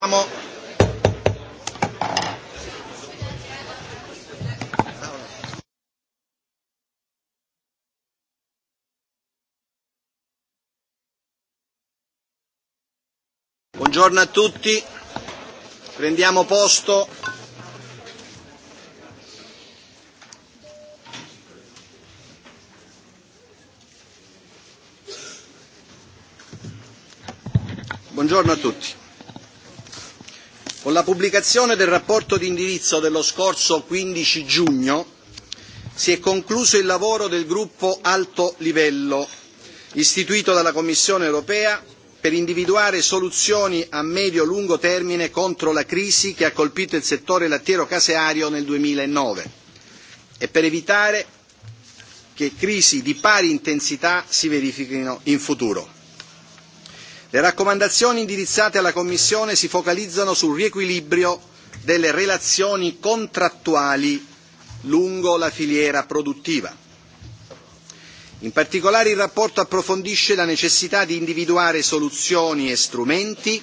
Vamos. Buongiorno a tutti, prendiamo posto. Buongiorno a tutti. Con la pubblicazione del rapporto di indirizzo dello scorso 15 giugno si è concluso il lavoro del gruppo alto livello istituito dalla Commissione europea per individuare soluzioni a medio-lungo termine contro la crisi che ha colpito il settore lattiero-caseario nel 2009 e per evitare che crisi di pari intensità si verifichino in futuro. Le raccomandazioni indirizzate alla Commissione si focalizzano sul riequilibrio delle relazioni contrattuali lungo la filiera produttiva. In particolare il rapporto approfondisce la necessità di individuare soluzioni e strumenti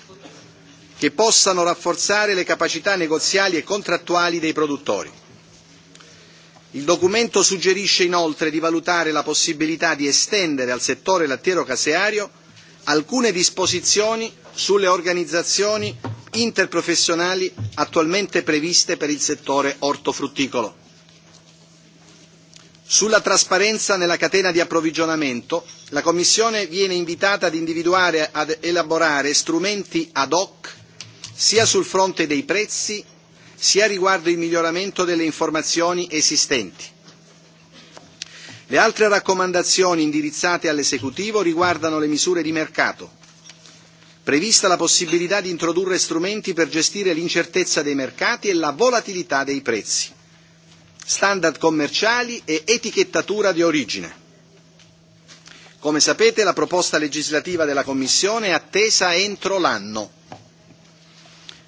che possano rafforzare le capacità negoziali e contrattuali dei produttori. Il documento suggerisce inoltre di valutare la possibilità di estendere al settore lattiero caseario alcune disposizioni sulle organizzazioni interprofessionali attualmente previste per il settore ortofrutticolo. Sulla trasparenza nella catena di approvvigionamento, la Commissione viene invitata ad individuare ad elaborare strumenti ad hoc sia sul fronte dei prezzi sia riguardo il miglioramento delle informazioni esistenti. Le altre raccomandazioni indirizzate all'esecutivo riguardano le misure di mercato. Prevista la possibilità di introdurre strumenti per gestire l'incertezza dei mercati e la volatilità dei prezzi. Standard commerciali e etichettatura di origine. Come sapete la proposta legislativa della Commissione è attesa entro l'anno.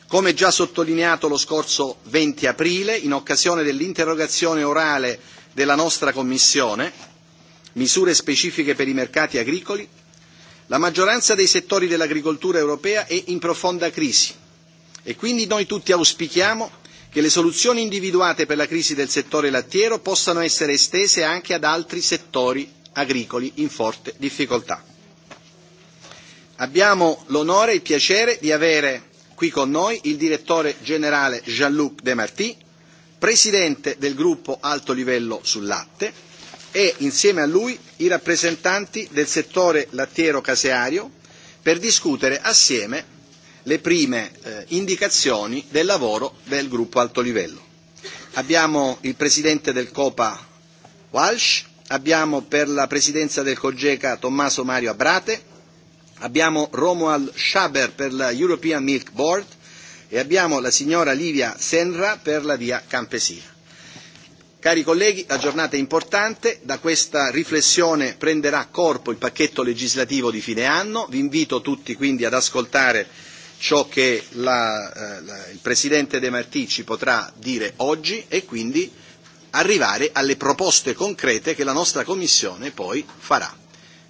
Come già sottolineato lo scorso 20 aprile, in occasione dell'interrogazione orale della nostra Commissione, misure specifiche per i mercati agricoli, la maggioranza dei settori dell'agricoltura europea è in profonda crisi e quindi noi tutti auspichiamo che le soluzioni individuate per la crisi del settore lattiero possano essere estese anche ad altri settori agricoli in forte difficoltà. Abbiamo l'onore e il piacere di avere qui con noi il direttore generale Jean-Luc Demarty, presidente del gruppo alto livello sul latte e insieme a lui i rappresentanti del settore lattiero caseario per discutere assieme le prime eh, indicazioni del lavoro del gruppo alto livello. Abbiamo il presidente del Copa Walsh, abbiamo per la presidenza del Cogeca Tommaso Mario Abrate, abbiamo Romuald Schaber per la European Milk Board, e abbiamo la signora Livia Senra per la via Campesina. Cari colleghi, la giornata è importante, da questa riflessione prenderà corpo il pacchetto legislativo di fine anno, vi invito tutti quindi ad ascoltare ciò che la, eh, la, il Presidente De Martì ci potrà dire oggi e quindi arrivare alle proposte concrete che la nostra Commissione poi farà.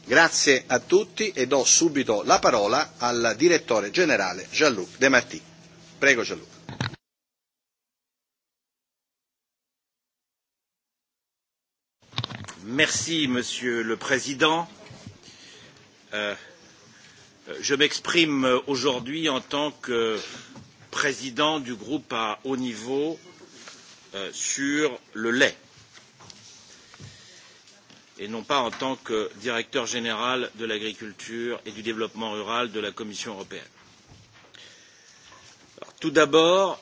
Grazie a tutti e do subito la parola al Direttore Generale Jean-Luc De Martì. Prego Gianluca. Merci, Monsieur le Président. Euh, je m'exprime aujourd'hui en tant que président du groupe à haut niveau euh, sur le lait et non pas en tant que directeur général de l'agriculture et du développement rural de la Commission européenne. Tout d'abord,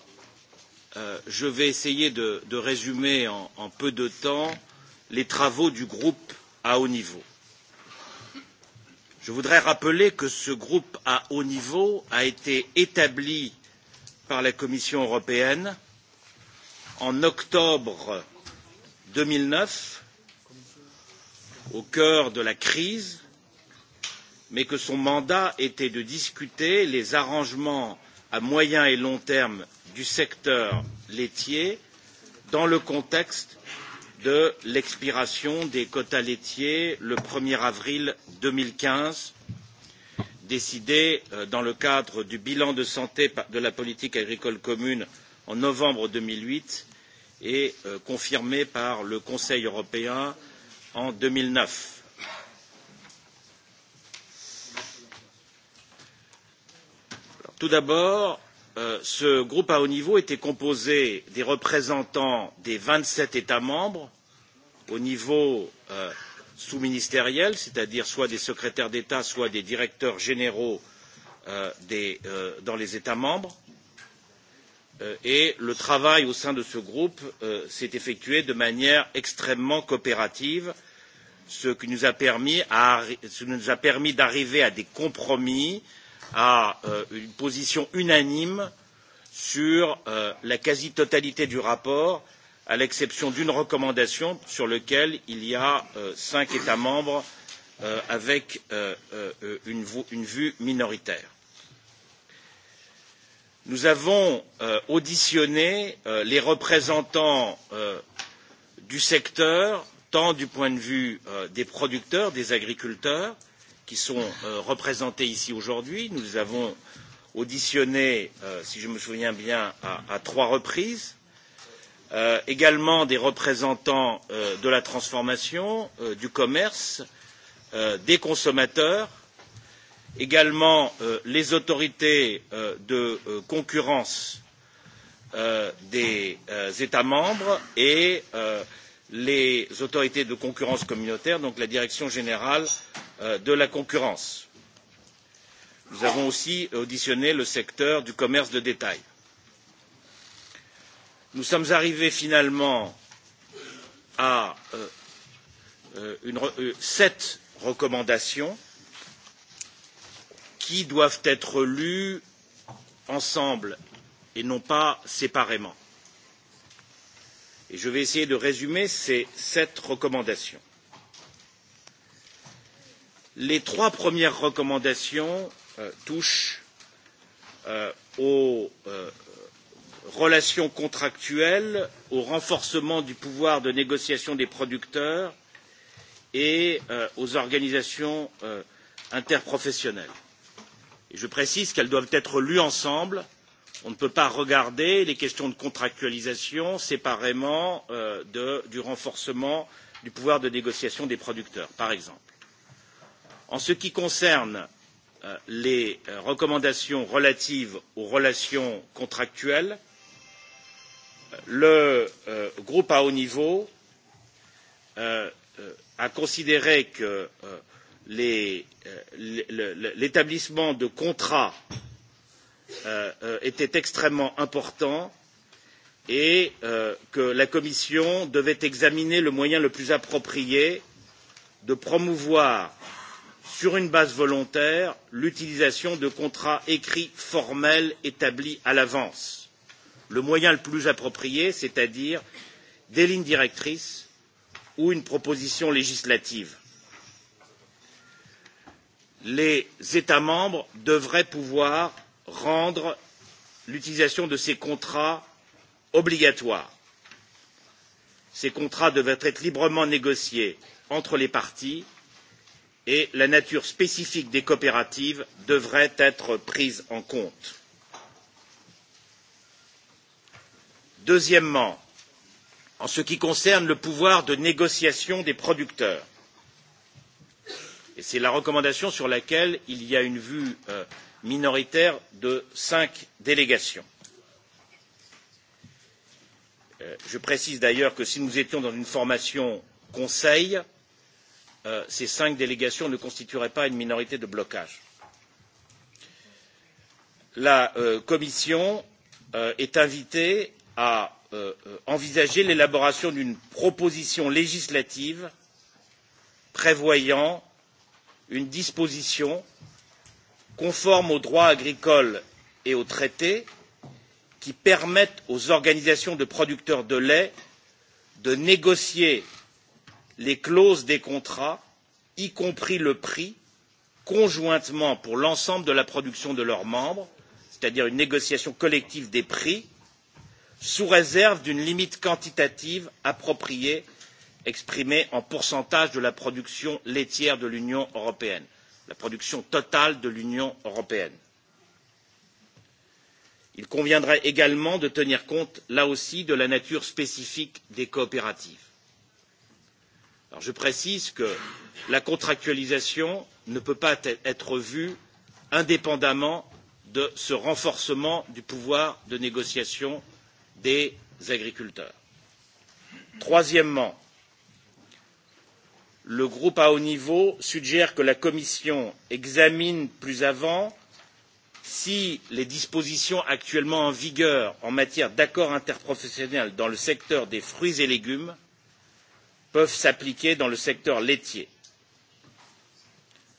euh, je vais essayer de, de résumer en, en peu de temps les travaux du groupe à haut niveau. Je voudrais rappeler que ce groupe à haut niveau a été établi par la Commission européenne en octobre 2009 au cœur de la crise, mais que son mandat était de discuter les arrangements à moyen et long terme du secteur laitier dans le contexte de l'expiration des quotas laitiers le un er avril deux mille quinze décidée euh, dans le cadre du bilan de santé de la politique agricole commune en novembre deux mille huit et euh, confirmée par le conseil européen en deux mille neuf Tout d'abord, euh, ce groupe à haut niveau était composé des représentants des vingt sept États membres au niveau euh, sous-ministériel, c'est-à-dire soit des secrétaires d'État, soit des directeurs généraux euh, dans les États membres. et le travail au sein de ce groupe s'est effectué de manière extrêmement coopérative, ce qui nous a permis, d'arriver à des compromis euh, à euh, une position unanime sur euh, la quasi totalité du rapport à l'exception d'une recommandation sur laquelle il y a euh, cinq états membres euh, avec euh, euh, une, une vue minoritaire. nous avons auditionné les représentants du secteur tant du point de vue des producteurs des agriculteurs que qui sont euh, représentés ici aujourd'hui. Nous les avons auditionnés, euh, si je me souviens bien, à, à trois reprises. Euh, également des représentants euh, de la transformation, euh, du commerce, euh, des consommateurs, également euh, les autorités euh, de euh, concurrence euh, des euh, États membres et euh, les autorités de concurrence communautaire donc la direction générale euh, de la concurrence. nous avons aussi auditionné le secteur du commerce de détail. nous sommes arrivés finalement à euh, euh, sept recommandations qui doivent être lues ensemble et non pas séparément et je vais essayer de résumer ces sept recommandations. Les trois premières recommandations euh, touchent euh, aux euh, relations contractuelles, au renforcement du pouvoir de négociation des producteurs et euh, aux organisations euh, interprofessionnelles. Et je précise qu'elles doivent être lues ensemble on ne peut pas regarder les questions de contractualisation séparément euh, du renforcement du pouvoir de négociation des producteurs par exemple. en ce qui concerne euh, les euh, recommandations relatives aux relations contractuelles le groupe à haut niveau a considéré que l'établissement de contrats Euh, euh, était extrêmement important et euh, que la Commission devait examiner le moyen le plus approprié de promouvoir sur une base volontaire l'utilisation de contrats écrits formels établis à l'avance. Le moyen le plus approprié, c'est-à-dire des lignes directrices ou une proposition législative. Les États membres devraient pouvoir rendre l'utilisation de ces contrats obligatoire. Ces contrats devraient être librement négociés entre les parties et la nature spécifique des coopératives devrait être prise en compte. Deuxièmement, en ce qui concerne le pouvoir de négociation des producteurs, et c'est la recommandation sur laquelle il y a une vue euh, minoritaire de cinq délégations. Euh, je précise d'ailleurs que si nous étions dans une formation conseil euh, ces cinq délégations ne constitueraient pas une minorité de blocage. la euh, commission est invitée à envisager l'élaboration d'une proposition législative prévoyant une disposition conforme au droit agricole et aux traités qui permettent aux organisations de producteurs de lait de négocier les clauses des contrats y compris le prix conjointement pour l'ensemble de la production de leurs membres c'est à dire une négociation collective des prix sous réserve d'une limite quantitative appropriée exprimée en pourcentage de la production laitière de l'union européenne la production totale de l'Union européenne. Il conviendrait également de tenir compte, là aussi, de la nature spécifique des coopératives. Alors, je précise que la contractualisation ne peut pas être vue indépendamment de ce renforcement du pouvoir de négociation des agriculteurs. Troisièmement, le groupe à haut niveau suggère que la Commission examine plus avant si les dispositions actuellement en vigueur en matière d'accord interprofessionnel dans le secteur des fruits et légumes peuvent s'appliquer dans le secteur laitier.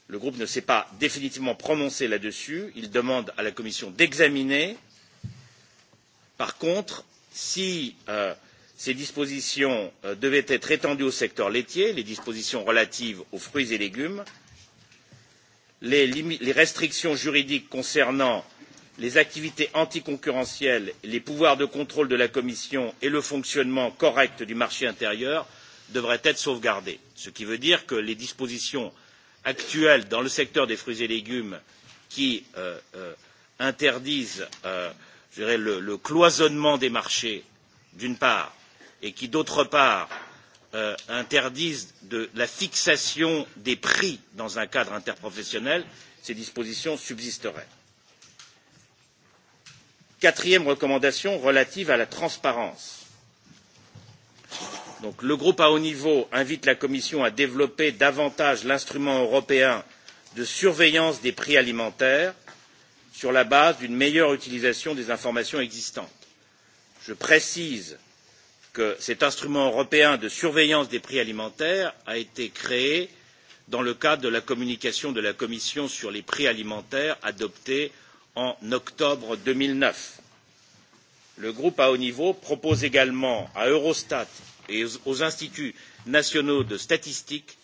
Le groupe ne s'est pas définitivement prononcé là-dessus. Il demande à la Commission d'examiner. Par contre, si euh, ces dispositions euh, devaient être étendues au secteur laitier les dispositions relatives aux fruits et légumes les, restrictions juridiques concernant les activités anticoncurrentielles les pouvoirs de contrôle de la commission et le fonctionnement correct du marché intérieur devraient être sauvegardés ce qui veut dire que les dispositions actuelles dans le secteur des fruits et légumes qui euh, euh, interdisent euh, je dirais, le, le cloisonnement des marchés d'une part et qui d'autre part euh, interdisent la fixation des prix dans un cadre interprofessionnel ces dispositions subsisteraient. quatrième recommandation relative à la transparence. Donc, le groupe à haut niveau invite la commission à développer davantage l'instrument européen de surveillance des prix alimentaires sur la base d'une meilleure utilisation des informations existantes. je précise que cet instrument européen de surveillance des prix alimentaires a été créé dans le cadre de la communication de la commission sur les prix alimentaires adoptée en octobre deux mille neuf le groupe à haut niveau propose également à eurostat et aux instituts nationaux de statistique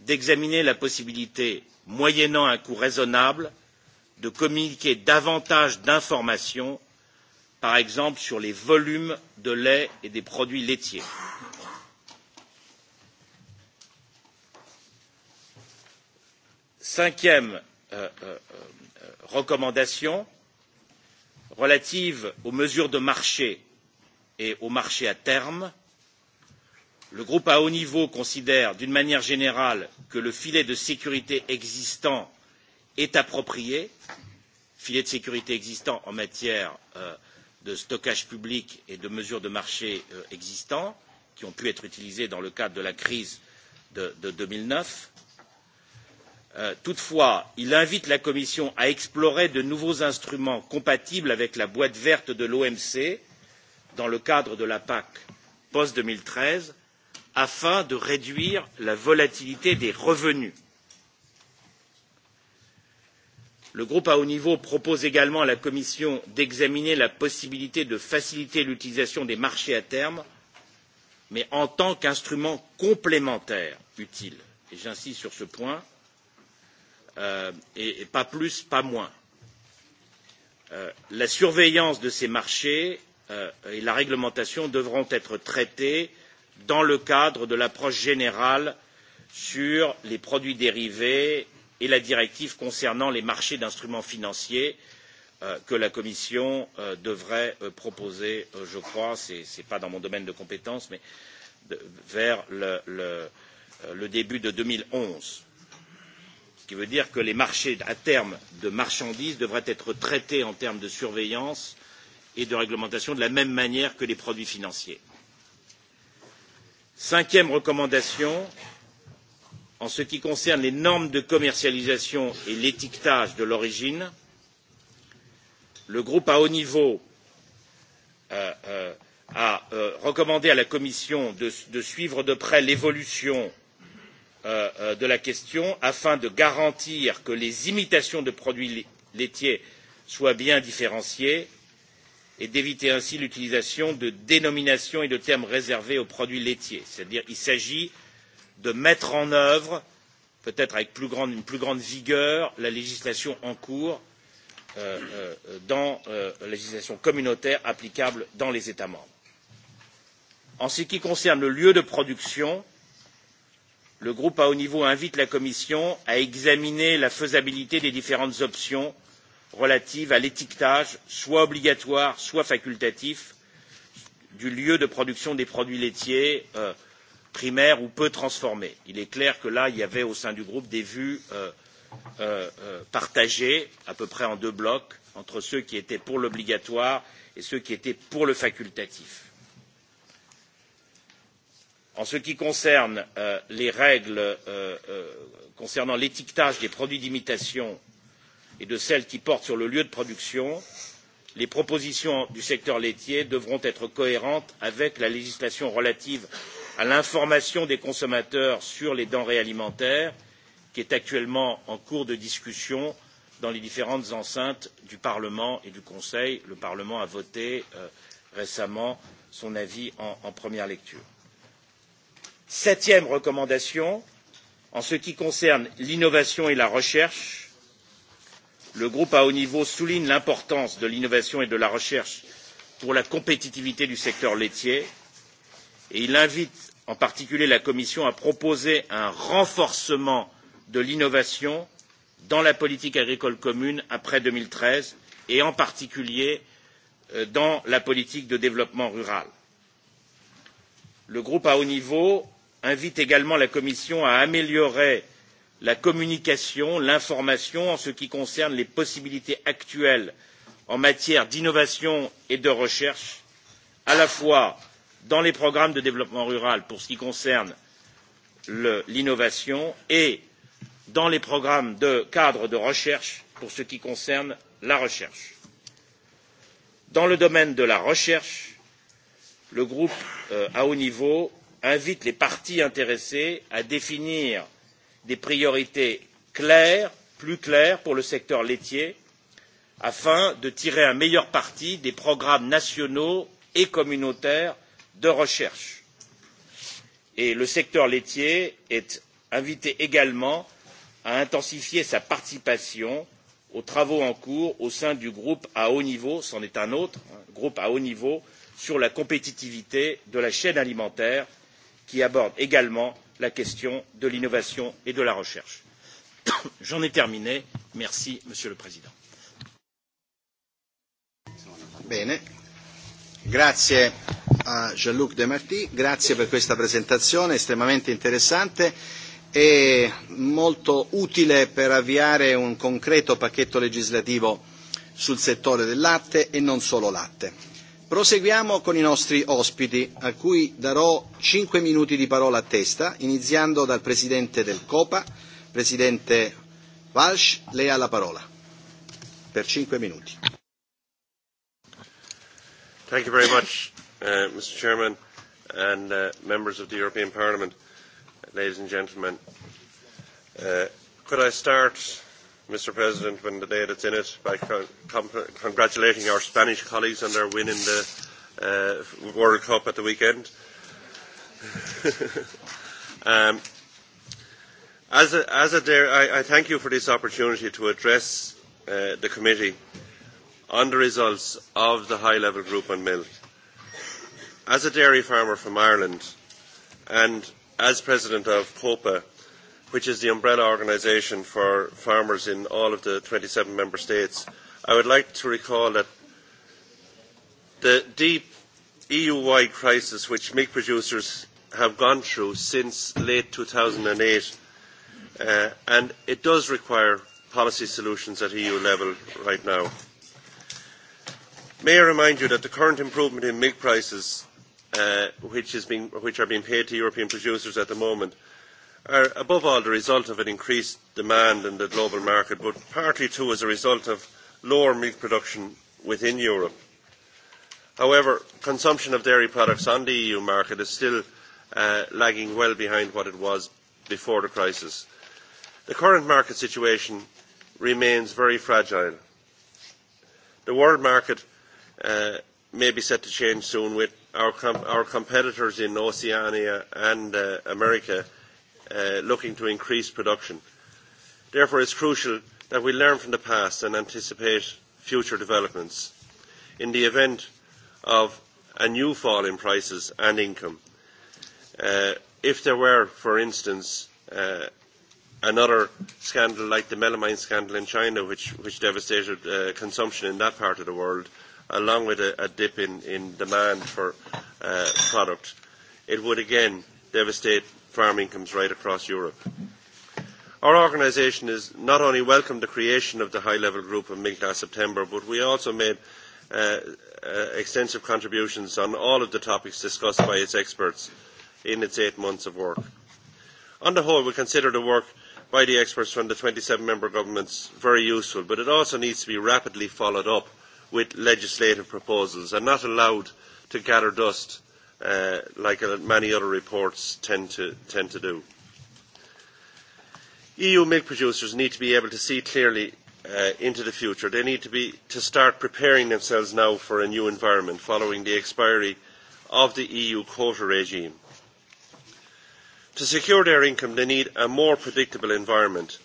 d'examiner la possibilité moyennant un coût raisonnable de communiquer davantage d'informations par exemple sur les volumes de lait et des produits laitiers. Cinquième euh, euh, euh recommandation relative aux mesures de marché et aux marchés à terme. Le groupe à haut niveau considère d'une manière générale que le filet de sécurité existant est approprié, filet de sécurité existant en matière euh, de stockage public et de mesures de marché euh, existants qui ont pu être utilisées dans le cadre de la crise de, de mille neuf euh, toutefois, il invite la Commission à explorer de nouveaux instruments compatibles avec la boîte verte de l'OMC dans le cadre de la PAC post deux mille treize afin de réduire la volatilité des revenus le groupe à haut niveau propose également à la commission d'examiner la possibilité de faciliter l'utilisation des marchés à terme mais en tant qu'instrument complémentaire utile et j'insiste sur ce point euh, et, pas plus pas moins. Euh, la surveillance de ces marchés euh, et la réglementation devront être traitées dans le cadre de l'approche générale sur les produits dérivés et la directive concernant les marchés d'instruments financiers euh, que la commission euh, devrait euh, proposer je crois ce n'est pas dans mon domaine de compétence mais vers le, le, le début de deux mille onze ce qui veut dire que les marchés à terme de marchandises devraient être traités en termes de surveillance et de réglementation de la même manière que les produits financiers. cinquième recommandation en ce qui concerne les normes de commercialisation et l'étiquetage de l'origine, le groupe à haut niveau euh, euh, a euh, recommandé à la Commission de, de suivre de près l'évolution euh, euh, de la question afin de garantir que les imitations de produits laitiers soient bien différenciées et d'éviter ainsi l'utilisation de dénominations et de termes réservés aux produits laitiers. C'est-à-dire qu'il s'agit euh, de mettre en œuvre peut être avec plus grande, une plus grande vigueur la législation en cours euh, euh, dans euh, la législation communautaire applicable dans les États membres. En ce qui concerne le lieu de production, le groupe à haut niveau invite la Commission à examiner la faisabilité des différentes options relatives à l'étiquetage, soit obligatoire, soit facultatif, du lieu de production des produits laitiers euh, primaire ou peu transformée. il est clair que là il y avait au sein du groupe des vues euh, euh, euh, partagées à peu près en deux blocs entre ceux qui étaient pour l'obligatoire et ceux qui étaient pour le facultatif. en ce qui concerne euh, les règles euh, euh, concernant l'étiquetage des produits d'imitation et de celles qui portent sur le lieu de production les propositions du secteur laitier devront être cohérentes avec la législation relative à l'information des consommateurs sur les denrées alimentaires qui est actuellement en cours de discussion dans les différentes enceintes du parlement et du conseil. le parlement a voté euh, récemment son avis en, en première lecture. septième recommandation en ce qui concerne l'innovation et la recherche le groupe à haut niveau souligne l'importance de l'innovation et de la recherche pour la compétitivité du secteur laitier et il invite en particulier la commission à proposer un renforcement de l'innovation dans la politique agricole commune après deux mille treize et en particulier euh, dans la politique de développement rural. le groupe à haut niveau invite également la commission à améliorer la communication l'information en ce qui concerne les possibilités actuelles en matière d'innovation et de recherche à la fois dans les programmes de développement rural pour ce qui concerne l'innovation et dans les programmes de cadre de recherche pour ce qui concerne la recherche. Dans le domaine de la recherche, le groupe euh, à haut niveau invite les parties intéressées à définir des priorités claires, plus claires pour le secteur laitier, afin de tirer un meilleur parti des programmes nationaux et communautaires de recherche et le secteur laitier est invité également à intensifier sa participation aux travaux en cours au sein du groupe à haut niveau c'en est un autre un groupe à haut niveau sur la compétitivité de la chaîne alimentaire qui aborde également la question de l'innovation et de la recherche. j'en ai terminé merci monsieur le président. Bene. Grazie a Jean-Luc Demarty, grazie per questa presentazione estremamente interessante e molto utile per avviare un concreto pacchetto legislativo sul settore del latte e non solo latte. Proseguiamo con i nostri ospiti, a cui darò cinque minuti di parola a testa, iniziando dal Presidente del COPA, Presidente Walsh, lei ha la parola per cinque minuti. Thank you very much, uh, Mr. Chairman and uh, members of the European Parliament, ladies and gentlemen. Uh, could I start, Mr. President, when the day that's in it, by con- congratulating our Spanish colleagues on their win in the uh, World Cup at the weekend? um, as a, as a dare, I, I thank you for this opportunity to address uh, the committee on the results of the high level group on milk. As a dairy farmer from Ireland and as president of COPA, which is the umbrella organisation for farmers in all of the 27 member states, I would like to recall that the deep EU-wide crisis which milk producers have gone through since late 2008, uh, and it does require policy solutions at EU level right now. May I remind you that the current improvement in milk prices, uh, which, is being, which are being paid to European producers at the moment, are above all the result of an increased demand in the global market, but partly too as a result of lower milk production within Europe. However, consumption of dairy products on the EU market is still uh, lagging well behind what it was before the crisis. The current market situation remains very fragile. The world market uh, maybe set to change soon with our, com- our competitors in Oceania and uh, America uh, looking to increase production. Therefore, it's crucial that we learn from the past and anticipate future developments in the event of a new fall in prices and income. Uh, if there were, for instance, uh, another scandal like the melamine scandal in China, which, which devastated uh, consumption in that part of the world, uh, along with a, a dip in, in demand for uh, product, it would again devastate farm incomes right across Europe. Our organisation has not only welcomed the creation of the high-level group in mid-last September, but we also made uh, uh, extensive contributions on all of the topics discussed by its experts in its eight months of work. On the whole, we consider the work by the experts from the 27 member governments very useful, but it also needs to be rapidly followed up with legislative proposals and not allowed to gather dust uh, like many other reports tend to, tend to do. EU milk producers need to be able to see clearly uh, into the future. They need to, be, to start preparing themselves now for a new environment following the expiry of the EU quota regime. To secure their income, they need a more predictable environment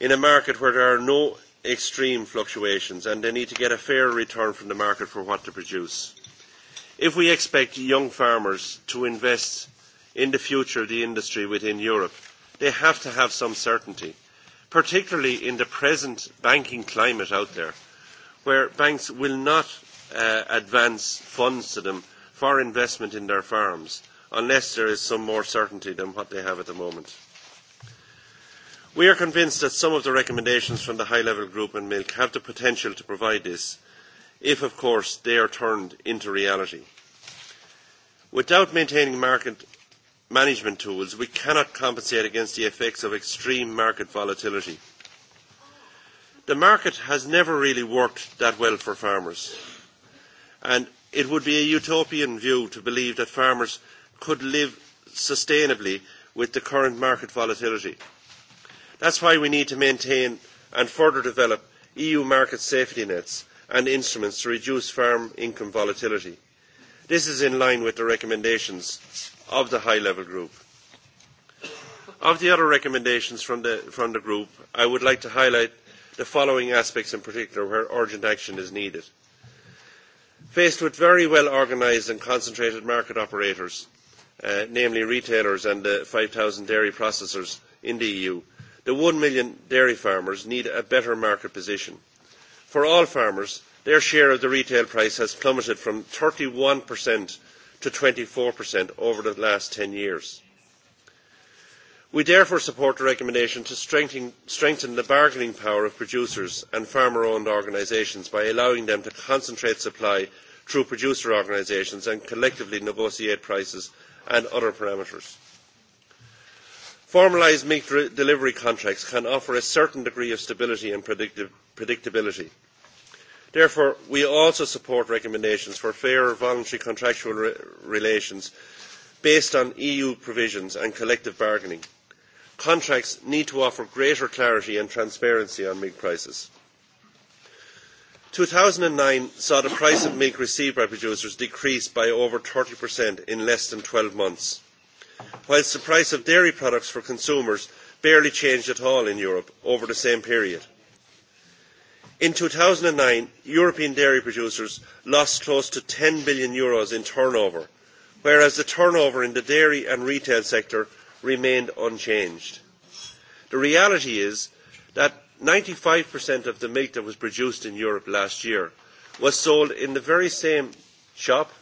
in a market where there are no extreme fluctuations and they need to get a fair return from the market for what they produce. If we expect young farmers to invest in the future of the industry within Europe, they have to have some certainty, particularly in the present banking climate out there, where banks will not uh, advance funds to them for investment in their farms unless there is some more certainty than what they have at the moment. We are convinced that some of the recommendations from the high-level group on milk have the potential to provide this, if, of course, they are turned into reality. Without maintaining market management tools, we cannot compensate against the effects of extreme market volatility. The market has never really worked that well for farmers, and it would be a utopian view to believe that farmers could live sustainably with the current market volatility. That's why we need to maintain and further develop EU market safety nets and instruments to reduce farm income volatility. This is in line with the recommendations of the high-level group. Of the other recommendations from the, from the group, I would like to highlight the following aspects in particular where urgent action is needed. Faced with very well organised and concentrated market operators, uh, namely retailers and the uh, 5,000 dairy processors in the EU, the one million dairy farmers need a better market position. For all farmers, their share of the retail price has plummeted from 31% to 24% over the last 10 years. We therefore support the recommendation to strengthen, strengthen the bargaining power of producers and farmer-owned organisations by allowing them to concentrate supply through producer organisations and collectively negotiate prices and other parameters formalised meat delivery contracts can offer a certain degree of stability and predictability. therefore we also support recommendations for fairer voluntary contractual re relations based on eu provisions and collective bargaining. contracts need to offer greater clarity and transparency on meat prices. 2009 saw the price of meat received by producers decrease by over 30% in less than 12 months whilst the price of dairy products for consumers barely changed at all in Europe over the same period. In 2009, European dairy producers lost close to 10 billion euros in turnover, whereas the turnover in the dairy and retail sector remained unchanged. The reality is that 95% of the milk that was produced in Europe last year was sold in the very same shop,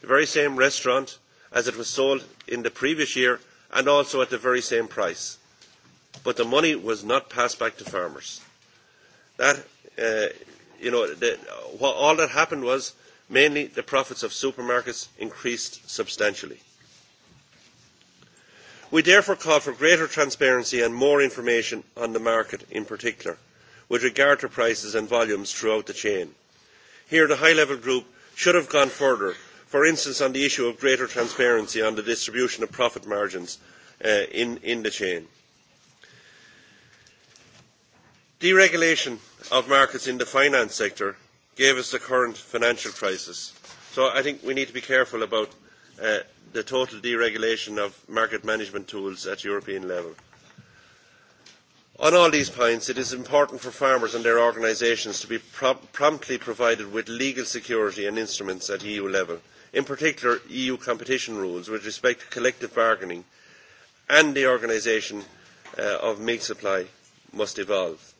the very same restaurant, as it was sold in the previous year and also at the very same price. But the money was not passed back to farmers. That, uh, you know, the, all that happened was mainly the profits of supermarkets increased substantially. We therefore call for greater transparency and more information on the market in particular, with regard to prices and volumes throughout the chain. Here the high level group should have gone further for instance on the issue of greater transparency on the distribution of profit margins uh, in, in the chain. Deregulation of markets in the finance sector gave us the current financial crisis. So I think we need to be careful about uh, the total deregulation of market management tools at European level. On all these points, it is important for farmers and their organisations to be prom promptly provided with legal security and instruments at EU level in particular EU competition rules with respect to collective bargaining and the organisation uh, of meat supply must evolve.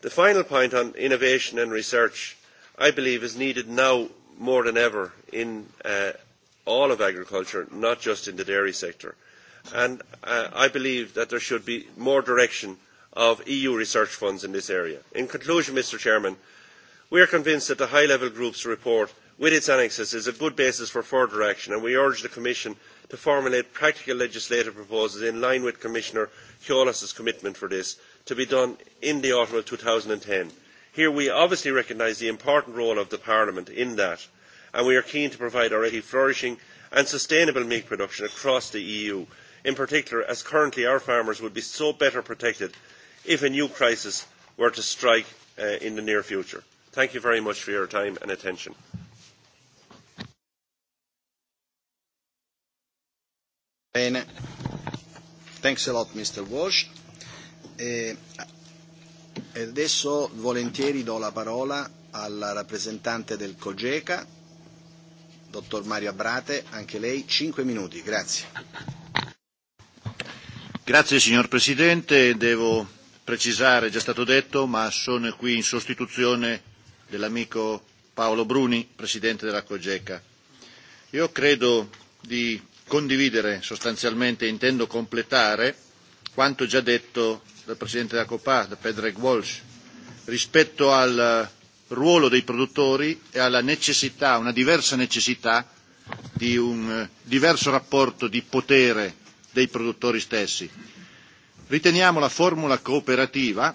The final point on innovation and research, I believe, is needed now more than ever in uh, all of agriculture, not just in the dairy sector. And uh, I believe that there should be more direction of EU research funds in this area. In conclusion, Mr Chairman, we are convinced that the high-level group's report with its annexes is a good basis for further action and we urge the Commission to formulate practical legislative proposals in line with Commissioner Kiolas' commitment for this to be done in the autumn of 2010. Here we obviously recognise the important role of the Parliament in that and we are keen to provide already flourishing and sustainable meat production across the EU, in particular as currently our farmers would be so better protected if a new crisis were to strike uh, in the near future. Thank you very much for your time and attention. Bene. Thanks a lot, Mr. Walsh. E, e adesso volentieri do la parola alla rappresentante del COGECA, dottor Mario Abrate, anche lei 5 minuti, grazie. Grazie signor Presidente, devo precisare, è già stato detto, ma sono qui in sostituzione dell'amico Paolo Bruni, Presidente della COGECA. Io credo di condividere sostanzialmente, intendo completare quanto già detto dal Presidente della Copa, da Pedreg Walsh, rispetto al ruolo dei produttori e alla necessità, una diversa necessità di un eh, diverso rapporto di potere dei produttori stessi. Riteniamo la formula cooperativa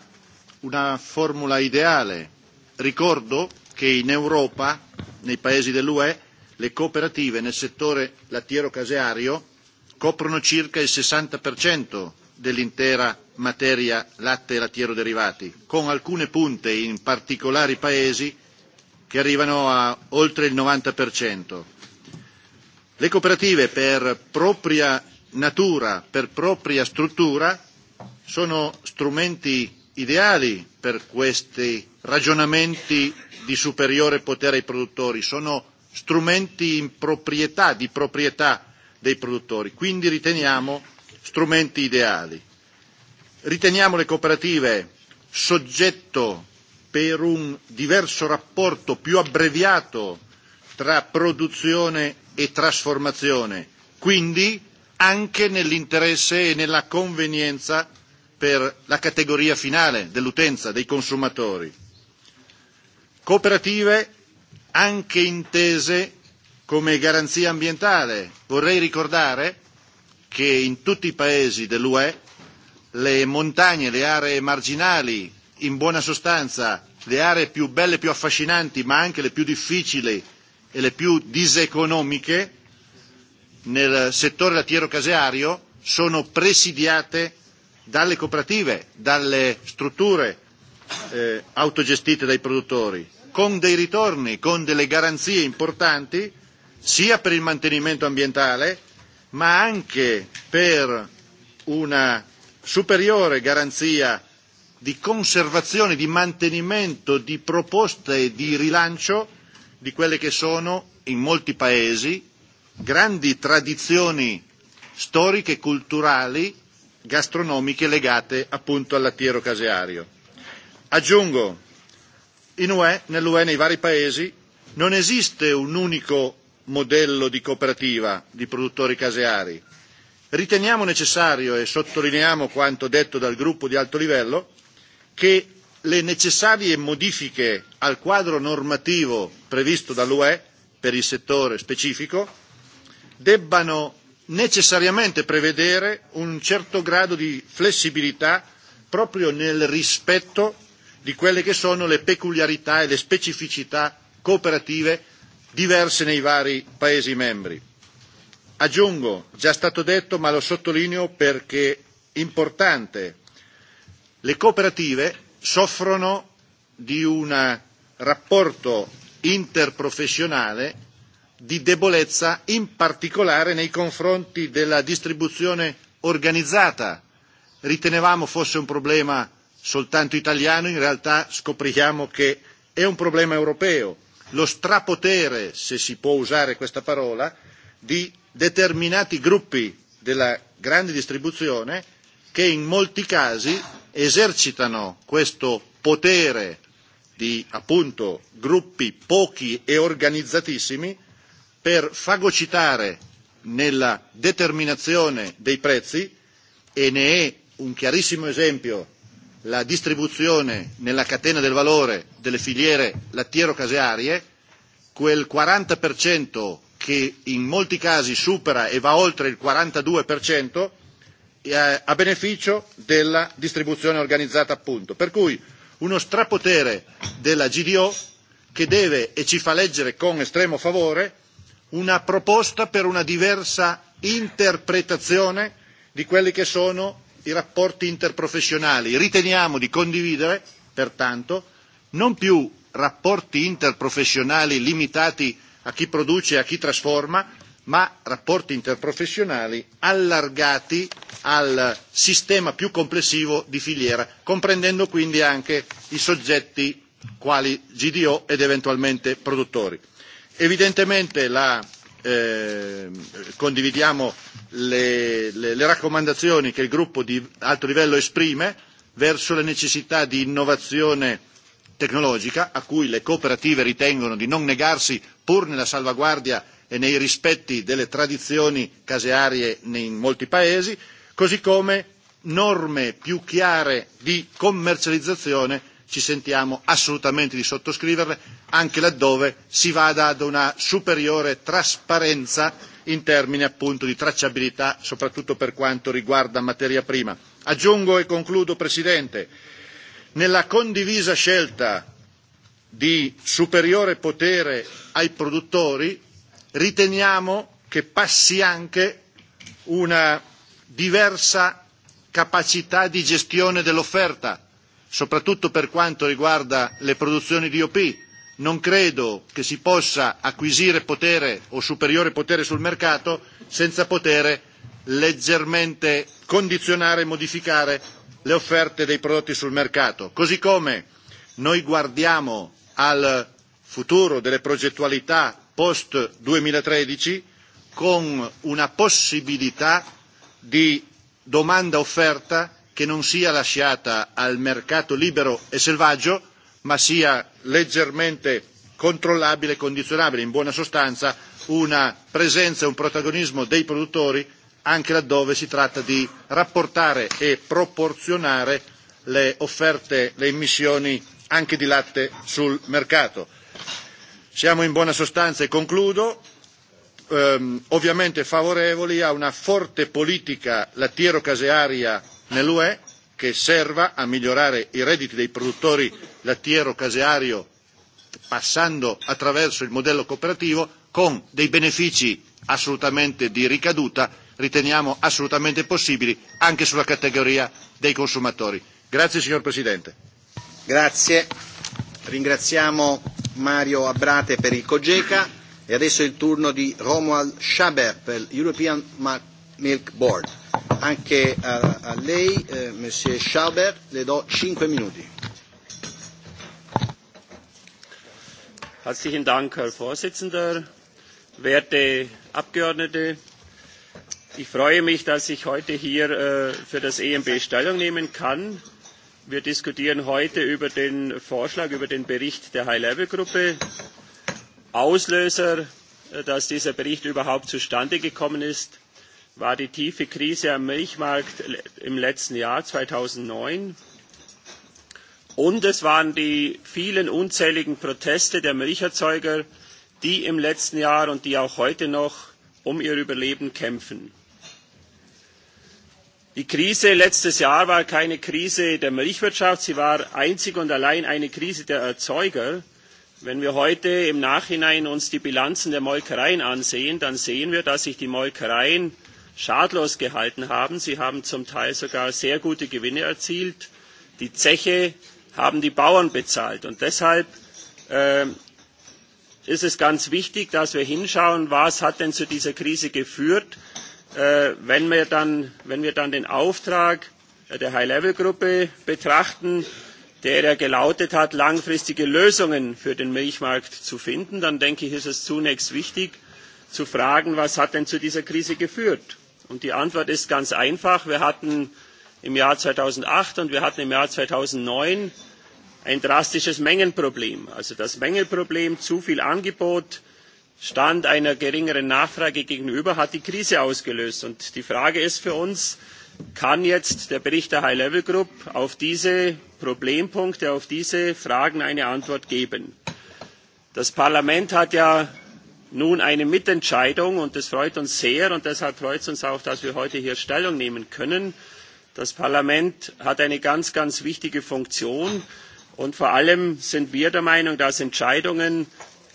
una formula ideale. Ricordo che in Europa, nei paesi dell'UE, le cooperative nel settore lattiero-caseario coprono circa il 60% dell'intera materia latte e lattiero derivati, con alcune punte in particolari paesi che arrivano a oltre il 90%. Le cooperative per propria natura, per propria struttura, sono strumenti ideali per questi ragionamenti di superiore potere ai produttori, sono strumenti in proprietà, di proprietà dei produttori, quindi riteniamo strumenti ideali. Riteniamo le cooperative soggetto per un diverso rapporto più abbreviato tra produzione e trasformazione, quindi anche nell'interesse e nella convenienza per la categoria finale dell'utenza, dei consumatori. Cooperative anche intese come garanzia ambientale. Vorrei ricordare che in tutti i paesi dell'UE le montagne, le aree marginali, in buona sostanza le aree più belle, più affascinanti, ma anche le più difficili e le più diseconomiche nel settore lattiero-caseario sono presidiate dalle cooperative, dalle strutture eh, autogestite dai produttori con dei ritorni, con delle garanzie importanti, sia per il mantenimento ambientale, ma anche per una superiore garanzia di conservazione, di mantenimento, di proposte e di rilancio di quelle che sono in molti paesi grandi tradizioni storiche, culturali, gastronomiche legate appunto al lattiero caseario. Aggiungo In UE, nell'UE, nei vari paesi, non esiste un unico modello di cooperativa di produttori caseari. Riteniamo necessario, e sottolineiamo quanto detto dal gruppo di alto livello, che le necessarie modifiche al quadro normativo previsto dall'UE per il settore specifico debbano necessariamente prevedere un certo grado di flessibilità proprio nel rispetto di quelle che sono le peculiarità e le specificità cooperative diverse nei vari Paesi membri. Aggiungo, già stato detto ma lo sottolineo perché è importante, le cooperative soffrono di un rapporto interprofessionale di debolezza in particolare nei confronti della distribuzione organizzata. Ritenevamo fosse un problema soltanto italiano, in realtà scopriamo che è un problema europeo. Lo strapotere, se si può usare questa parola, di determinati gruppi della grande distribuzione che in molti casi esercitano questo potere di appunto gruppi pochi e organizzatissimi per fagocitare nella determinazione dei prezzi e ne è un chiarissimo esempio la distribuzione nella catena del valore delle filiere lattiero-casearie, quel 40% che in molti casi supera e va oltre il 42%, eh, a beneficio della distribuzione organizzata appunto. Per cui uno strapotere della GDO che deve e ci fa leggere con estremo favore una proposta per una diversa interpretazione di quelli che sono i rapporti interprofessionali. Riteniamo di condividere, pertanto, non più rapporti interprofessionali limitati a chi produce e a chi trasforma, ma rapporti interprofessionali allargati al sistema più complessivo di filiera, comprendendo quindi anche i soggetti quali GDO ed eventualmente produttori. Evidentemente la Ehm, condividiamo le, le, le raccomandazioni che il gruppo di alto livello esprime verso la necessità di innovazione tecnologica a cui le cooperative ritengono di non negarsi pur nella salvaguardia e nei rispetti delle tradizioni casearie in molti paesi, così come norme più chiare di commercializzazione ci sentiamo assolutamente di sottoscriverle, anche laddove si vada ad una superiore trasparenza in termini appunto di tracciabilità, soprattutto per quanto riguarda materia prima. Aggiungo e concludo, Presidente, nella condivisa scelta di superiore potere ai produttori, riteniamo che passi anche una diversa capacità di gestione dell'offerta soprattutto per quanto riguarda le produzioni di OP. Non credo che si possa acquisire potere o superiore potere sul mercato senza poter leggermente condizionare e modificare le offerte dei prodotti sul mercato. Così come noi guardiamo al futuro delle progettualità post 2013 con una possibilità di domanda offerta che non sia lasciata al mercato libero e selvaggio, ma sia leggermente controllabile e condizionabile, in buona sostanza una presenza e un protagonismo dei produttori anche laddove si tratta di rapportare e proporzionare le offerte, le emissioni anche di latte sul mercato. Siamo in buona sostanza e concludo ehm, ovviamente favorevoli a una forte politica lattiero-casearia nell'ue che serva a migliorare i redditi dei produttori lattiero caseario passando attraverso il modello cooperativo con dei benefici assolutamente di ricaduta riteniamo assolutamente possibili anche sulla categoria dei consumatori. Grazie signor Presidente. Grazie. Ringraziamo Mario Abrate per il COGECA e adesso è il turno di Romuald Schaber per l'European Milk Board anche a, eh, a lei, eh, Monsieur Schaubert, le do 5 minuti. Herzlichen Dank, Herr Vorsitzender, werte Abgeordnete. Ich freue mich, dass ich heute hier äh, für das EMB Stellung nehmen kann. Wir diskutieren heute über den Vorschlag, über den Bericht der High-Level-Gruppe. Auslöser, äh, dass dieser Bericht überhaupt zustande gekommen ist, war die tiefe Krise am Milchmarkt im letzten Jahr zweitausendneun und es waren die vielen unzähligen Proteste der Milcherzeuger, die im letzten Jahr und die auch heute noch um ihr Überleben kämpfen. Die Krise letztes Jahr war keine Krise der Milchwirtschaft, sie war einzig und allein eine Krise der Erzeuger. Wenn wir uns heute im Nachhinein die Bilanzen der Molkereien ansehen, dann sehen wir, dass sich die Molkereien schadlos gehalten haben. Sie haben zum Teil sogar sehr gute Gewinne erzielt. Die Zeche haben die Bauern bezahlt. Und deshalb äh, ist es ganz wichtig, dass wir hinschauen, was hat denn zu dieser Krise geführt. Äh, wenn, wir dann, wenn wir dann den Auftrag der High-Level-Gruppe betrachten, der ja gelautet hat, langfristige Lösungen für den Milchmarkt zu finden, dann denke ich, ist es zunächst wichtig zu fragen, was hat denn zu dieser Krise geführt? Und die Antwort ist ganz einfach. Wir hatten im Jahr zweitausendacht und wir hatten im Jahr zweitausendneun ein drastisches Mengenproblem. Also das Mengenproblem, zu viel Angebot, Stand einer geringeren Nachfrage gegenüber, hat die Krise ausgelöst. die Frage ist für uns, kann jetzt der Bericht der High Level Group auf diese Problempunkte, auf diese Fragen eine Antwort geben? Das Parlament hat ja nun eine Mitentscheidung und das freut uns sehr und deshalb freut es uns auch, dass wir heute hier Stellung nehmen können. Das Parlament hat eine ganz, ganz wichtige Funktion und vor allem sind wir der Meinung, dass Entscheidungen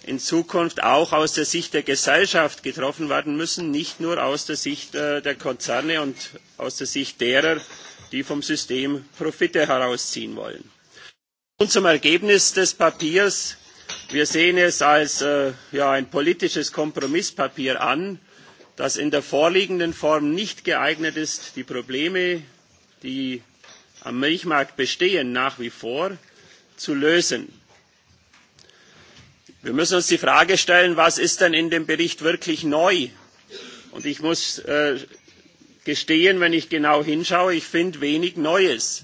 in Zukunft auch aus der Sicht der Gesellschaft getroffen werden müssen, nicht nur aus der Sicht äh, der Konzerne und aus der Sicht derer, die vom System Profite herausziehen wollen. Nun zum Ergebnis des Papiers Wir sehen es als äh, ein politisches Kompromisspapier an, das in der vorliegenden Form nicht geeignet ist, die Probleme, die am Milchmarkt bestehen, nach wie vor zu lösen. Wir müssen uns die Frage stellen, was ist denn in dem Bericht wirklich neu? ich muss äh, gestehen, wenn ich genau hinschaue, ich finde wenig Neues.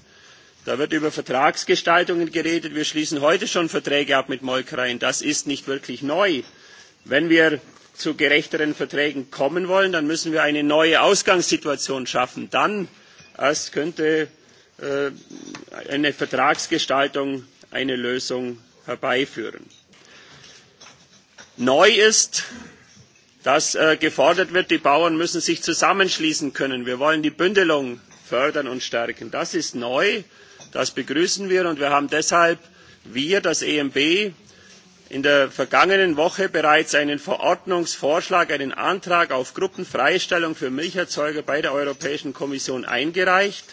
Da wird über Vertragsgestaltungen geredet. Wir schließen heute schon Verträge ab mit Molkereien. Das ist nicht wirklich neu. Wenn wir zu gerechteren Verträgen kommen wollen, dann müssen wir eine neue Ausgangssituation schaffen. Dann erst könnte äh, eine Vertragsgestaltung eine Lösung herbeiführen. Neu ist, dass äh, gefordert wird, die Bauern müssen sich zusammenschließen können. Wir wollen die Bündelung fördern und stärken. Das ist neu. Das begrüßen wir und wir haben deshalb, wir, das EMB, in der vergangenen Woche bereits einen Verordnungsvorschlag, einen Antrag auf Gruppenfreistellung für Milcherzeuger bei der Europäischen Kommission eingereicht.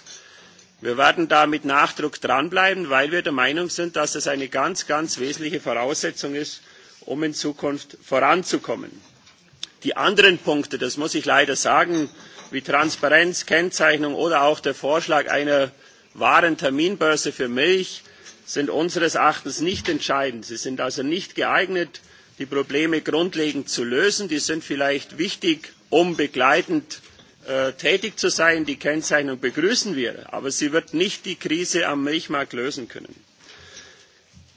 Wir werden da mit Nachdruck dranbleiben, weil wir der Meinung sind, dass es eine ganz, ganz wesentliche Voraussetzung ist, um in Zukunft voranzukommen. Die anderen Punkte, das muss ich leider sagen, wie Transparenz, Kennzeichnung oder auch der Vorschlag einer Warenterminbörse für Milch sind unseres Erachtens nicht entscheidend. Sie sind also nicht geeignet, die Probleme grundlegend zu lösen. Sie sind vielleicht wichtig, um begleitend äh, tätig zu sein. Die Kennzeichnung begrüßen wir, aber sie wird nicht die Krise am Milchmarkt lösen können.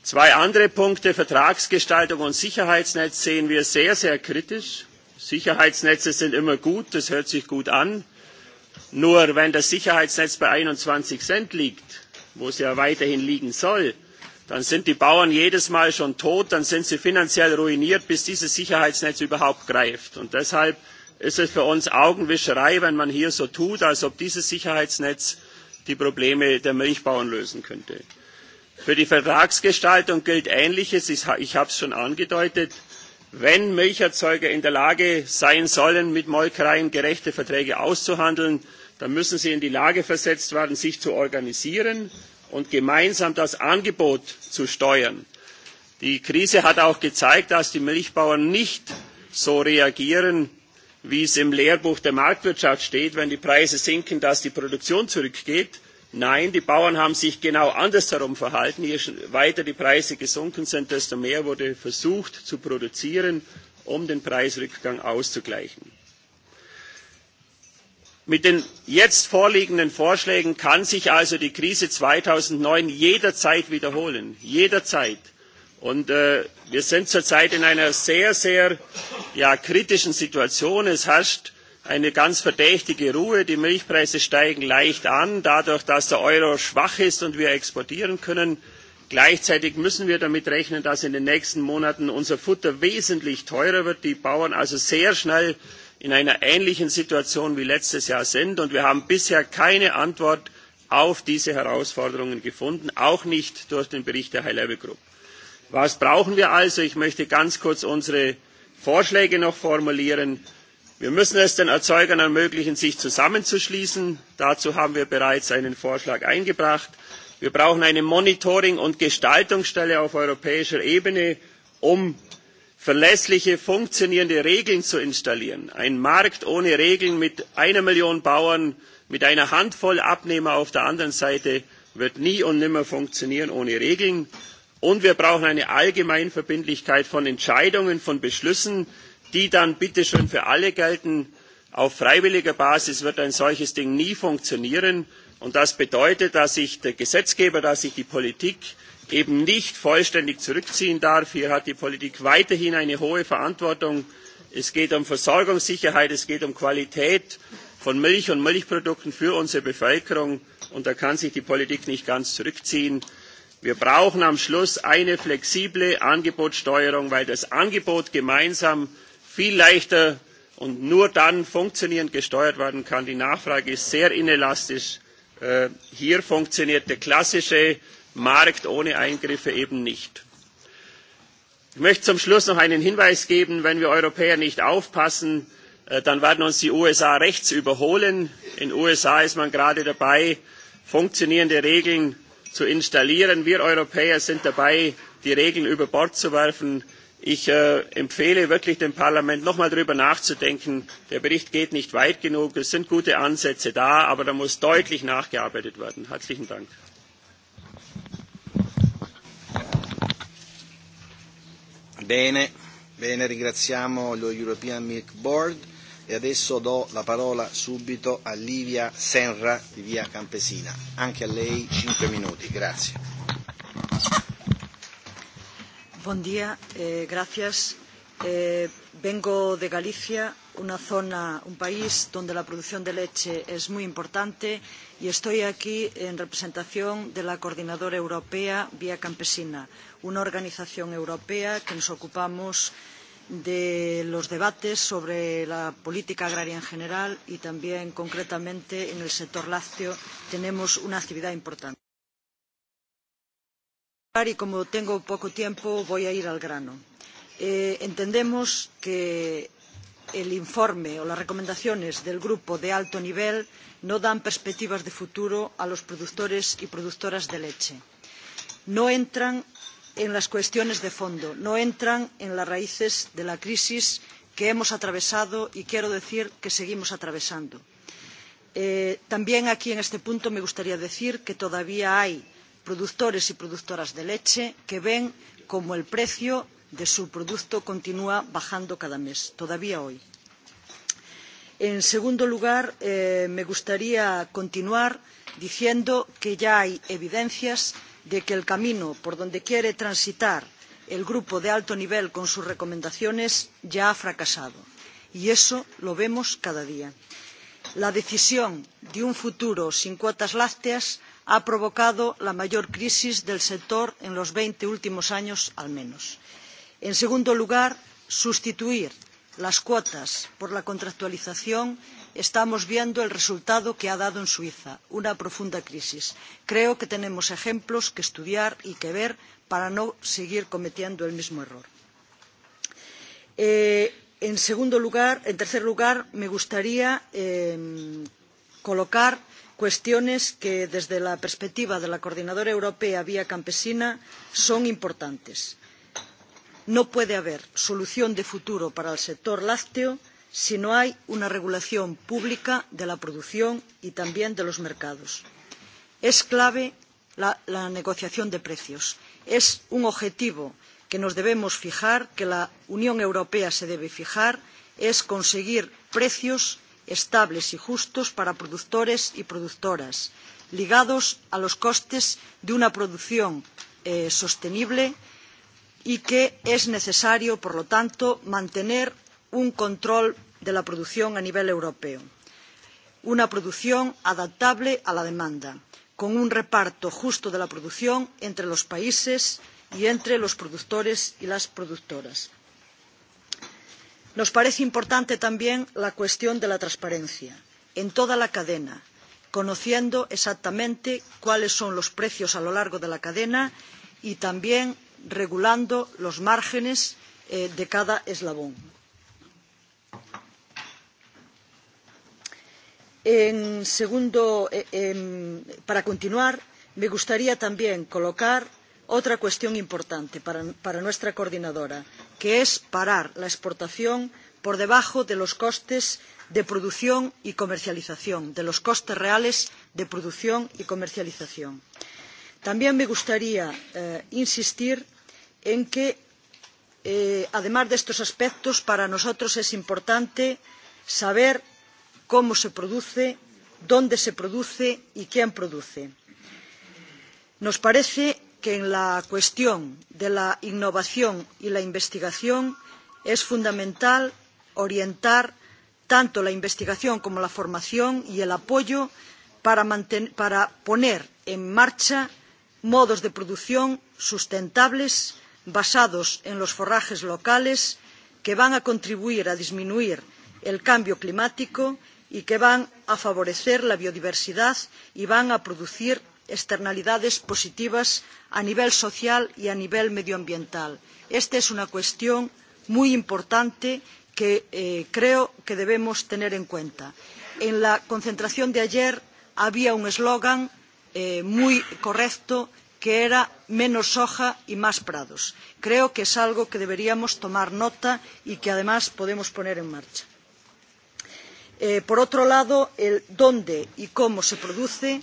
Zwei andere Punkte, Vertragsgestaltung und Sicherheitsnetz, sehen wir sehr, sehr kritisch. Sicherheitsnetze sind immer gut, das hört sich gut an. Nur wenn das Sicherheitsnetz bei 21 Cent liegt, wo es ja weiterhin liegen soll, dann sind die Bauern jedes Mal schon tot, dann sind sie finanziell ruiniert, bis dieses Sicherheitsnetz überhaupt greift. Und deshalb ist es für uns Augenwischerei, wenn man hier so tut, als ob dieses Sicherheitsnetz die Probleme der Milchbauern lösen könnte. Für die Vertragsgestaltung gilt Ähnliches. Ich habe es schon angedeutet. Wenn Milcherzeuger in der Lage sein sollen, mit Molkereien gerechte Verträge auszuhandeln, dann müssen sie in die Lage versetzt werden, sich zu organisieren und gemeinsam das Angebot zu steuern. Die Krise hat auch gezeigt, dass die Milchbauern nicht so reagieren, wie es im Lehrbuch der Marktwirtschaft steht, wenn die Preise sinken, dass die Produktion zurückgeht. Nein, die Bauern haben sich genau andersherum verhalten. Je weiter die Preise gesunken sind, desto mehr wurde versucht zu produzieren, um den Preisrückgang auszugleichen. Mit den jetzt vorliegenden Vorschlägen kann sich also die Krise 2009 jederzeit wiederholen. Jederzeit. Und äh, wir sind zurzeit in einer sehr, sehr kritischen Situation. Es herrscht eine ganz verdächtige Ruhe. Die Milchpreise steigen leicht an, dadurch, dass der Euro schwach ist und wir exportieren können. Gleichzeitig müssen wir damit rechnen, dass in den nächsten Monaten unser Futter wesentlich teurer wird, die Bauern also sehr schnell in einer ähnlichen Situation wie letztes Jahr sind. Und wir haben bisher keine Antwort auf diese Herausforderungen gefunden, auch nicht durch den Bericht der High-Level Group. Was brauchen wir also? Ich möchte ganz kurz unsere Vorschläge noch formulieren. Wir müssen es den Erzeugern ermöglichen, sich zusammenzuschließen. Dazu haben wir bereits einen Vorschlag eingebracht. Wir brauchen eine Monitoring- und Gestaltungsstelle auf europäischer Ebene, um verlässliche, funktionierende Regeln zu installieren. Ein Markt ohne Regeln mit einer Million Bauern, mit einer Handvoll Abnehmer auf der anderen Seite wird nie und nimmer funktionieren ohne Regeln. Und wir brauchen eine Allgemeinverbindlichkeit von Entscheidungen, von Beschlüssen, die dann bitte schön für alle gelten. Auf freiwilliger Basis wird ein solches Ding nie funktionieren. Und das bedeutet, dass sich der Gesetzgeber, dass sich die Politik eben nicht vollständig zurückziehen darf. Hier hat die Politik weiterhin eine hohe Verantwortung. Es geht um Versorgungssicherheit, es geht um Qualität von Milch und Milchprodukten für unsere Bevölkerung. Und da kann sich die Politik nicht ganz zurückziehen. Wir brauchen am Schluss eine flexible Angebotssteuerung, weil das Angebot gemeinsam viel leichter und nur dann funktionierend gesteuert werden kann. Die Nachfrage ist sehr inelastisch. Äh, hier funktioniert der klassische Markt ohne Eingriffe eben nicht. Ich möchte zum Schluss noch einen Hinweis geben, wenn wir Europäer nicht aufpassen, äh, dann werden uns die USA rechts überholen. In den USA ist man gerade dabei, funktionierende Regeln zu installieren. Wir Europäer sind dabei, die Regeln über Bord zu werfen. Ich äh, empfehle wirklich dem Parlament, nochmal darüber nachzudenken. Der Bericht geht nicht weit genug. Es sind gute Ansätze da, aber da muss deutlich nachgearbeitet werden. Herzlichen Dank. Bene, bene, ringraziamo lo European Milk Board e adesso do la parola subito a Livia Senra di Via Campesina. Anche a lei 5 minuti, grazie. Buon eh, gracias. Eh, vengo de Galicia una zona, un país donde la producción de leche es muy importante y estoy aquí en representación de la Coordinadora Europea Vía Campesina, una organización europea que nos ocupamos de los debates sobre la política agraria en general y también concretamente en el sector lácteo tenemos una actividad importante. Y como tengo poco tiempo voy a ir al grano. Eh, entendemos que el informe o las recomendaciones del grupo de alto nivel no dan perspectivas de futuro a los productores y productoras de leche. No entran en las cuestiones de fondo, no entran en las raíces de la crisis que hemos atravesado y quiero decir que seguimos atravesando. Eh, también aquí en este punto me gustaría decir que todavía hay productores y productoras de leche que ven como el precio de su producto continúa bajando cada mes, todavía hoy. En segundo lugar, eh, me gustaría continuar diciendo que ya hay evidencias de que el camino por donde quiere transitar el grupo de alto nivel con sus recomendaciones ya ha fracasado y eso lo vemos cada día. La decisión de un futuro sin cuotas lácteas ha provocado la mayor crisis del sector en los 20 últimos años al menos. En segundo lugar, sustituir las cuotas por la contractualización estamos viendo el resultado que ha dado en Suiza, una profunda crisis. Creo que tenemos ejemplos que estudiar y que ver para no seguir cometiendo el mismo error. Eh, en, segundo lugar, en tercer lugar, me gustaría eh, colocar cuestiones que desde la perspectiva de la coordinadora europea vía campesina son importantes no puede haber solución de futuro para el sector lácteo si no hay una regulación pública de la producción y también de los mercados. Es clave la, la negociación de precios. Es un objetivo que nos debemos fijar, que la Unión Europea se debe fijar, es conseguir precios estables y justos para productores y productoras, ligados a los costes de una producción eh, sostenible y que es necesario, por lo tanto, mantener un control de la producción a nivel europeo, una producción adaptable a la demanda, con un reparto justo de la producción entre los países y entre los productores y las productoras. Nos parece importante también la cuestión de la transparencia en toda la cadena, conociendo exactamente cuáles son los precios a lo largo de la cadena y también regulando los márgenes eh, de cada eslabón. En segundo, eh, para continuar, me gustaría también colocar otra cuestión importante para, para nuestra coordinadora, que es parar la exportación por debajo de los costes de producción y comercialización, de los costes reales de producción y comercialización también me gustaría eh, insistir en que eh, además de estos aspectos para nosotros es importante saber cómo se produce dónde se produce y quién produce. nos parece que en la cuestión de la innovación y la investigación es fundamental orientar tanto la investigación como la formación y el apoyo para, para poner en marcha modos de producción sustentables basados en los forrajes locales que van a contribuir a disminuir el cambio climático y que van a favorecer la biodiversidad y van a producir externalidades positivas a nivel social y a nivel medioambiental. Esta es una cuestión muy importante que eh, creo que debemos tener en cuenta. En la concentración de ayer había un eslogan eh, muy correcto que era menos soja y más prados. Creo que es algo que deberíamos tomar nota y que además podemos poner en marcha. Eh, por otro lado, el dónde y cómo se produce,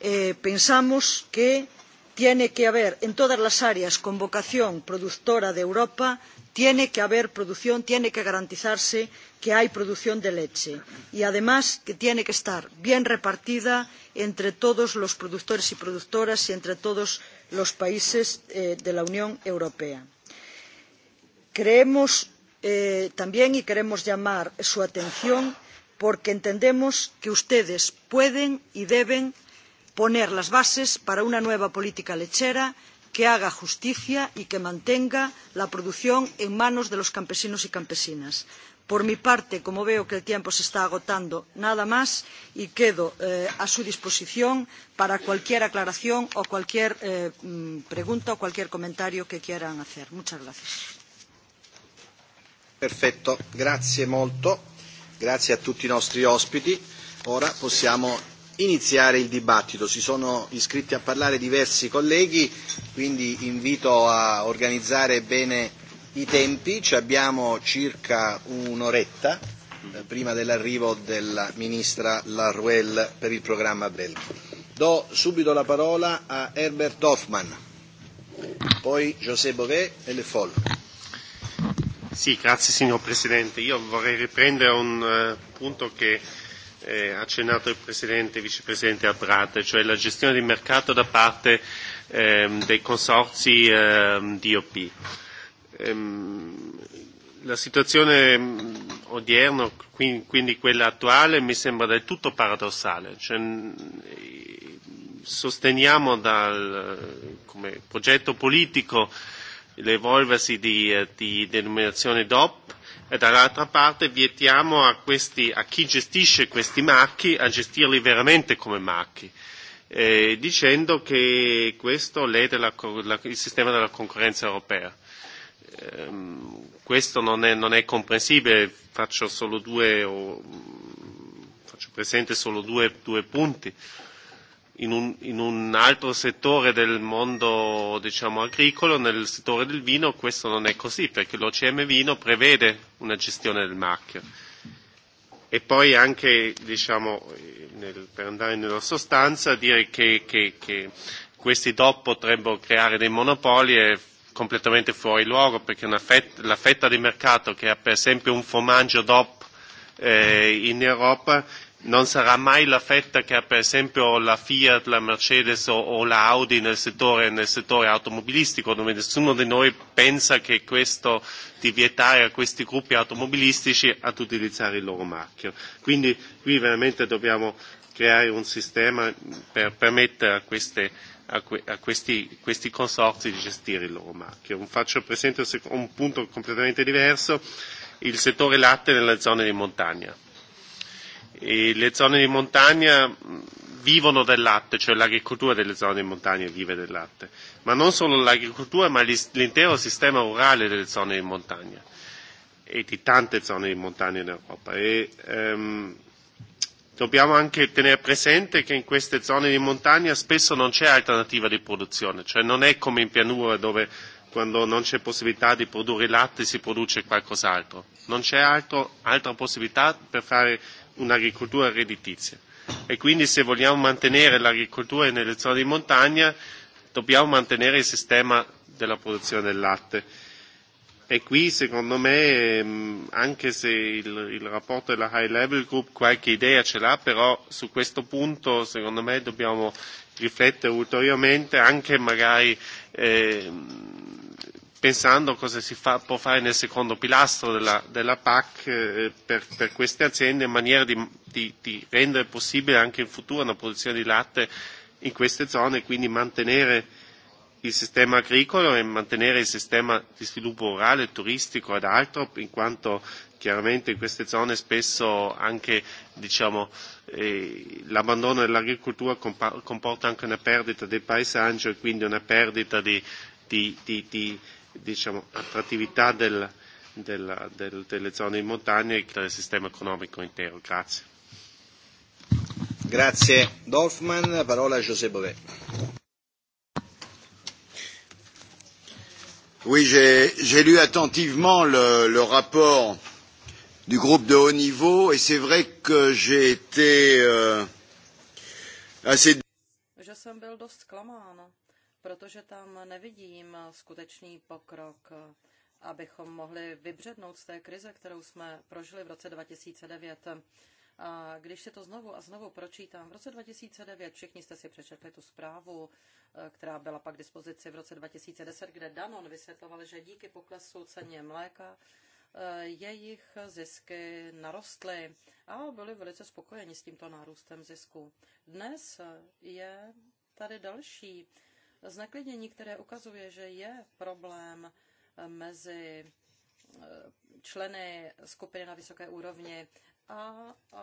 eh, pensamos que tiene que haber en todas las áreas con vocación productora de europa tiene que haber producción tiene que garantizarse que hay producción de leche y además que tiene que estar bien repartida entre todos los productores y productoras y entre todos los países eh, de la unión europea. creemos eh, también y queremos llamar su atención porque entendemos que ustedes pueden y deben poner las bases para una nueva política lechera que haga justicia y que mantenga la producción en manos de los campesinos y campesinas. Por mi parte, como veo que el tiempo se está agotando, nada más y quedo eh, a su disposición para cualquier aclaración o cualquier eh, mm, pregunta o cualquier comentario que quieran hacer. Muchas gracias. Perfecto. grazie molto. Grazie a tutti i nostri ospiti. Ora possiamo iniziare il dibattito. Si sono iscritti a parlare diversi colleghi, quindi invito a organizzare bene i tempi. Ci abbiamo circa un'oretta eh, prima dell'arrivo della ministra Laruel per il programma Brel. Do subito la parola a Herbert Hoffman, poi José Bové e Le Foll. Sì, grazie signor Presidente. Io vorrei riprendere un uh, punto che eh, accennato il Presidente e Vicepresidente Abrate, cioè la gestione di mercato da parte ehm, dei consorzi ehm, DOP. Ehm, la situazione mm, odierna, quindi quella attuale, mi sembra del tutto paradossale. Cioè, mm, sosteniamo dal, come progetto politico l'evolversi di, eh, di denominazione DOP, e dall'altra parte vietiamo a, questi, a chi gestisce questi marchi a gestirli veramente come marchi, eh, dicendo che questo lede la, la, il sistema della concorrenza europea. Ehm, questo non è, non è comprensibile, faccio, solo due, o, faccio presente solo due, due punti. Eh, in un, in un altro settore del mondo diciamo, agricolo, nel settore del vino, questo non è così, perché l'OCM Vino prevede una gestione del marchio. E poi anche, diciamo, nel, per andare nella sostanza, dire che, che, che questi DOP potrebbero creare dei monopoli è completamente fuori luogo, perché una fetta, la fetta di mercato che ha per esempio un formaggio DOP eh, in Europa non sarà mai la fetta che ha per esempio la Fiat, la Mercedes o, o la Audi nel settore, nel settore automobilistico, dove nessuno di noi pensa che questo di vietare a questi gruppi automobilistici ad utilizzare il loro marchio. Quindi qui veramente dobbiamo creare un sistema per permettere a queste a, que, a questi, questi consorzi di gestire il loro marchio. Faccio presente un punto completamente diverso, il settore latte nella zona di montagna E le zone di montagna mm, vivono del latte, cioè l'agricoltura delle zone di montagna vive del latte, ma non solo l'agricoltura, ma l'intero sistema rurale delle zone di montagna e di tante zone di montagna in Europa. E, um, dobbiamo anche tenere presente che in queste zone di montagna spesso non c'è alternativa di produzione, cioè non è come in pianura dove quando non c'è possibilità di produrre latte si produce qualcos'altro. Non c'è altro, altra possibilità per fare un'agricoltura redditizia e quindi se vogliamo mantenere l'agricoltura nelle zone di montagna dobbiamo mantenere il sistema della produzione del latte. E qui secondo me, ehm, anche se il, il rapporto della High Level Group qualche idea ce l'ha, però su questo punto secondo me dobbiamo riflettere ulteriormente anche magari eh, pensando cosa si fa, può fare nel secondo pilastro della, della PAC eh, per, per queste aziende in maniera di, di, di rendere possibile anche in futuro una produzione di latte in queste zone e quindi mantenere il sistema agricolo e mantenere il sistema di sviluppo rurale, turistico ed altro, in quanto chiaramente in queste zone spesso anche diciamo, eh, l'abbandono dell'agricoltura comporta anche una perdita del paesaggio e quindi una perdita di, di, di, di diciamo, attrattività del, del, del, delle zone in montagna e del sistema economico intero. Grazie. Grazie Dorfman, parola a José Bové. Oui, j'ai lu attentivement le, le rapport du groupe de haut niveau et c'est vrai que j'ai été euh, assez. Že jsem byl dost protože tam nevidím skutečný pokrok, abychom mohli vybřednout z té krize, kterou jsme prožili v roce 2009. A když si to znovu a znovu pročítám, v roce 2009 všichni jste si přečetli tu zprávu, eh, která byla pak k dispozici v roce 2010, kde Danon vysvětloval, že díky poklesu ceně mléka eh, jejich zisky narostly a byli velice spokojeni s tímto nárůstem zisku. Dnes je tady další Zneklidnění, které ukazuje, že je problém eh, mezi eh, členy skupiny na vysoké úrovni a eh,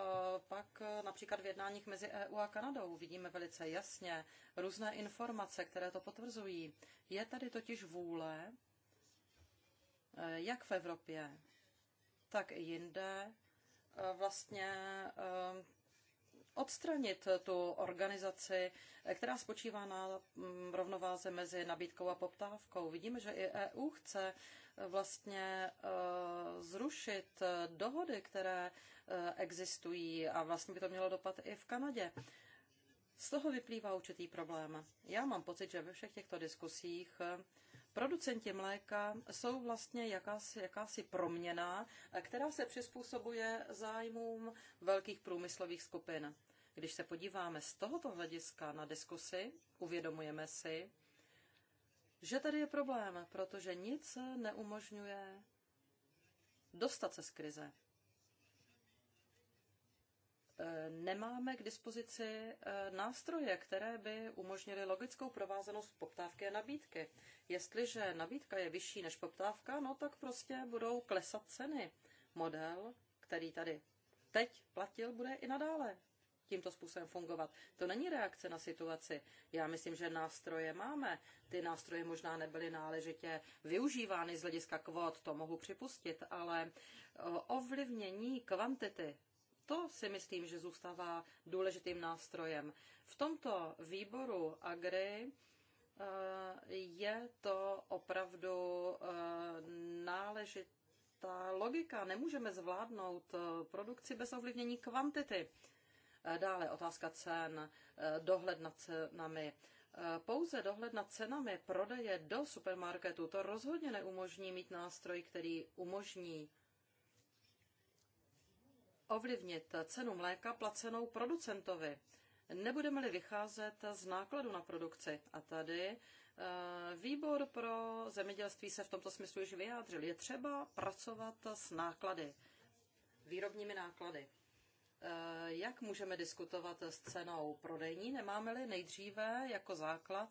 pak například v jednáních mezi EU a Kanadou vidíme velice jasně různé informace, které to potvrzují. Je tady totiž vůle, jak v Evropě, tak i jinde, vlastně odstranit tu organizaci, která spočívá na mm, rovnováze mezi nabídkou a poptávkou. Vidíme, že i EU chce eh, vlastně eh, zrušit eh, dohody, které existují a vlastně by to mělo dopad i v Kanadě. Z toho vyplývá určitý problém. Já mám pocit, že ve všech těchto diskusích Producenti mléka jsou vlastně jakási, jakási proměna, která se přizpůsobuje zájmům velkých průmyslových skupin. Když se podíváme z tohoto hlediska na diskusy, uvědomujeme si, že tady je problém, protože nic neumožňuje dostat se z krize. Eh, nemáme k dispozici eh, nástroje, které by umožnily logickou provázanost poptávky a nabídky. Jestliže nabídka je vyšší než poptávka, no tak prostě budou klesat ceny. Model, který tady teď platil, bude i nadále tímto způsobem fungovat. To není reakce na situaci. Já myslím, že nástroje máme. Ty nástroje možná nebyly náležitě využívány z hlediska kvót, to mohu připustit, ale eh, ovlivnění kvantity to si myslím, že zůstává důležitým nástrojem. V tomto výboru Agri eh, je to opravdu eh, náležitá logika. Nemůžeme zvládnout eh, produkci bez ovlivnění kvantity. Dále otázka cen, dohled nad cenami. Pouze dohled nad cenami prodeje do supermarketu to rozhodně neumožní mít nástroj, který umožní ovlivnit cenu mléka placenou producentovi. Nebudeme-li vycházet z nákladu na produkci. A tady eh, výbor pro zemědělství se v tomto smyslu již vyjádřil. Je třeba pracovat s náklady, výrobními náklady. Eh, jak můžeme diskutovat s cenou prodejní? Nemáme-li nejdříve jako základ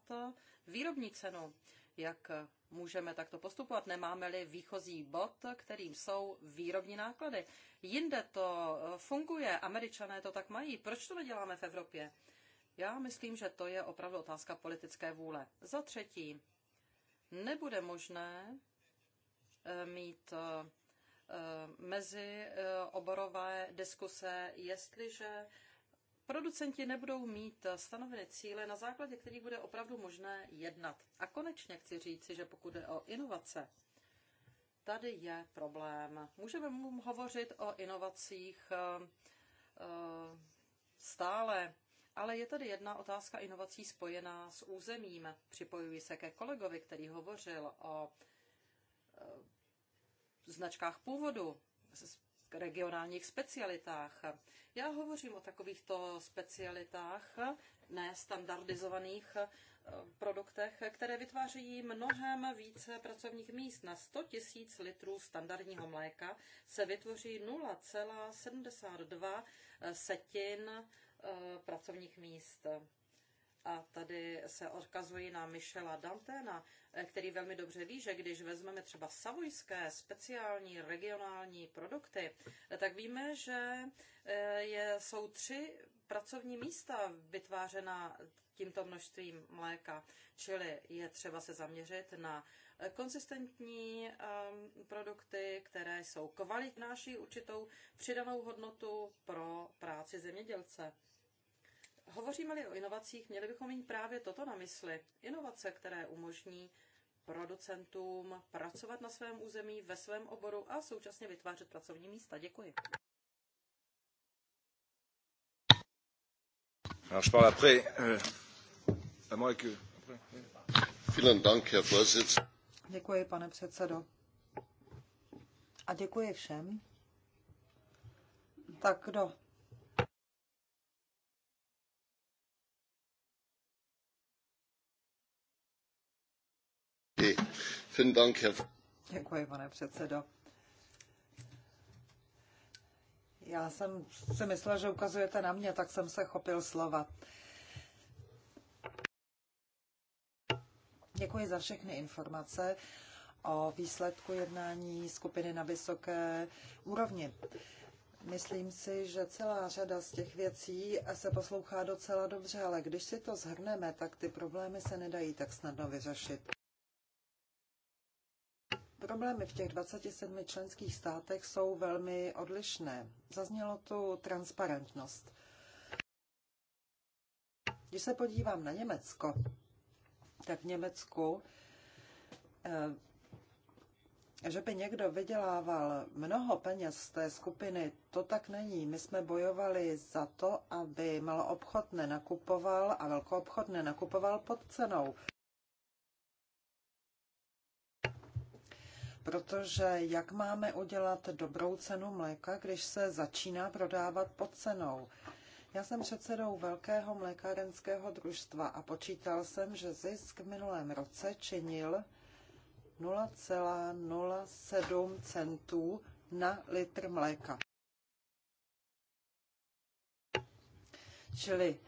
výrobní cenu jak můžeme takto postupovat, nemáme-li výchozí bod, kterým jsou výrobní náklady. Jinde to funguje, američané to tak mají. Proč to neděláme v Evropě? Já myslím, že to je opravdu otázka politické vůle. Za třetí, nebude možné eh, mít eh, eh, mezi oborové diskuse, jestliže producenti nebudou mít stanoveny cíle, na základě kterých bude opravdu možné jednat. A konečně chci říci, že pokud jde o inovace, tady je problém. Můžeme hovořit o inovacích eh, eh, stále, ale je tady jedna otázka inovací spojená s územím. Připojuji se ke kolegovi, který hovořil o eh, značkách původu regionálních specialitách. Já hovořím o takovýchto specialitách, nestandardizovaných eh, produktech, které vytvářejí mnohem více pracovních míst. Na 100 tisíc litrů standardního mléka se vytvoří 0,72 eh, setin eh, pracovních míst. A tady se odkazuji na Michela Dantena, eh, který velmi dobře ví, že když vezmeme třeba savojské speciální regionální produkty, eh, tak víme, že eh, je, jsou tři pracovní místa vytvářena tímto množstvím mléka. Čili je třeba se zaměřit na konzistentní ehm, produkty, které jsou kvalitní, určitou přidanou hodnotu pro práci zemědělce. Hovoříme-li o inovacích, měli bychom mít právě toto na mysli. Inovace, které umožní producentům pracovat na svém území, ve svém oboru a současně vytvářet pracovní místa. Děkuji. Alors, je parle après, euh, à que... Vielen Dank, Herr Děkuji, pane předsedo. A děkuji všem. Tak kdo Děkuji, pane předsedo. Já jsem si myslela, že ukazujete na mě, tak jsem se chopil slova. Děkuji za všechny informace o výsledku jednání skupiny na vysoké úrovni. Myslím si, že celá řada z těch věcí se poslouchá docela dobře, ale když si to zhrneme, tak ty problémy se nedají tak snadno vyřešit. Problémy v těch 27 členských státech jsou velmi odlišné. Zaznělo tu transparentnost. Když se podívám na Německo, tak v Německu, eh, že by někdo vydělával mnoho peněz z té skupiny, to tak není. My jsme bojovali za to, aby maloobchod nenakupoval a velkoobchod nenakupoval pod cenou. protože jak máme udělat dobrou cenu mléka, když se začíná prodávat pod cenou? Já jsem předsedou velkého mlékárenského družstva a počítal jsem, že zisk v minulém roce činil 0,07 centů na litr mléka. Čili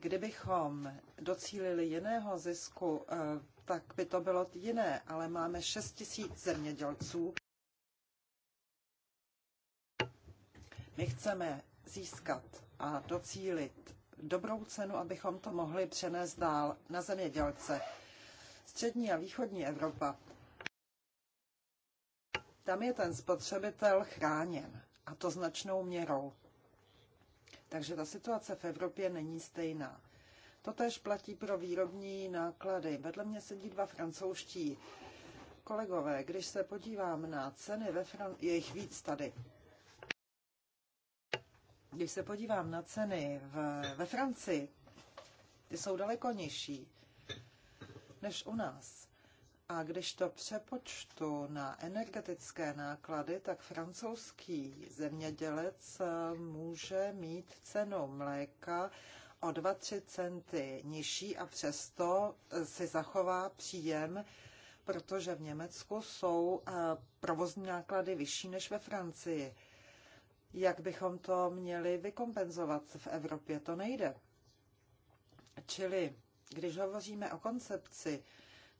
kdybychom docílili jiného zisku eh, tak by to bylo jiné, ale máme 6 tisíc zemědělců. My chceme získat a docílit dobrou cenu, abychom to mohli přenést dál na zemědělce. Střední a východní Evropa, tam je ten spotřebitel chráněn a to značnou měrou. Takže ta situace v Evropě není stejná. Totež platí pro výrobní náklady. Vedle mě sedí dva francouzští kolegové. Když se podívám na ceny ve Fran... je jich víc tady. Když se podívám na ceny v, ve Francii, ty jsou daleko nižší než u nás. A když to přepočtu na energetické náklady, tak francouzský zemědělec eh, může mít cenu mléka o 2-3 centy nižší a přesto si zachová příjem, protože v Německu jsou eh, provozní náklady vyšší než ve Francii. Jak bychom to měli vykompenzovat v Evropě? To nejde. Čili, když hovoříme o koncepci,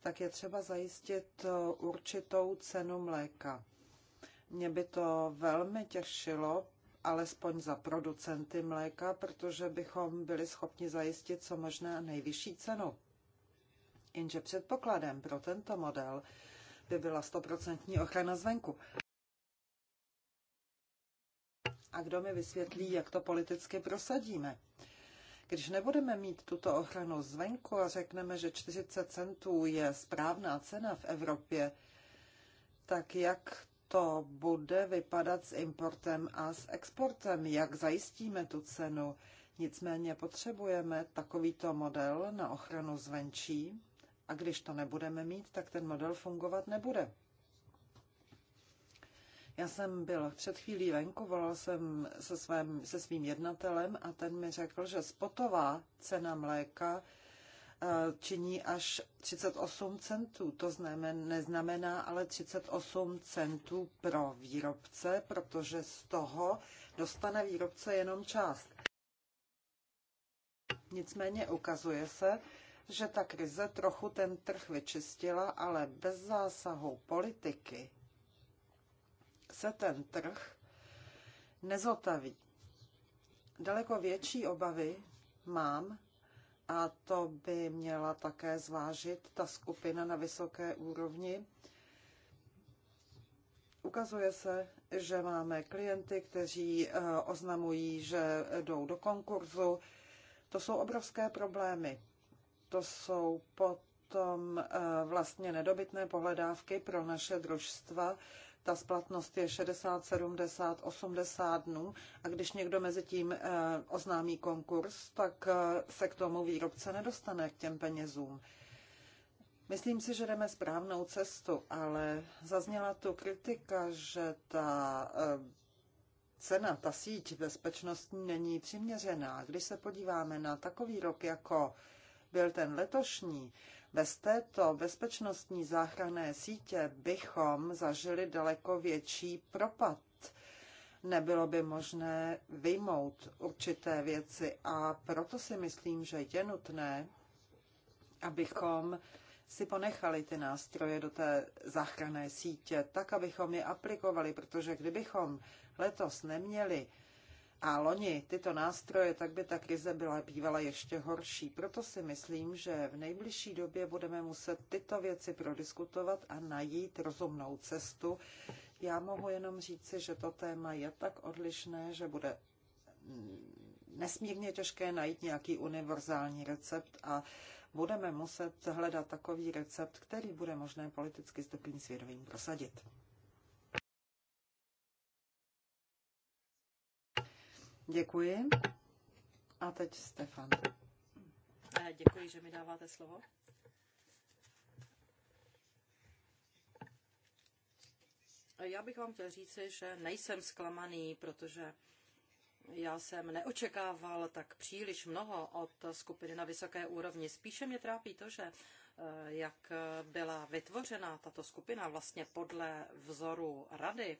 tak je třeba zajistit eh, určitou cenu mléka. Mě by to velmi těšilo, alespoň za producenty mléka, protože bychom byli schopni zajistit co možná nejvyšší cenu. Jenže předpokladem pro tento model by byla stoprocentní ochrana zvenku. A kdo mi vysvětlí, jak to politicky prosadíme? Když nebudeme mít tuto ochranu zvenku a řekneme, že 40 centů je správná cena v Evropě, tak jak to bude vypadat s importem a s exportem, jak zajistíme tu cenu. Nicméně potřebujeme takovýto model na ochranu zvenčí a když to nebudeme mít, tak ten model fungovat nebude. Já jsem byl před chvílí venku, volal jsem se, svém, se svým jednatelem a ten mi řekl, že spotová cena mléka Eh, činí až 38 centů. To znamená, neznamená ale 38 centů pro výrobce, protože z toho dostane výrobce jenom část. Nicméně ukazuje se, že ta krize trochu ten trh vyčistila, ale bez zásahu politiky se ten trh nezotaví. Daleko větší obavy mám a to by měla také zvážit ta skupina na vysoké úrovni. Ukazuje se, že máme klienty, kteří eh, oznamují, že jdou do konkurzu. To jsou obrovské problémy. To jsou potom eh, vlastně nedobytné pohledávky pro naše družstva, ta splatnost je 60, 70, 80 dnů a když někdo mezi tím eh, oznámí konkurs, tak eh, se k tomu výrobce nedostane k těm penězům. Myslím si, že jdeme správnou cestu, ale zazněla tu kritika, že ta eh, cena, ta síť bezpečnostní není přiměřená. Když se podíváme na takový rok, jako byl ten letošní, bez této bezpečnostní záchranné sítě bychom zažili daleko větší propad. Nebylo by možné vyjmout určité věci a proto si myslím, že je nutné, abychom si ponechali ty nástroje do té záchranné sítě, tak, abychom je aplikovali, protože kdybychom letos neměli a loni tyto nástroje, tak by ta krize byla bývala ještě horší. Proto si myslím, že v nejbližší době budeme muset tyto věci prodiskutovat a najít rozumnou cestu. Já mohu jenom říci, že to téma je tak odlišné, že bude nesmírně těžké najít nějaký univerzální recept a budeme muset hledat takový recept, který bude možné politicky s dobrým svědomím prosadit. Děkuji. A teď Stefan. Děkuji, že mi dáváte slovo. Já bych vám chtěl říci, že nejsem zklamaný, protože já jsem neočekával tak příliš mnoho od skupiny na vysoké úrovni. Spíše mě trápí to, že eh, jak byla vytvořena tato skupina vlastně podle vzoru rady,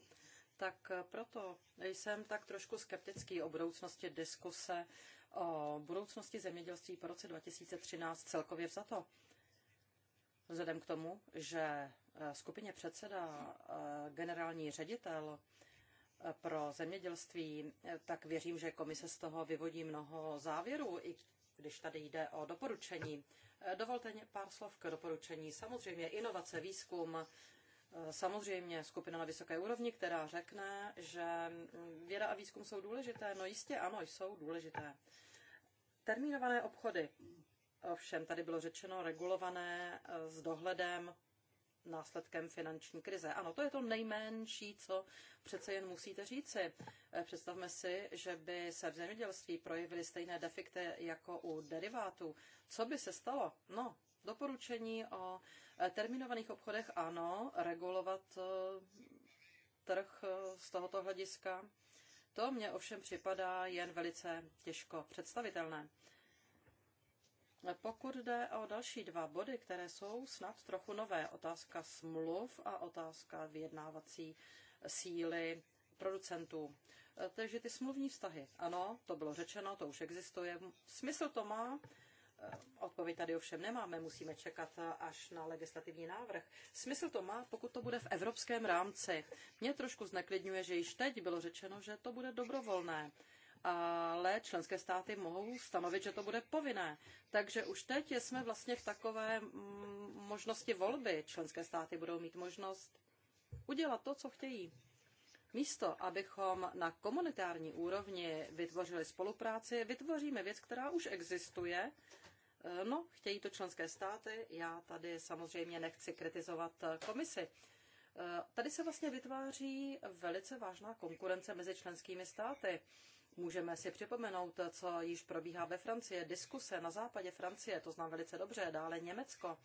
tak proto jsem tak trošku skeptický o budoucnosti diskuse o budoucnosti zemědělství po roce 2013 celkově vzato. Vzhledem k tomu, že eh, skupině předseda eh, generální ředitel eh, pro zemědělství, tak věřím, že komise z toho vyvodí mnoho závěrů, i když tady jde o doporučení. Dovolte pár slov k doporučení. Samozřejmě inovace, výzkum, samozřejmě skupina na vysoké úrovni, která řekne, že věda a výzkum jsou důležité. No jistě ano, jsou důležité. Termínované obchody, ovšem tady bylo řečeno, regulované eh, s dohledem následkem finanční krize. Ano, to je to nejmenší, co přece jen musíte říci. Eh, představme si, že by se v zemědělství projevily stejné defekty jako u derivátů. Co by se stalo? No, Doporučení o eh, terminovaných obchodech ano, regulovat eh, trh eh, z tohoto hlediska. To mně ovšem připadá jen velice těžko představitelné. Pokud jde o další dva body, které jsou snad trochu nové, otázka smluv a otázka vyjednávací síly producentů. Takže ty smluvní vztahy, ano, to bylo řečeno, to už existuje. Smysl to má, Eh, odpověď tady ovšem nemáme, musíme čekat eh, až na legislativní návrh. Smysl to má, pokud to bude v evropském rámci. Mě trošku zneklidňuje, že již teď bylo řečeno, že to bude dobrovolné ale členské státy mohou stanovit, že to bude povinné. Takže už teď jsme vlastně v takové mm, možnosti volby. Členské státy budou mít možnost udělat to, co chtějí. Místo, abychom na komunitární úrovni vytvořili spolupráci, vytvoříme věc, která už existuje Eh, no, chtějí to členské státy, já tady samozřejmě nechci kritizovat eh, komisi. Eh, tady se vlastně vytváří velice vážná konkurence mezi členskými státy. Můžeme si připomenout, co již probíhá ve Francii, diskuse na západě Francie, to znám velice dobře, dále Německo.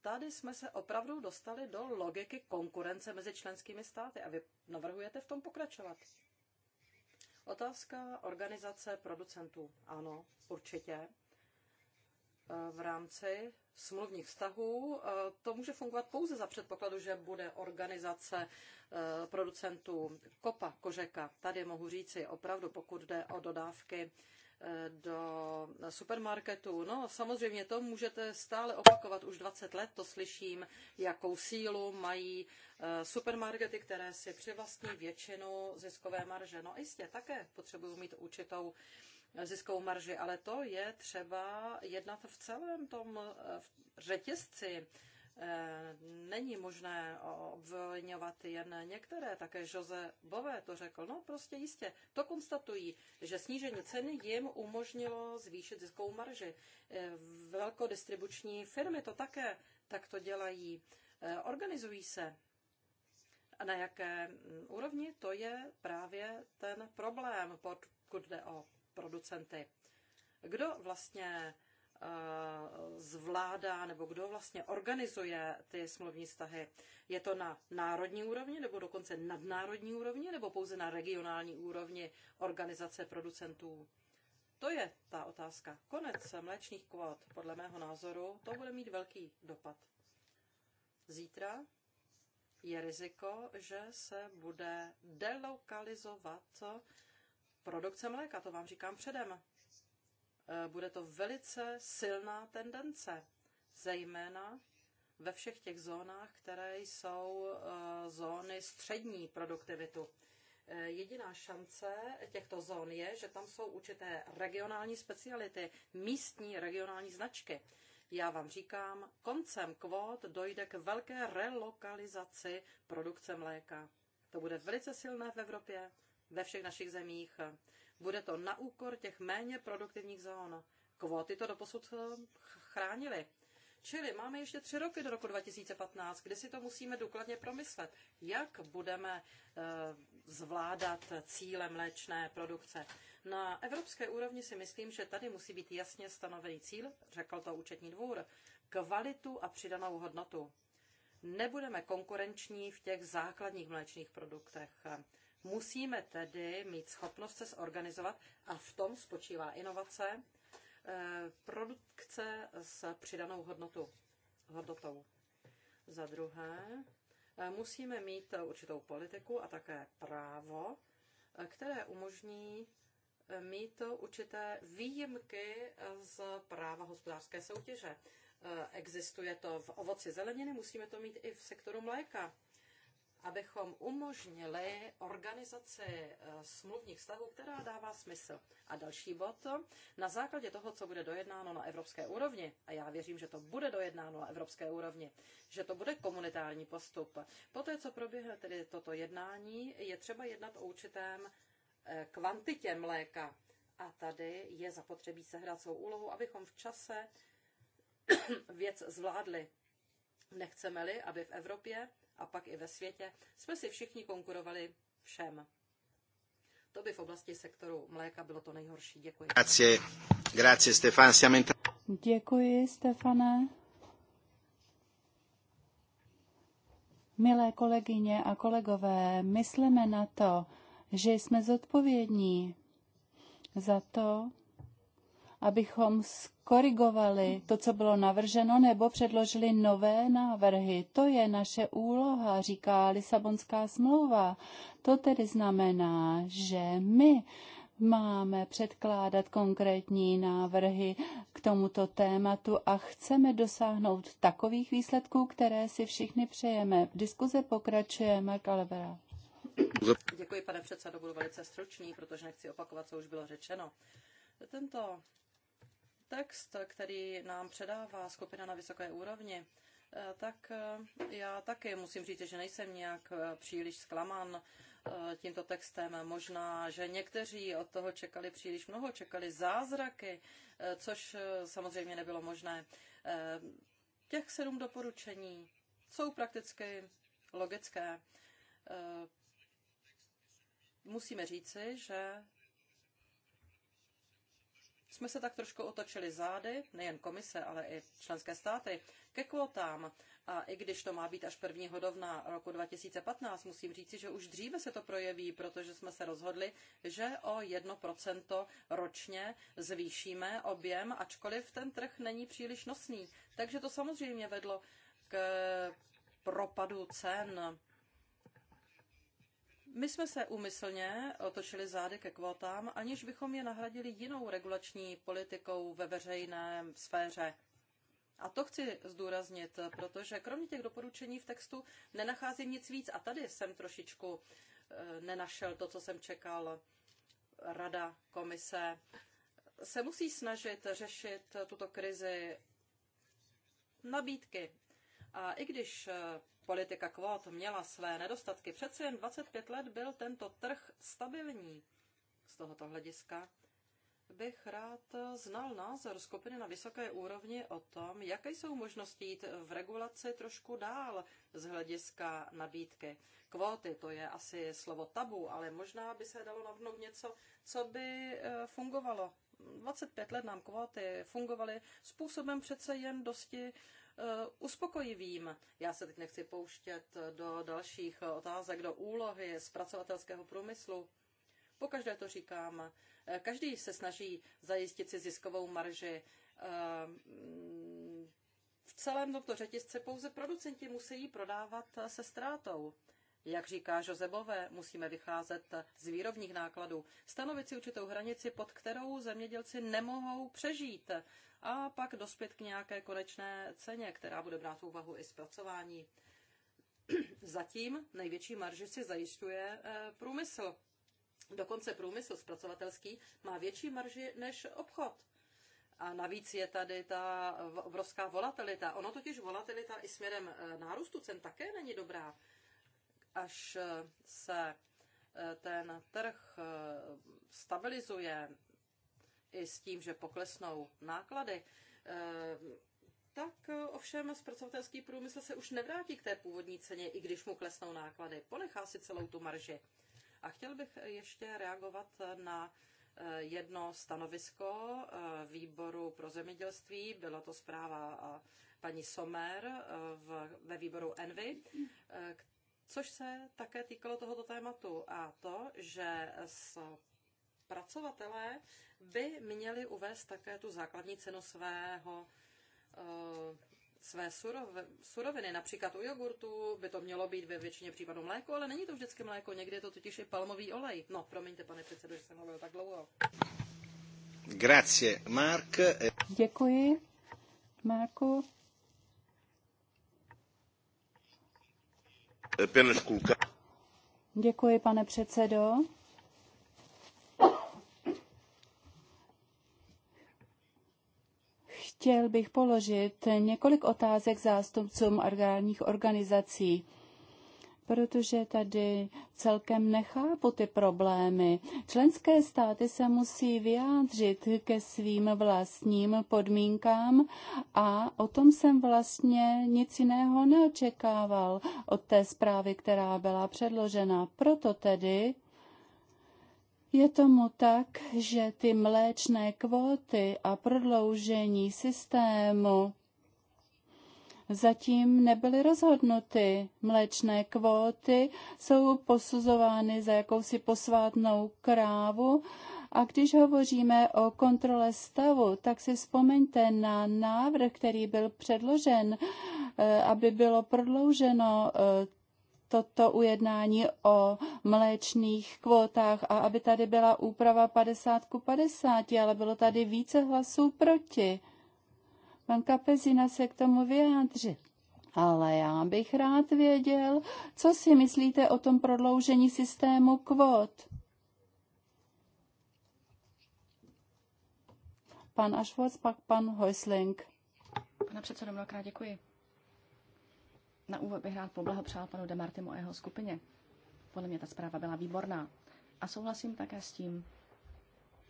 Tady jsme se opravdu dostali do logiky konkurence mezi členskými státy a vy navrhujete v tom pokračovat. Otázka organizace producentů. Ano, určitě. Eh, v rámci smluvních vztahů. Eh, to může fungovat pouze za předpokladu, že bude organizace eh, producentů Kopa Kořeka. Tady mohu říci opravdu, pokud jde o dodávky do supermarketu. No, samozřejmě to můžete stále opakovat, už 20 let to slyším, jakou sílu mají supermarkety, které si přivlastní většinu ziskové marže. No jistě, také potřebují mít určitou ziskovou marži, ale to je třeba jednat v celém tom eh, řetězci. Eh, není možné obvinovat jen některé, také Jose Bové to řekl. No prostě jistě, to konstatují, že snížení ceny jim umožnilo zvýšit ziskovou marži. Eh, velkodistribuční firmy to také tak to dělají. Organizují se. A na jaké mm, úrovni? To je právě ten problém, pokud jde o producenty. Kdo vlastně eh, zvládá nebo kdo vlastně organizuje ty smluvní vztahy. Je to na národní úrovni nebo dokonce nadnárodní úrovni nebo pouze na regionální úrovni organizace producentů? To je ta otázka. Konec mléčných kvót, podle mého názoru, to bude mít velký dopad. Zítra je riziko, že se bude delokalizovat produkce mléka, to vám říkám předem. E, bude to velice silná tendence, zejména ve všech těch zónách, které jsou e, zóny střední produktivitu. E, jediná šance těchto zón je, že tam jsou určité regionální speciality, místní regionální značky. Já vám říkám, koncem kvót dojde k velké relokalizaci produkce mléka. To bude velice silné v Evropě ve všech našich zemích. Bude to na úkor těch méně produktivních zón. Kvóty to doposud eh, chránily. Čili máme ještě tři roky do roku 2015, kdy si to musíme důkladně promyslet, jak budeme eh, zvládat cíle mléčné produkce. Na evropské úrovni si myslím, že tady musí být jasně stanovený cíl, řekl to účetní dvůr, kvalitu a přidanou hodnotu. Nebudeme konkurenční v těch základních mléčných produktech. Musíme tedy mít schopnost se zorganizovat a v tom spočívá inovace, eh, produkce s přidanou hodnotu, hodnotou. Za druhé, eh, musíme mít určitou politiku a také právo, eh, které umožní mít určité výjimky z práva hospodářské soutěže. Existuje to v ovoci zeleniny, musíme to mít i v sektoru mléka abychom umožnili organizaci eh, smluvních vztahů, která dává smysl. A další bod, na základě toho, co bude dojednáno na evropské úrovni, a já věřím, že to bude dojednáno na evropské úrovni, že to bude komunitární postup. Poté, co proběhne tedy toto jednání, je třeba jednat o určitém eh, kvantitě mléka. A tady je zapotřebí sehrát svou úlohu, abychom v čase věc zvládli. Nechceme-li, aby v Evropě a pak i ve světě, jsme si všichni konkurovali všem. To by v oblasti sektoru mléka bylo to nejhorší. Děkuji. Grazie. Grazie, Stefan. Děkuji, Stefane. Milé kolegyně a kolegové, myslíme na to, že jsme zodpovědní za to, abychom skorigovali to, co bylo navrženo, nebo předložili nové návrhy. To je naše úloha, říká Lisabonská smlouva. To tedy znamená, že my máme předkládat konkrétní návrhy k tomuto tématu a chceme dosáhnout takových výsledků, které si všichni přejeme. V diskuze pokračuje Mark Alvera. Děkuji, pane předsedo, budu velice stručný, protože nechci opakovat, co už bylo řečeno. Tento Text, který nám předává skupina na vysoké úrovni, eh, tak eh, já také musím říct, že nejsem nějak eh, příliš zklaman tímto textem. Možná, že někteří od toho čekali příliš mnoho, čekali zázraky, což samozřejmě nebylo možné. Těch sedm doporučení jsou prakticky logické. Musíme říci, že jsme se tak trošku otočili zády, nejen komise, ale i členské státy, ke kvótám. A i když to má být až první hodovna roku 2015, musím říci, že už dříve se to projeví, protože jsme se rozhodli, že o 1% ročně zvýšíme objem, ačkoliv ten trh není příliš nosný. Takže to samozřejmě vedlo k propadu cen my jsme se úmyslně otočili zády ke kvotám, aniž bychom je nahradili jinou regulační politikou ve veřejné sféře. A to chci zdůraznit, protože kromě těch doporučení v textu nenacházím nic víc. A tady jsem trošičku e, nenašel to, co jsem čekal. Rada, komise se musí snažit řešit tuto krizi nabídky. A i když e, politika kvót měla své nedostatky, přece jen 25 let byl tento trh stabilní. Z tohoto hlediska bych rád znal názor skupiny na vysoké úrovni o tom, jaké jsou možnosti jít v regulaci trošku dál z hlediska nabídky. Kvóty, to je asi slovo tabu, ale možná by se dalo navnout něco, co by eh, fungovalo. 25 let nám kvóty fungovaly způsobem přece jen dosti Eh, uspokojivým. Já se teď nechci pouštět do dalších otázek, do úlohy zpracovatelského průmyslu. Pokaždé to říkám. Eh, každý se snaží zajistit si ziskovou marži. Eh, v celém tomto řetězce pouze producenti musí prodávat se ztrátou. Jak říká Josebové, musíme vycházet z výrobních nákladů, stanovit si určitou hranici, pod kterou zemědělci nemohou přežít a pak dospět k nějaké konečné ceně, která bude brát v úvahu i zpracování. Zatím největší marži si zajišťuje eh, průmysl. Dokonce průmysl zpracovatelský má větší marži než obchod. A navíc je tady ta obrovská volatilita. Ono totiž volatilita i směrem eh, nárůstu cen také není dobrá až eh, se eh, ten trh eh, stabilizuje i s tím, že poklesnou náklady, tak ovšem zpracovatelský průmysl se už nevrátí k té původní ceně, i když mu klesnou náklady. Ponechá si celou tu marži. A chtěl bych ještě reagovat na jedno stanovisko výboru pro zemědělství. Byla to zpráva paní Somer ve výboru Envy, což se také týkalo tohoto tématu a to, že s pracovatelé by měli uvést také tu základní cenu svého eh, své suroviny, například u jogurtu, by to mělo být ve většině případů mléko, ale není to vždycky mléko, někdy je to totiž i palmový olej. No, promiňte, pane předsedo, že jsem mluvil tak dlouho. Grazie, Mark. Děkuji, Marku. apenas colocar. Děkuji, pane předsedo. Chtěl bych položit několik otázek zástupcům orgánních organizací protože tady celkem nechápu ty problémy. Členské státy se musí vyjádřit ke svým vlastním podmínkám a o tom jsem vlastně nic jiného neočekával od té zprávy, která byla předložena. Proto tedy je tomu tak, že ty mléčné kvóty a prodloužení systému zatím nebyly rozhodnuty. Mléčné kvóty jsou posuzovány za jakousi posvátnou krávu a když hovoříme o kontrole stavu, tak si vzpomeňte na návrh, který byl předložen, eh, aby bylo prodlouženo eh, toto ujednání o mléčných kvótách a aby tady byla úprava 50 ku 50, ale bylo tady více hlasů proti. Pan Kapezina se k tomu vyjádřil. Ale já bych rád věděl, co si myslíte o tom prodloužení systému kvot. Pan Ašvoc, pak pan Heusling. Pane předsedo, mnohokrát děkuji. Na úvod bych rád poblahopřál panu Demartimu a jeho skupině. Podle mě ta zpráva byla výborná. A souhlasím také s tím,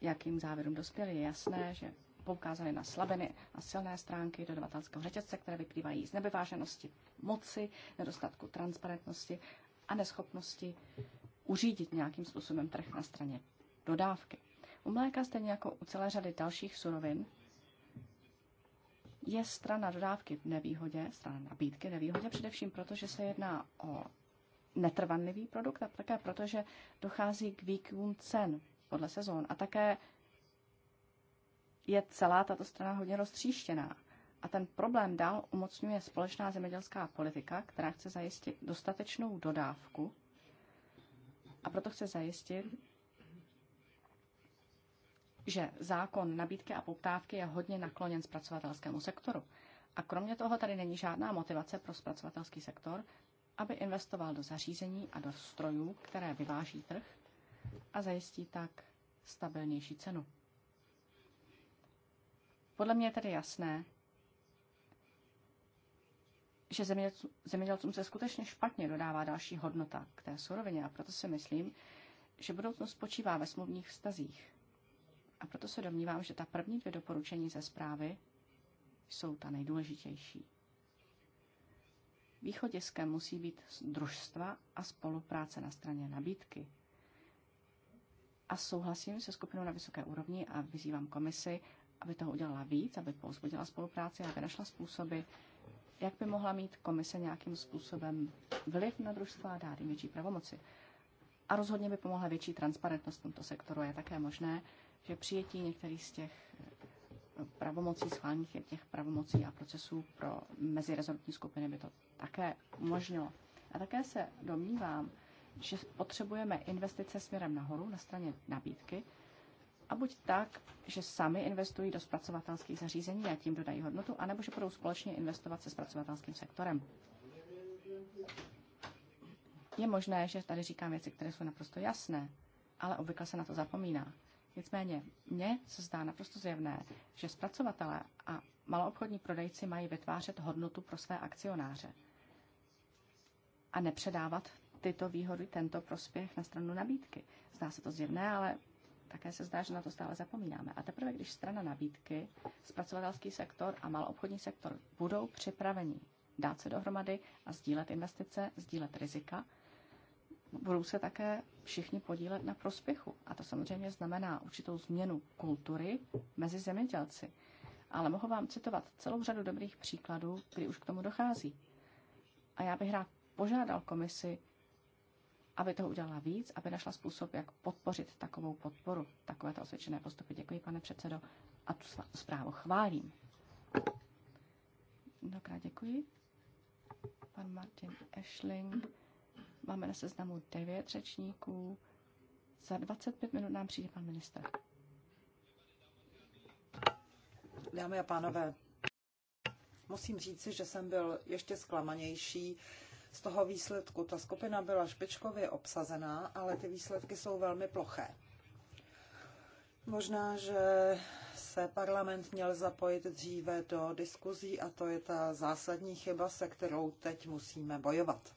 jakým závěrům dospěli. Je jasné, že poukázali na slabiny a silné stránky dodavatelského řetězce, které vyplývají z nevyváženosti moci, nedostatku transparentnosti a neschopnosti uřídit nějakým způsobem trh na straně dodávky. U mléka, stejně jako u celé řady dalších surovin, je strana dodávky v nevýhodě, strana nabídky v nevýhodě, především proto, že se jedná o netrvanlivý produkt a také proto, že dochází k výkům cen podle sezón a také je celá tato strana hodně roztříštěná. A ten problém dál umocňuje společná zemědělská politika, která chce zajistit dostatečnou dodávku a proto chce zajistit, že zákon nabídky a poptávky je hodně nakloněn zpracovatelskému sektoru. A kromě toho tady není žádná motivace pro zpracovatelský sektor, aby investoval do zařízení a do strojů, které vyváží trh a zajistí tak stabilnější cenu. Podle mě je tedy jasné, že zemědělcům se skutečně špatně dodává další hodnota k té surovině a proto si myslím, že budoucnost spočívá ve smluvních vztazích. A proto se domnívám, že ta první dvě doporučení ze zprávy jsou ta nejdůležitější. Východiskem musí být družstva a spolupráce na straně nabídky. A souhlasím se skupinou na vysoké úrovni a vyzývám komisi, aby toho udělala víc, aby pouzbudila spolupráci, aby našla způsoby, jak by mohla mít komise nějakým způsobem vliv na družstva a dát jim větší pravomoci. A rozhodně by pomohla větší transparentnost v tomto sektoru. Je také možné, že přijetí některých z těch eh, pravomocí, schválení těch pravomocí a procesů pro mezirezortní skupiny by to také umožnilo. A také se domnívám, že potřebujeme investice směrem nahoru na straně nabídky, a buď tak, že sami investují do zpracovatelských zařízení a tím dodají hodnotu, anebo že budou společně investovat se zpracovatelským sektorem. Je možné, že tady říkám věci, které jsou naprosto jasné, ale obvykle se na to zapomíná. Nicméně mně se zdá naprosto zjevné, že zpracovatelé a maloobchodní prodejci mají vytvářet hodnotu pro své akcionáře a nepředávat tyto výhody, tento prospěch na stranu nabídky. Zdá se to zjevné, ale také se zdá, že na to stále zapomínáme. A teprve, když strana nabídky, zpracovatelský sektor a maloobchodní sektor budou připraveni dát se dohromady a sdílet investice, sdílet rizika, budou se také všichni podílet na prospěchu. A to samozřejmě znamená určitou změnu kultury mezi zemědělci. Ale mohu vám citovat celou řadu dobrých příkladů, kdy už k tomu dochází. A já bych rád požádal komisi, aby toho udělala víc, aby našla způsob, jak podpořit takovou podporu, takovéto osvědčené postupy. Děkuji, pane předsedo, a tu zprávu chválím. Dobrá, děkuji. Pan Martin Eschling. Máme na seznamu devět řečníků. Za 25 minut nám přijde pan minister. Dámy a pánové, musím říci, že jsem byl ještě zklamanější, z toho výsledku. Ta skupina byla špičkově obsazená, ale ty výsledky jsou velmi ploché. Možná, že se parlament měl zapojit dříve do diskuzí a to je ta zásadní chyba, se kterou teď musíme bojovat.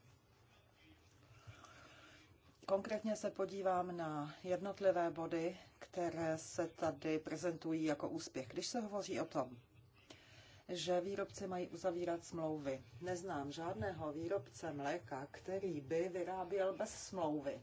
Konkrétně se podívám na jednotlivé body, které se tady prezentují jako úspěch. Když se hovoří o tom, že výrobci mají uzavírat smlouvy. Neznám žádného výrobce mléka, který by vyráběl bez smlouvy.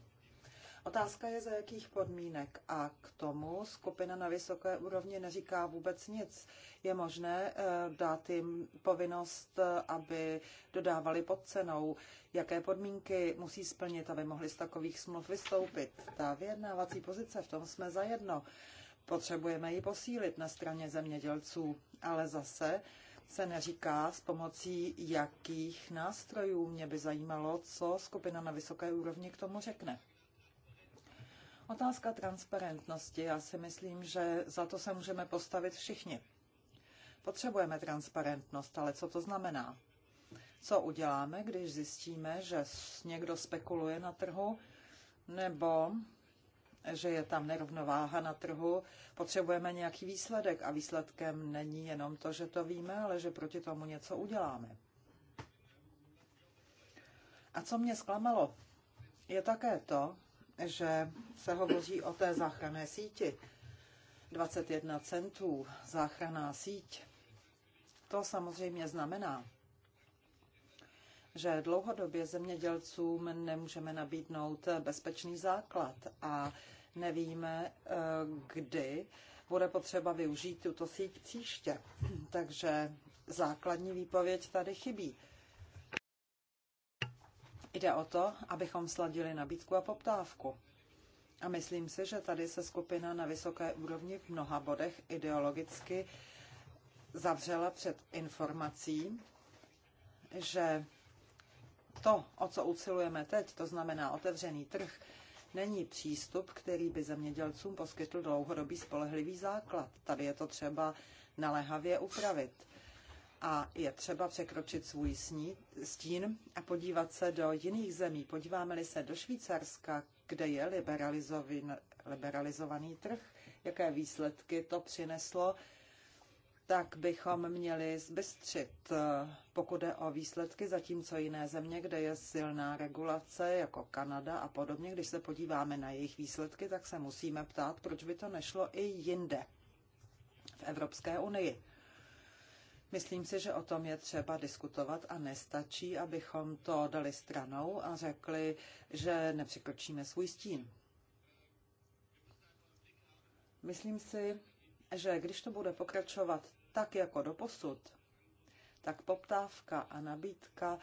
Otázka je, za jakých podmínek. A k tomu skupina na vysoké úrovni neříká vůbec nic. Je možné eh, dát jim povinnost, eh, aby dodávali pod cenou, jaké podmínky musí splnit, aby mohli z takových smluv vystoupit. Ta vyjednávací pozice, v tom jsme zajedno. Potřebujeme ji posílit na straně zemědělců, ale zase se neříká s pomocí jakých nástrojů. Mě by zajímalo, co skupina na vysoké úrovni k tomu řekne. Otázka transparentnosti. Já si myslím, že za to se můžeme postavit všichni. Potřebujeme transparentnost, ale co to znamená? Co uděláme, když zjistíme, že někdo spekuluje na trhu nebo že je tam nerovnováha na trhu, potřebujeme nějaký výsledek a výsledkem není jenom to, že to víme, ale že proti tomu něco uděláme. A co mě zklamalo, je také to, že se hovoří o té záchranné síti. 21 centů záchranná síť. To samozřejmě znamená, že dlouhodobě zemědělcům nemůžeme nabídnout bezpečný základ a nevíme, eh, kdy bude potřeba využít tuto síť příště. Takže základní výpověď tady chybí. Jde o to, abychom sladili nabídku a poptávku. A myslím si, že tady se skupina na vysoké úrovni v mnoha bodech ideologicky zavřela před informací, že to, o co usilujeme teď, to znamená otevřený trh, není přístup, který by zemědělcům poskytl dlouhodobý spolehlivý základ. Tady je to třeba naléhavě upravit. A je třeba překročit svůj sní, stín a podívat se do jiných zemí. Podíváme-li se do Švýcarska, kde je liberalizovaný trh, jaké výsledky to přineslo tak bychom měli zbystřit, eh, pokud jde o výsledky, zatímco jiné země, kde je silná regulace, jako Kanada a podobně, když se podíváme na jejich výsledky, tak se musíme ptát, proč by to nešlo i jinde v Evropské unii. Myslím si, že o tom je třeba diskutovat a nestačí, abychom to dali stranou a řekli, že nepřekročíme svůj stín. Myslím si, že když to bude pokračovat tak jako doposud, tak poptávka a nabídka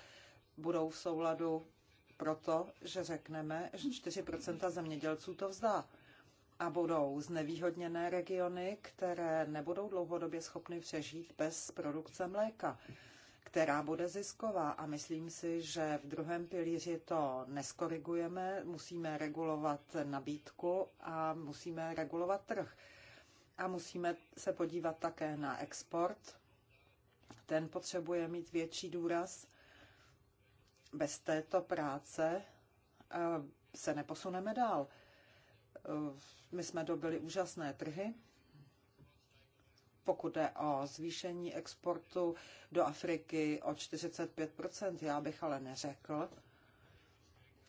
budou v souladu proto, že řekneme, že 4% zemědělců to vzdá. A budou znevýhodněné regiony, které nebudou dlouhodobě schopny přežít bez produkce mléka, která bude zisková. A myslím si, že v druhém pilíři to neskorigujeme, musíme regulovat nabídku a musíme regulovat trh. A musíme se podívat také na export. Ten potřebuje mít větší důraz. Bez této práce eh, se neposuneme dál. Eh, my jsme dobili úžasné trhy, pokud jde o zvýšení exportu do Afriky o 45%, já bych ale neřekl,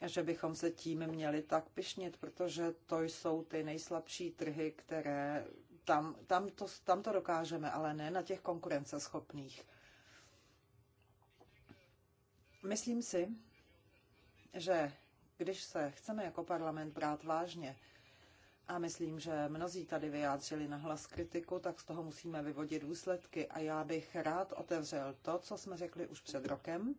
že bychom se tím měli tak pišnit, protože to jsou ty nejslabší trhy, které tam, tam, to, tam to dokážeme, ale ne na těch konkurenceschopných. Myslím si, že když se chceme jako parlament brát vážně, a myslím, že mnozí tady vyjádřili nahlas kritiku, tak z toho musíme vyvodit důsledky. A já bych rád otevřel to, co jsme řekli už před rokem.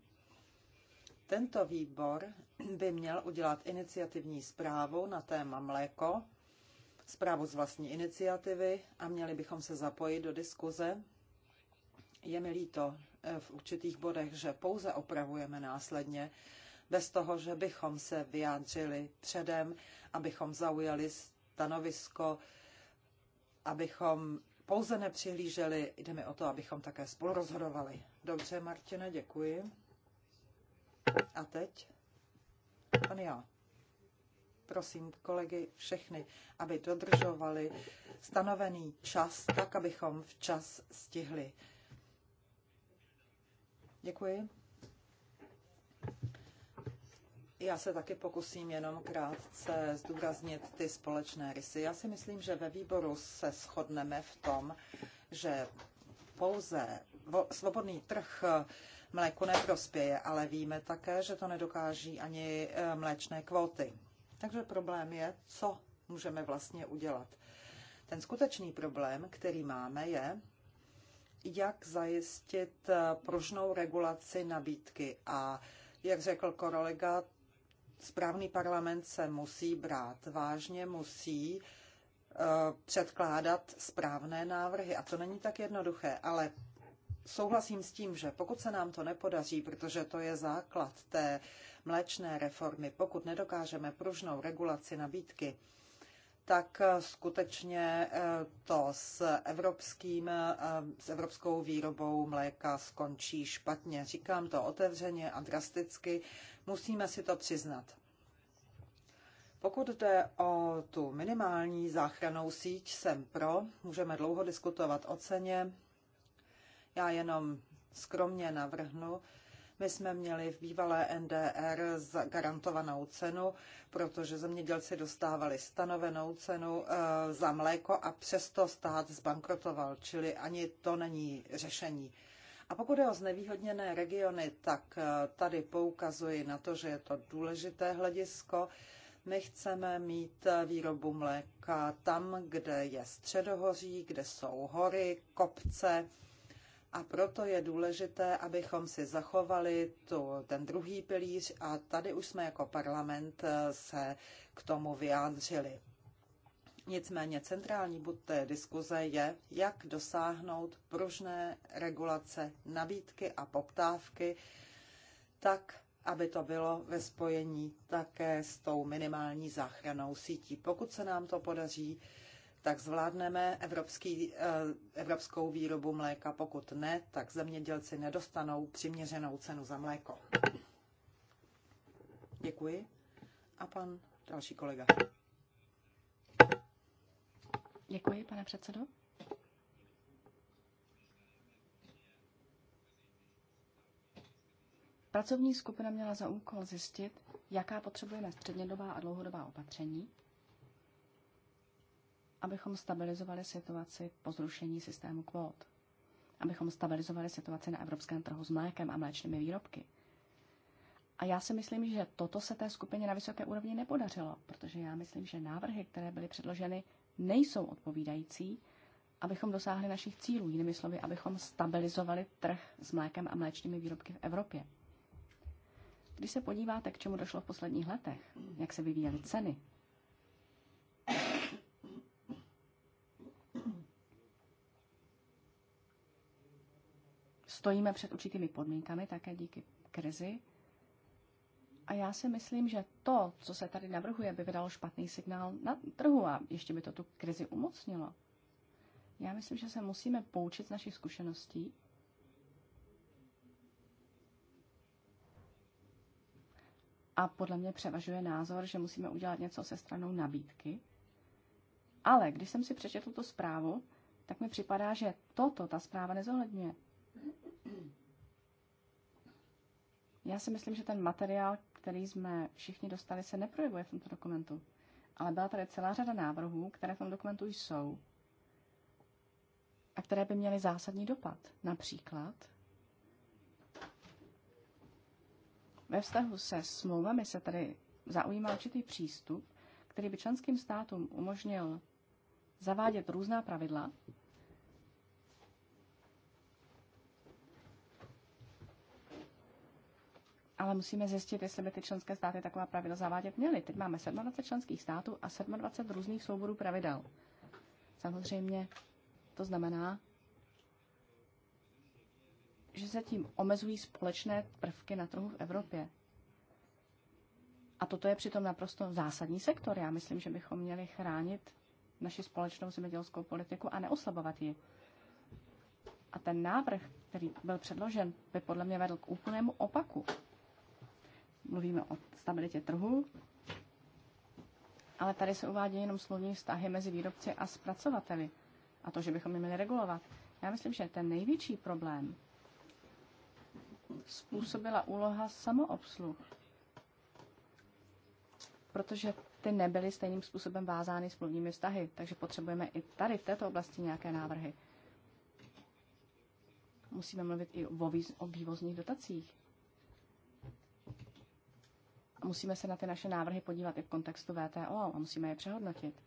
Tento výbor by měl udělat iniciativní zprávu na téma mléko, zprávu z vlastní iniciativy a měli bychom se zapojit do diskuze. Je mi líto eh, v určitých bodech, že pouze opravujeme následně, bez toho, že bychom se vyjádřili předem, abychom zaujali stanovisko, abychom pouze nepřihlíželi, jde mi o to, abychom také spolu rozhodovali. Dobře, Martina, děkuji. A teď? Pan já prosím kolegy všechny, aby dodržovali stanovený čas, tak abychom včas stihli. Děkuji. Já se taky pokusím jenom krátce zdůraznit ty společné rysy. Já si myslím, že ve výboru se shodneme v tom, že pouze svobodný trh mléku neprospěje, ale víme také, že to nedokáží ani eh, mléčné kvóty. Takže problém je, co můžeme vlastně udělat. Ten skutečný problém, který máme, je, jak zajistit eh, pružnou regulaci nabídky. A jak řekl kolega, správný parlament se musí brát vážně, musí eh, předkládat správné návrhy. A to není tak jednoduché, ale souhlasím s tím, že pokud se nám to nepodaří, protože to je základ té mléčné reformy. Pokud nedokážeme pružnou regulaci nabídky, tak eh, skutečně eh, to s, evropským, eh, s evropskou výrobou mléka skončí špatně. Říkám to otevřeně a drasticky, musíme si to přiznat. Pokud jde o tu minimální záchranou síť, jsem pro, můžeme dlouho diskutovat o ceně. Já jenom skromně navrhnu, my jsme měli v bývalé NDR garantovanou cenu, protože zemědělci dostávali stanovenou cenu eh, za mléko a přesto stát zbankrotoval, čili ani to není řešení. A pokud je o znevýhodněné regiony, tak eh, tady poukazuji na to, že je to důležité hledisko. My chceme mít eh, výrobu mléka tam, kde je středohoří, kde jsou hory, kopce, a proto je důležité, abychom si zachovali tu, ten druhý pilíř a tady už jsme jako parlament eh, se k tomu vyjádřili. Nicméně centrální bod té diskuze je, jak dosáhnout pružné regulace nabídky a poptávky tak, aby to bylo ve spojení také s tou minimální záchranou sítí. Pokud se nám to podaří, tak zvládneme evropský, eh, evropskou výrobu mléka. Pokud ne, tak zemědělci nedostanou přiměřenou cenu za mléko. Děkuji. A pan další kolega. Děkuji, pane předsedo. Pracovní skupina měla za úkol zjistit, jaká potřebujeme střednědobá a dlouhodobá opatření, abychom stabilizovali situaci po zrušení systému kvót, abychom stabilizovali situaci na evropském trhu s mlékem a mléčnými výrobky. A já si myslím, že toto se té skupině na vysoké úrovni nepodařilo, protože já myslím, že návrhy, které byly předloženy, nejsou odpovídající, abychom dosáhli našich cílů, jinými slovy, abychom stabilizovali trh s mlékem a mléčnými výrobky v Evropě. Když se podíváte, k čemu došlo v posledních letech, jak se vyvíjely ceny, stojíme před určitými podmínkami, také díky krizi. A já si myslím, že to, co se tady navrhuje, by vydalo špatný signál na trhu a ještě by to tu krizi umocnilo. Já myslím, že se musíme poučit z našich zkušeností. A podle mě převažuje názor, že musíme udělat něco se stranou nabídky. Ale když jsem si přečetl tu zprávu, tak mi připadá, že toto ta zpráva nezohledňuje. Já si myslím, že ten materiál, který jsme všichni dostali, se neprojevuje v tomto dokumentu. Ale byla tady celá řada návrhů, které v tom dokumentu jsou a které by měly zásadní dopad. Například ve vztahu se smlouvami se tady zaujímá určitý přístup, který by členským státům umožnil zavádět různá pravidla ale musíme zjistit, jestli by ty členské státy taková pravidla zavádět měly. Teď máme 27 členských států a 27 různých souborů pravidel. Samozřejmě to znamená, že se tím omezují společné prvky na trhu v Evropě. A toto je přitom naprosto zásadní sektor. Já myslím, že bychom měli chránit naši společnou zemědělskou politiku a neoslabovat ji. A ten návrh, který byl předložen, by podle mě vedl k úplnému opaku mluvíme o stabilitě trhu, ale tady se uvádějí jenom smluvní vztahy mezi výrobci a zpracovateli a to, že bychom je měli regulovat. Já myslím, že ten největší problém způsobila úloha samoobsluh, protože ty nebyly stejným způsobem vázány smluvními vztahy, takže potřebujeme i tady v této oblasti nějaké návrhy. Musíme mluvit i o vývozních dotacích musíme se na ty naše návrhy podívat i v kontextu VTO a musíme je přehodnotit.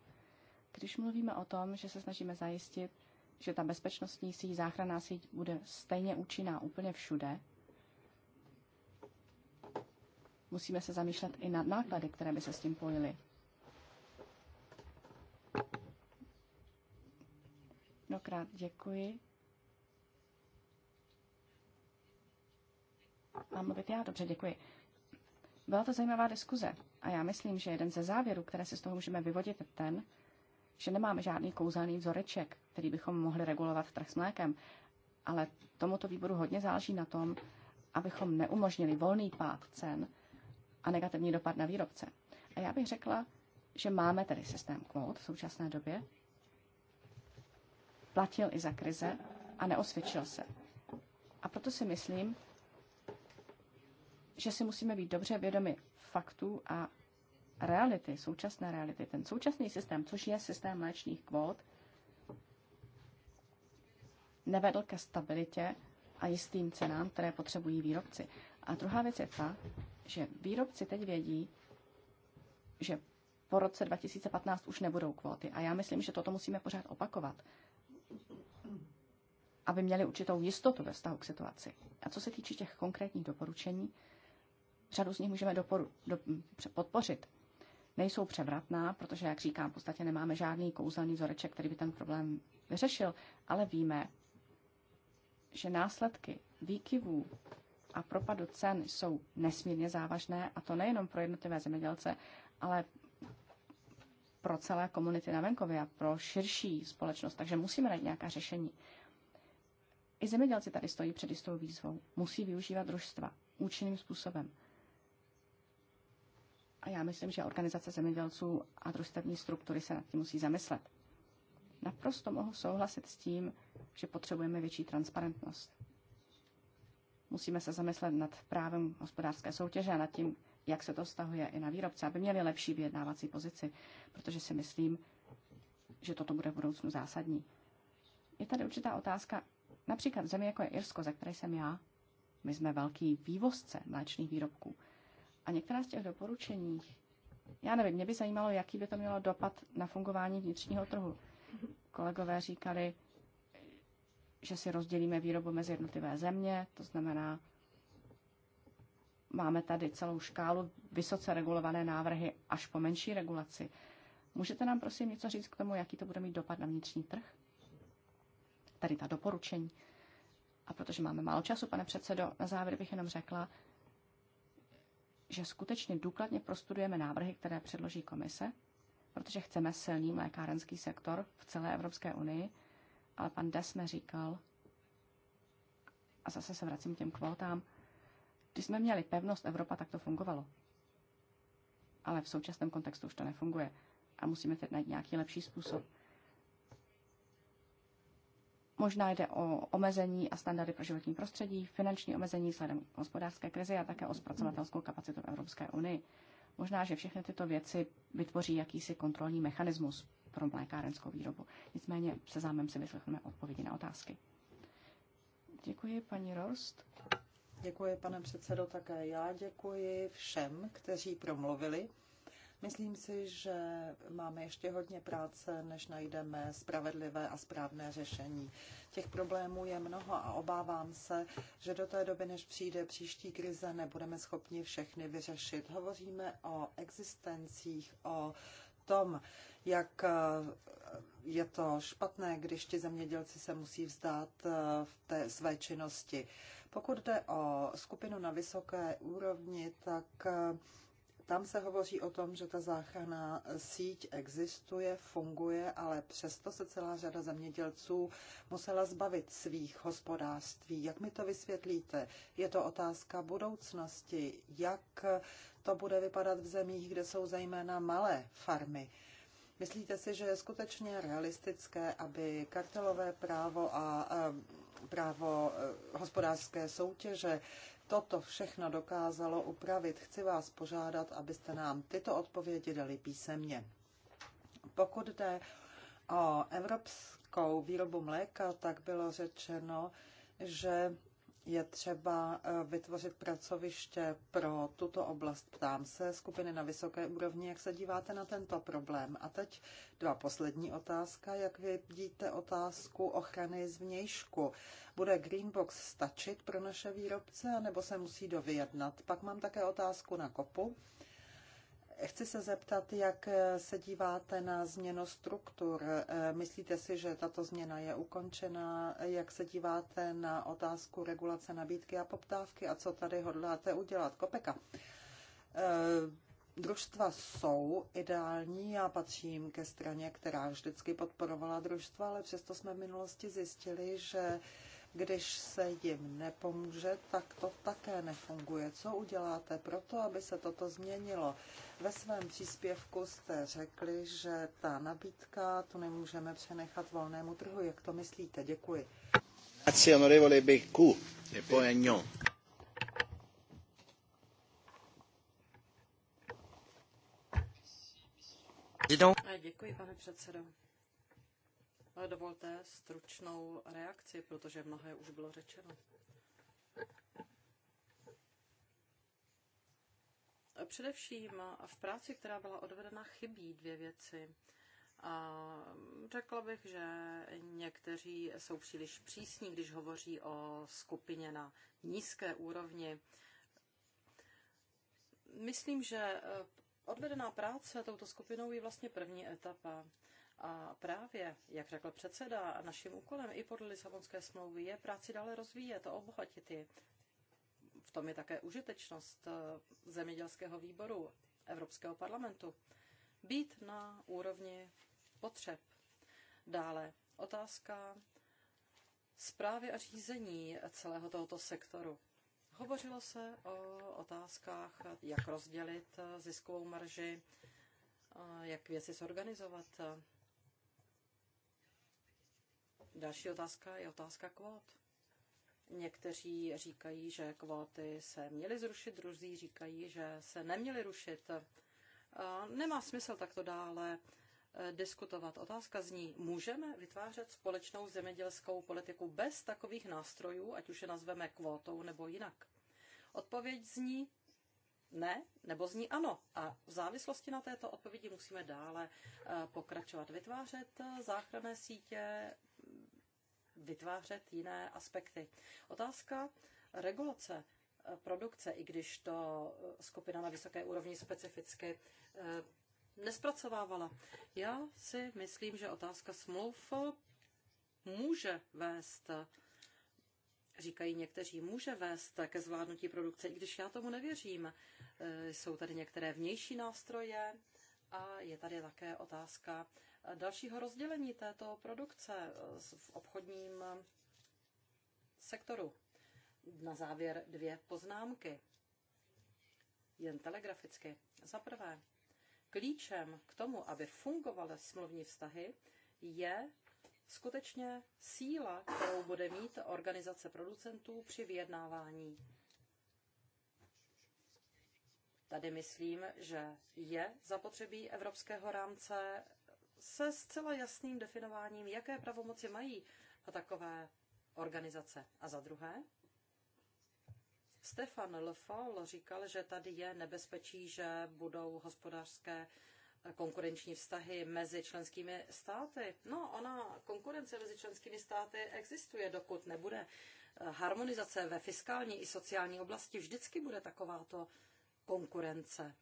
Když mluvíme o tom, že se snažíme zajistit, že ta bezpečnostní síť, záchranná síť bude stejně účinná úplně všude, musíme se zamýšlet i nad náklady, které by se s tím pojily. Mnohokrát děkuji. Mám mluvit já? Dobře, děkuji. Byla to zajímavá diskuze a já myslím, že jeden ze závěrů, které si z toho můžeme vyvodit, je ten, že nemáme žádný kouzelný vzoreček, který bychom mohli regulovat trh s mlékem, ale tomuto výboru hodně záleží na tom, abychom neumožnili volný pád cen a negativní dopad na výrobce. A já bych řekla, že máme tedy systém kvót v současné době, platil i za krize a neosvědčil se. A proto si myslím, že si musíme být dobře vědomi faktů a reality, současné reality. Ten současný systém, což je systém mléčných kvót, nevedl ke stabilitě a jistým cenám, které potřebují výrobci. A druhá věc je ta, že výrobci teď vědí, že po roce 2015 už nebudou kvóty. A já myslím, že toto musíme pořád opakovat, aby měli určitou jistotu ve vztahu k situaci. A co se týče těch konkrétních doporučení, Řadu z nich můžeme doporu, do, podpořit. Nejsou převratná, protože, jak říkám, v podstatě nemáme žádný kouzelný vzoreček, který by ten problém vyřešil, ale víme, že následky výkyvů a propadu cen jsou nesmírně závažné, a to nejenom pro jednotlivé zemědělce, ale pro celé komunity na venkově a pro širší společnost. Takže musíme najít nějaká řešení. I zemědělci tady stojí před jistou výzvou. Musí využívat družstva účinným způsobem. A já myslím, že organizace zemědělců a družstevní struktury se nad tím musí zamyslet. Naprosto mohu souhlasit s tím, že potřebujeme větší transparentnost. Musíme se zamyslet nad právem hospodářské soutěže a nad tím, jak se to stahuje i na výrobce, aby měli lepší vyjednávací pozici, protože si myslím, že toto bude v budoucnu zásadní. Je tady určitá otázka, například v zemi jako je Irsko, ze které jsem já, my jsme velký vývozce mléčných výrobků. A některá z těch doporučení, já nevím, mě by zajímalo, jaký by to mělo dopad na fungování vnitřního trhu. Kolegové říkali, že si rozdělíme výrobu mezi jednotlivé země, to znamená, máme tady celou škálu vysoce regulované návrhy až po menší regulaci. Můžete nám prosím něco říct k tomu, jaký to bude mít dopad na vnitřní trh? Tady ta doporučení. A protože máme málo času, pane předsedo, na závěr bych jenom řekla, že skutečně důkladně prostudujeme návrhy, které předloží komise, protože chceme silný mlékárenský sektor v celé Evropské unii, ale pan Desme říkal, a zase se vracím k těm kvótám, když jsme měli pevnost Evropa, tak to fungovalo. Ale v současném kontextu už to nefunguje a musíme teď najít nějaký lepší způsob. Možná jde o omezení a standardy pro životní prostředí, finanční omezení vzhledem k hospodářské krizi a také o zpracovatelskou kapacitu v Evropské unii. Možná, že všechny tyto věci vytvoří jakýsi kontrolní mechanismus pro mlékárenskou výrobu. Nicméně se zájmem si vyslechneme odpovědi na otázky. Děkuji, paní Rost. Děkuji, pane předsedo, také já děkuji všem, kteří promluvili. Myslím si, že máme ještě hodně práce, než najdeme spravedlivé a správné řešení. Těch problémů je mnoho a obávám se, že do té doby, než přijde příští krize, nebudeme schopni všechny vyřešit. Hovoříme o existencích, o tom, jak eh, je to špatné, když ti zemědělci se musí vzdát eh, v té své činnosti. Pokud jde o skupinu na vysoké úrovni, tak eh, tam se hovoří o tom, že ta záchranná síť existuje, funguje, ale přesto se celá řada zemědělců musela zbavit svých hospodářství. Jak mi to vysvětlíte? Je to otázka budoucnosti. Jak to bude vypadat v zemích, kde jsou zejména malé farmy? Myslíte si, že je skutečně realistické, aby kartelové právo a eh, právo eh, hospodářské soutěže toto všechno dokázalo upravit. Chci vás požádat, abyste nám tyto odpovědi dali písemně. Pokud jde o evropskou výrobu mléka, tak bylo řečeno, že je třeba eh, vytvořit pracoviště pro tuto oblast. Ptám se skupiny na vysoké úrovni, jak se díváte na tento problém. A teď dva poslední otázka. Jak vidíte otázku ochrany zvnějšku? Bude Greenbox stačit pro naše výrobce, anebo se musí dovyjednat? Pak mám také otázku na kopu. Chci se zeptat, jak se díváte na změnu struktur. Myslíte si, že tato změna je ukončena? Jak se díváte na otázku regulace nabídky a poptávky a co tady hodláte udělat? Kopeka. Eh, družstva jsou ideální, já patřím ke straně, která vždycky podporovala družstva, ale přesto jsme v minulosti zjistili, že když se jim nepomůže, tak to také nefunguje. Co uděláte pro to, aby se toto změnilo? Ve svém příspěvku jste řekli, že ta nabídka tu nemůžeme přenechat volnému trhu. Jak to myslíte? Děkuji. E Děkuji, pane předsedo dovolte stručnou reakci, protože mnohé už bylo řečeno. Především v práci, která byla odvedena, chybí dvě věci. A řekla bych, že někteří jsou příliš přísní, když hovoří o skupině na nízké úrovni. Myslím, že odvedená práce touto skupinou je vlastně první etapa. A právě, jak řekl předseda, naším úkolem i podle Lisabonské smlouvy je práci dále rozvíjet a obohatit ji. V tom je také užitečnost eh, zemědělského výboru Evropského parlamentu. Být na úrovni potřeb. Dále otázka zprávy a řízení celého tohoto sektoru. Hovořilo se o otázkách, jak rozdělit eh, ziskovou marži, eh, jak věci zorganizovat. Další otázka je otázka kvót. Někteří říkají, že kvóty se měly zrušit, druzí říkají, že se neměly rušit. Nemá smysl takto dále eh, diskutovat. Otázka zní, můžeme vytvářet společnou zemědělskou politiku bez takových nástrojů, ať už je nazveme kvótou nebo jinak? Odpověď zní ne, nebo zní ano. A v závislosti na této odpovědi musíme dále eh, pokračovat. Vytvářet eh, záchranné sítě vytvářet jiné aspekty. Otázka regulace eh, produkce, i když to eh, skupina na vysoké úrovni specificky eh, nespracovávala. Já si myslím, že otázka smluv může vést, říkají někteří, může vést ke zvládnutí produkce, i když já tomu nevěřím. Jsou tady některé vnější nástroje a je tady také otázka dalšího rozdělení této produkce eh, v obchodním eh, sektoru. Na závěr dvě poznámky. Jen telegraficky. Za prvé, klíčem k tomu, aby fungovaly smluvní vztahy, je skutečně síla, kterou bude mít organizace producentů při vyjednávání. Tady myslím, že je zapotřebí evropského rámce se zcela jasným definováním, jaké pravomoci mají a takové organizace. A za druhé, Stefan Le říkal, že tady je nebezpečí, že budou hospodářské konkurenční vztahy mezi členskými státy. No, ona konkurence mezi členskými státy existuje, dokud nebude harmonizace ve fiskální i sociální oblasti. Vždycky bude takováto konkurence.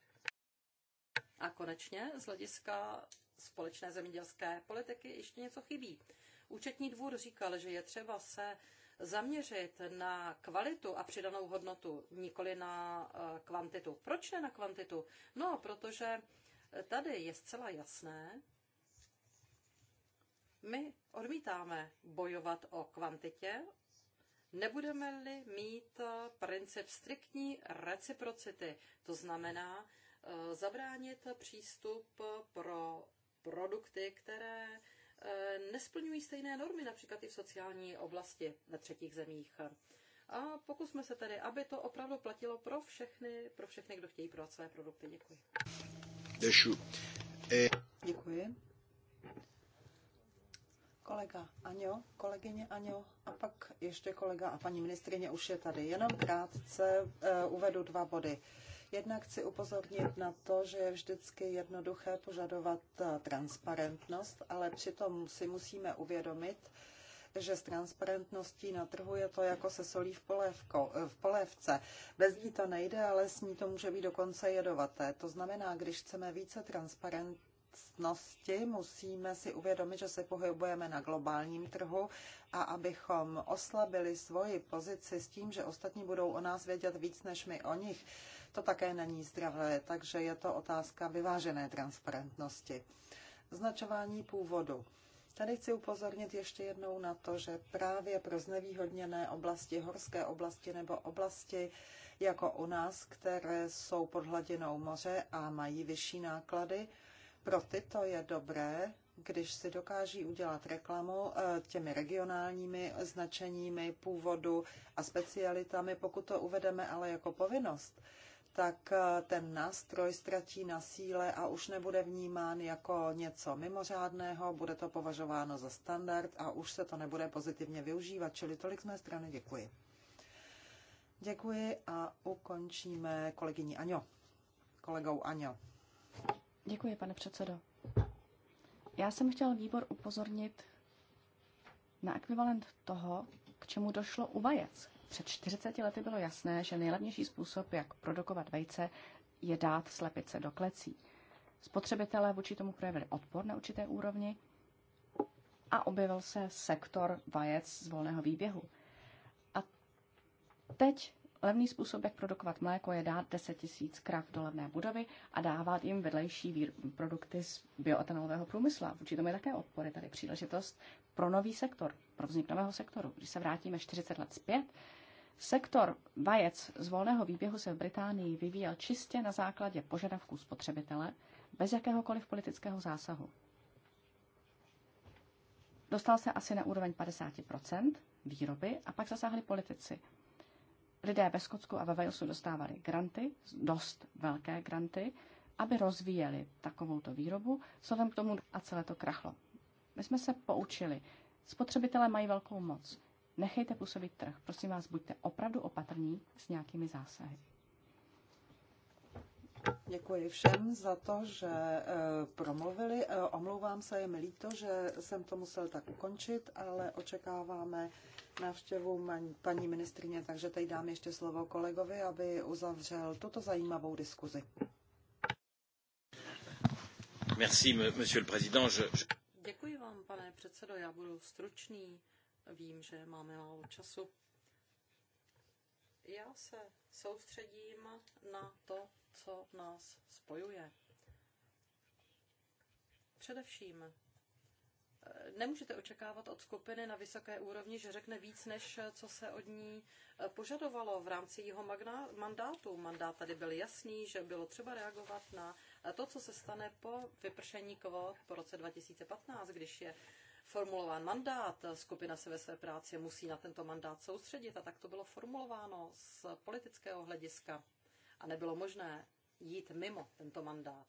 A konečně z hlediska společné zemědělské politiky ještě něco chybí. Účetní dvůr říkal, že je třeba se zaměřit na kvalitu a přidanou hodnotu, nikoli na eh, kvantitu. Proč ne na kvantitu? No, protože tady je zcela jasné, my odmítáme bojovat o kvantitě, nebudeme-li mít eh, princip striktní reciprocity, to znamená eh, zabránit přístup pro produkty, které eh, nesplňují stejné normy, například i v sociální oblasti ve třetích zemích. A pokusme se tedy, aby to opravdu platilo pro všechny, pro všechny, kdo chtějí prodat své produkty. Děkuji. E- Děkuji. Kolega Aňo, kolegyně Aňo a pak ještě kolega a paní ministrině už je tady. Jenom krátce uh, uvedu dva body. Uh, Jednak chci upozornit na to, že je vždycky jednoduché požadovat eh, transparentnost, ale přitom si musíme uvědomit, že s transparentností na trhu je to jako se solí v, polévko, eh, v polévce. Bez ní to nejde, ale s ní to může být dokonce jedovaté. To znamená, když chceme více transparentnosti, musíme si uvědomit, že se pohybujeme na globálním trhu a abychom oslabili svoji pozici s tím, že ostatní budou o nás vědět víc než my o nich, to také není zdravé, takže je to otázka vyvážené transparentnosti. Značování původu. Tady chci upozornit ještě jednou na to, že právě pro znevýhodněné oblasti, horské oblasti nebo oblasti jako u nás, které jsou pod hladinou moře a mají vyšší náklady, pro tyto je dobré, když si dokáží udělat reklamu eh, těmi regionálními značeními původu a specialitami, pokud to uvedeme ale jako povinnost, tak eh, ten nástroj ztratí na síle a už nebude vnímán jako něco mimořádného, bude to považováno za standard a už se to nebude pozitivně využívat. Čili tolik z mé strany děkuji. Děkuji a ukončíme kolegyní Aňo. Kolegou Aňo. Děkuji, pane předsedo. Já jsem chtěl výbor upozornit na ekvivalent toho, k čemu došlo u vajec, před 40 lety bylo jasné, že nejlevnější způsob, jak produkovat vejce, je dát slepice do klecí. Spotřebitelé vůči tomu projevili odpor na určité úrovni a objevil se sektor vajec z volného výběhu. A teď levný způsob, jak produkovat mléko, je dát 10 000 krav do levné budovy a dávat jim vedlejší produkty z bioetanolového průmyslu. Vůči tomu je také odpor, je tady příležitost pro nový sektor, pro vznik nového sektoru. Když se vrátíme 40 let zpět, Sektor vajec z volného výběhu se v Británii vyvíjel čistě na základě požadavků spotřebitele, bez jakéhokoliv politického zásahu. Dostal se asi na úroveň 50 výroby a pak zasáhli politici. Lidé ve Skotsku a ve Walesu dostávali granty, dost velké granty, aby rozvíjeli takovouto výrobu, vzhledem k tomu a celé to krachlo. My jsme se poučili. Spotřebitelé mají velkou moc. Nechejte působit trh. Prosím vás, buďte opravdu opatrní s nějakými zásahy. Děkuji všem za to, že eh, promluvili. Eh, omlouvám se, je mi líto, že jsem to musel tak ukončit, ale očekáváme návštěvu paní ministrině, takže teď dám ještě slovo kolegovi, aby uzavřel tuto zajímavou diskuzi. Děkuji vám, pane předsedo, já budu stručný. Vím, že máme málo času. Já se soustředím na to, co nás spojuje. Především eh, nemůžete očekávat od skupiny na vysoké úrovni, že řekne víc, než eh, co se od ní eh, požadovalo v rámci jeho mandátu. Mandát tady byl jasný, že bylo třeba reagovat na to, co se stane po vypršení kvót po roce 2015, když je formulován mandát, skupina se ve své práci musí na tento mandát soustředit a tak to bylo formulováno z politického hlediska a nebylo možné jít mimo tento mandát.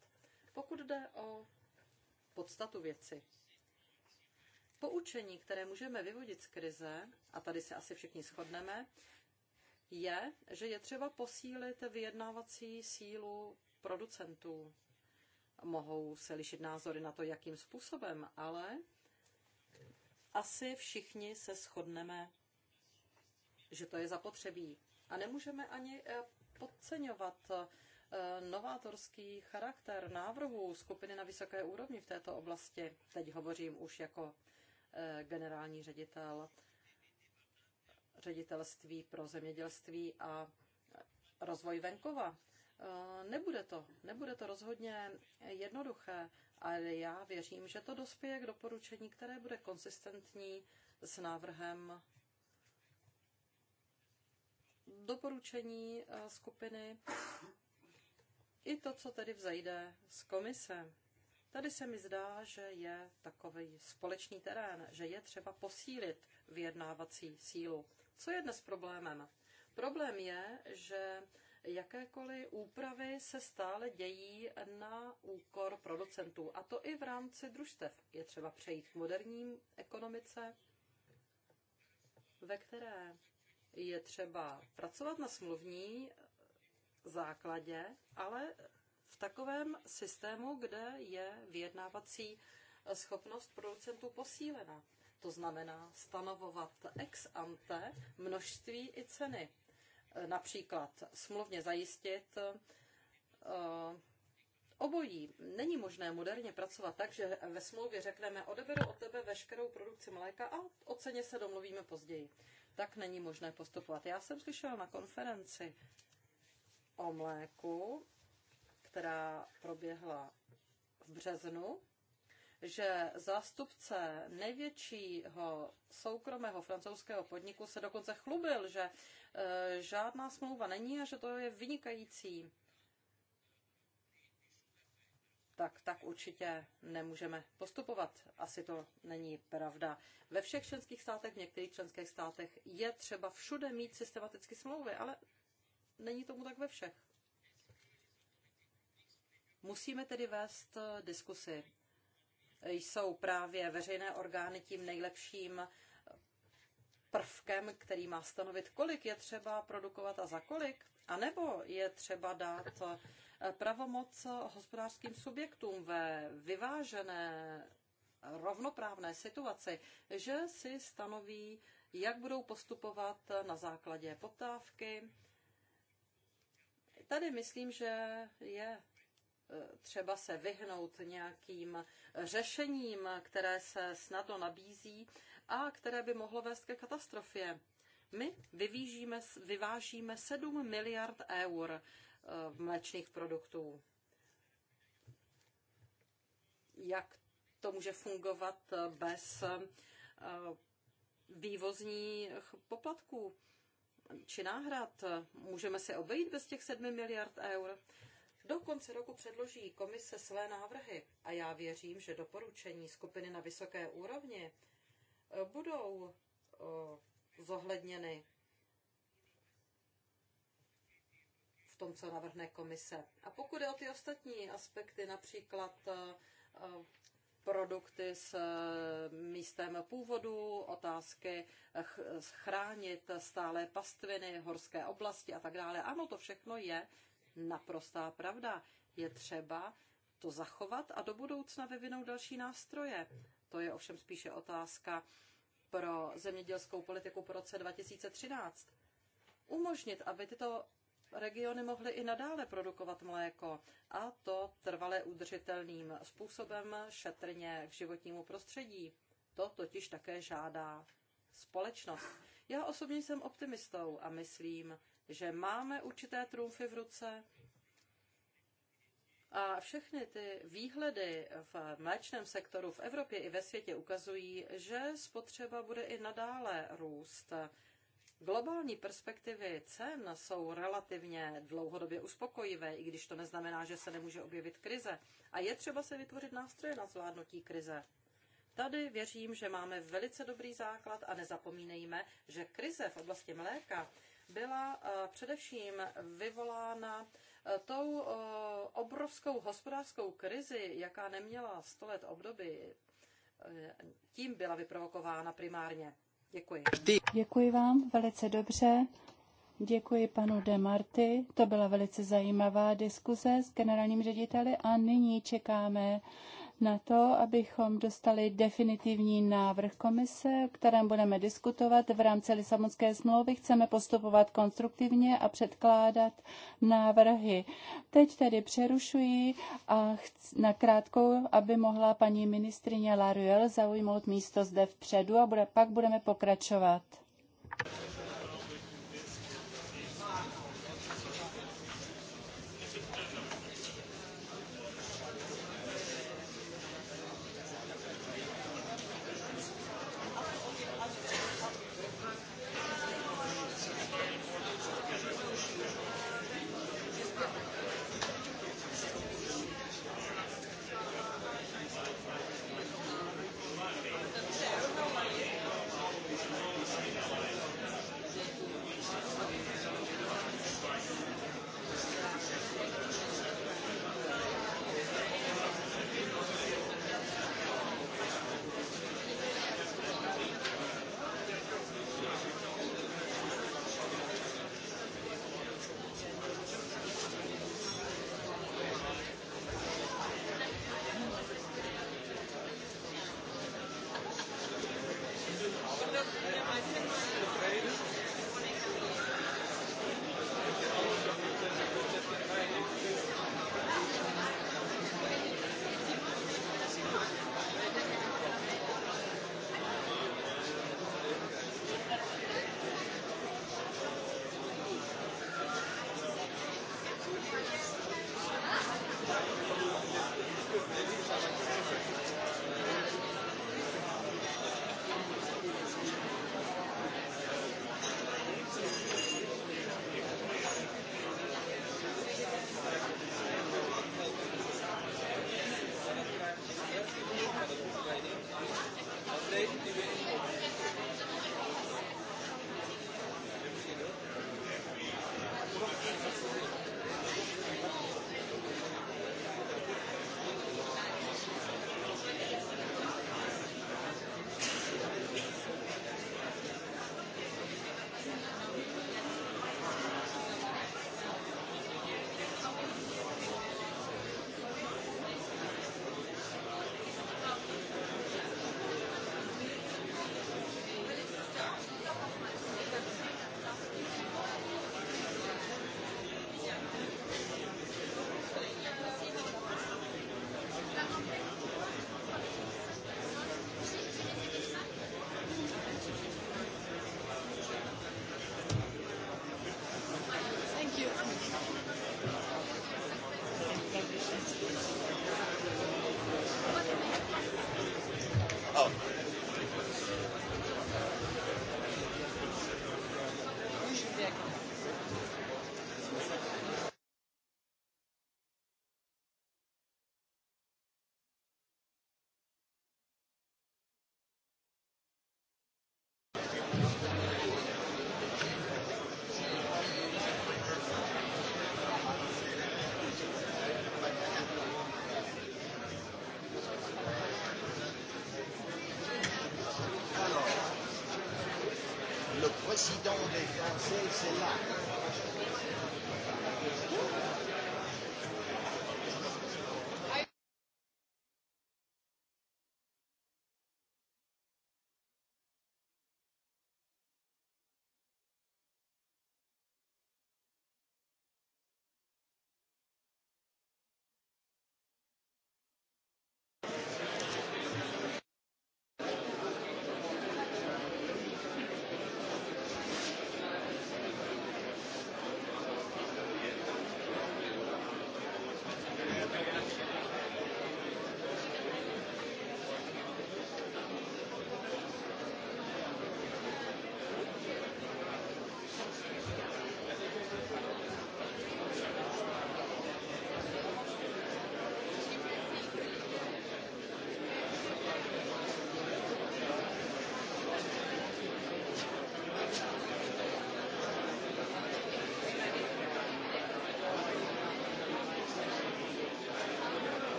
Pokud jde o podstatu věci, poučení, které můžeme vyvodit z krize, a tady se asi všichni shodneme, je, že je třeba posílit vyjednávací sílu producentů. Mohou se lišit názory na to, jakým způsobem, ale asi všichni se shodneme, že to je zapotřebí. A nemůžeme ani eh, podceňovat eh, novátorský charakter návrhů skupiny na vysoké úrovni v této oblasti. Teď hovořím už jako eh, generální ředitel ředitelství pro zemědělství a rozvoj venkova. Nebude to, nebude to rozhodně jednoduché ale já věřím, že to dospěje k doporučení, které bude konsistentní s návrhem doporučení eh, skupiny i to, co tedy vzejde z komise. Tady se mi zdá, že je takový společný terén, že je třeba posílit vyjednávací sílu. Co je dnes problémem? Problém je, že jakékoliv úpravy se stále dějí na úkor producentů. A to i v rámci družstev. Je třeba přejít k moderní ekonomice, ve které je třeba pracovat na smluvní základě, ale v takovém systému, kde je vyjednávací schopnost producentů posílena. To znamená stanovovat ex ante množství i ceny. Eh, například smluvně zajistit eh, obojí. Není možné moderně pracovat tak, že ve smlouvě řekneme, odeberu od tebe veškerou produkci mléka a o ceně se domluvíme později. Tak není možné postupovat. Já jsem slyšela na konferenci o mléku, která proběhla v březnu, že zástupce největšího soukromého francouzského podniku se dokonce chlubil, že E, žádná smlouva není a že to je vynikající. Tak, tak určitě nemůžeme postupovat. Asi to není pravda. Ve všech členských státech, v některých členských státech je třeba všude mít systematicky smlouvy, ale není tomu tak ve všech. Musíme tedy vést e, diskusy. Jsou právě veřejné orgány tím nejlepším prvkem, který má stanovit, kolik je třeba produkovat a za kolik, anebo je třeba dát eh, pravomoc hospodářským subjektům ve vyvážené rovnoprávné situaci, že si stanoví, jak budou postupovat na základě poptávky. Tady myslím, že je eh, třeba se vyhnout nějakým řešením, které se snadno nabízí a které by mohlo vést ke katastrofě. My vyvížíme, vyvážíme 7 miliard eur eh, mléčných produktů. Jak to může fungovat eh, bez eh, vývozních poplatků či náhrad? Můžeme se obejít bez těch 7 miliard eur? Do konce roku předloží komise své návrhy a já věřím, že doporučení skupiny na vysoké úrovni budou zohledněny v tom, co navrhne komise. A pokud je o ty ostatní aspekty, například produkty s e, místem původu, otázky chránit stále pastviny, horské oblasti a tak dále. Ano, to všechno je naprostá pravda. Je třeba to zachovat a do budoucna vyvinout další nástroje. To je ovšem spíše otázka pro zemědělskou politiku po roce 2013. Umožnit, aby tyto regiony mohly i nadále produkovat mléko a to trvale udržitelným způsobem šetrně k životnímu prostředí. To totiž také žádá společnost. Já osobně jsem optimistou a myslím, že máme určité trumfy v ruce a všechny ty výhledy v mléčném sektoru v Evropě i ve světě ukazují, že spotřeba bude i nadále růst. Globální perspektivy cen jsou relativně dlouhodobě uspokojivé, i když to neznamená, že se nemůže objevit krize. A je třeba se vytvořit nástroje na zvládnutí krize. Tady věřím, že máme velice dobrý základ a nezapomínejme, že krize v oblasti mléka byla eh, především vyvolána Eh, tou eh, obrovskou hospodářskou krizi, jaká neměla 100 let období, eh, tím byla vyprovokována primárně. Děkuji. Děkuji vám velice dobře. Děkuji panu De Marty. To byla velice zajímavá diskuze s generálním řediteli a nyní čekáme na to, abychom dostali definitivní návrh komise, o kterém budeme diskutovat v rámci Lisabonské smlouvy. Chceme postupovat konstruktivně a předkládat návrhy. Teď tedy přerušuji a na krátkou, aby mohla paní ministrině Laruel zaujmout místo zde vpředu a bude, pak budeme pokračovat.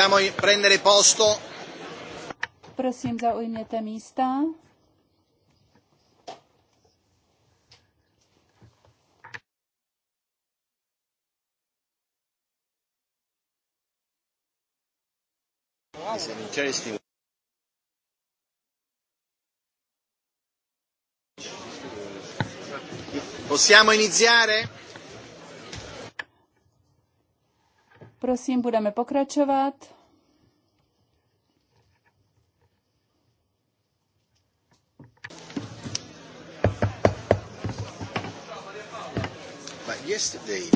Andiamo a prendere posto. Prosím, zaujměte místa. Possiamo iniziare? Prosím, budeme pokračovat. But yesterday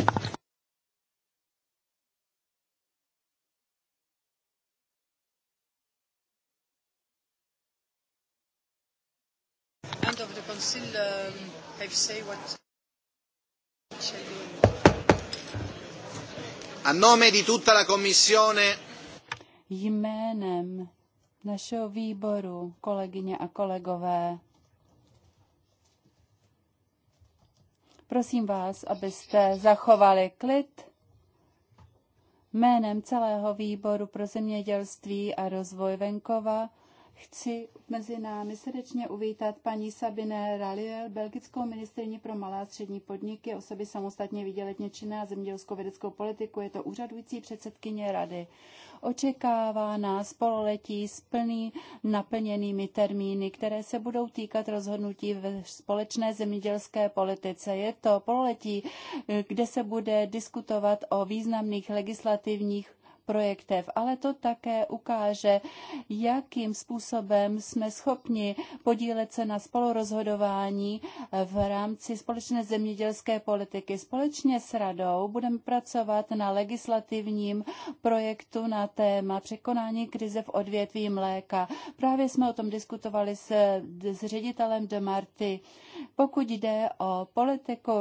end of the council um, have say what shall be a nome di tutta la commissione. Jménem našeho výboru, kolegyně a kolegové, prosím vás, abyste zachovali klid. Jménem celého výboru pro zemědělství a rozvoj venkova Chci mezi námi srdečně uvítat paní Sabine Raliel, belgickou ministrině pro malá a střední podniky, osoby samostatně vydělečně činné a zemědělskou vědeckou politiku. Je to úřadující předsedkyně rady. Očekává nás pololetí s plný naplněnými termíny, které se budou týkat rozhodnutí ve společné zemědělské politice. Je to pololetí, kde se bude diskutovat o významných legislativních projektech, ale to také ukáže, jakým způsobem jsme schopni podílet se na spolurozhodování v rámci společné zemědělské politiky. Společně s radou budeme pracovat na legislativním projektu na téma překonání krize v odvětví mléka. Právě jsme o tom diskutovali s, s ředitelem de Marty. Pokud jde o politiku,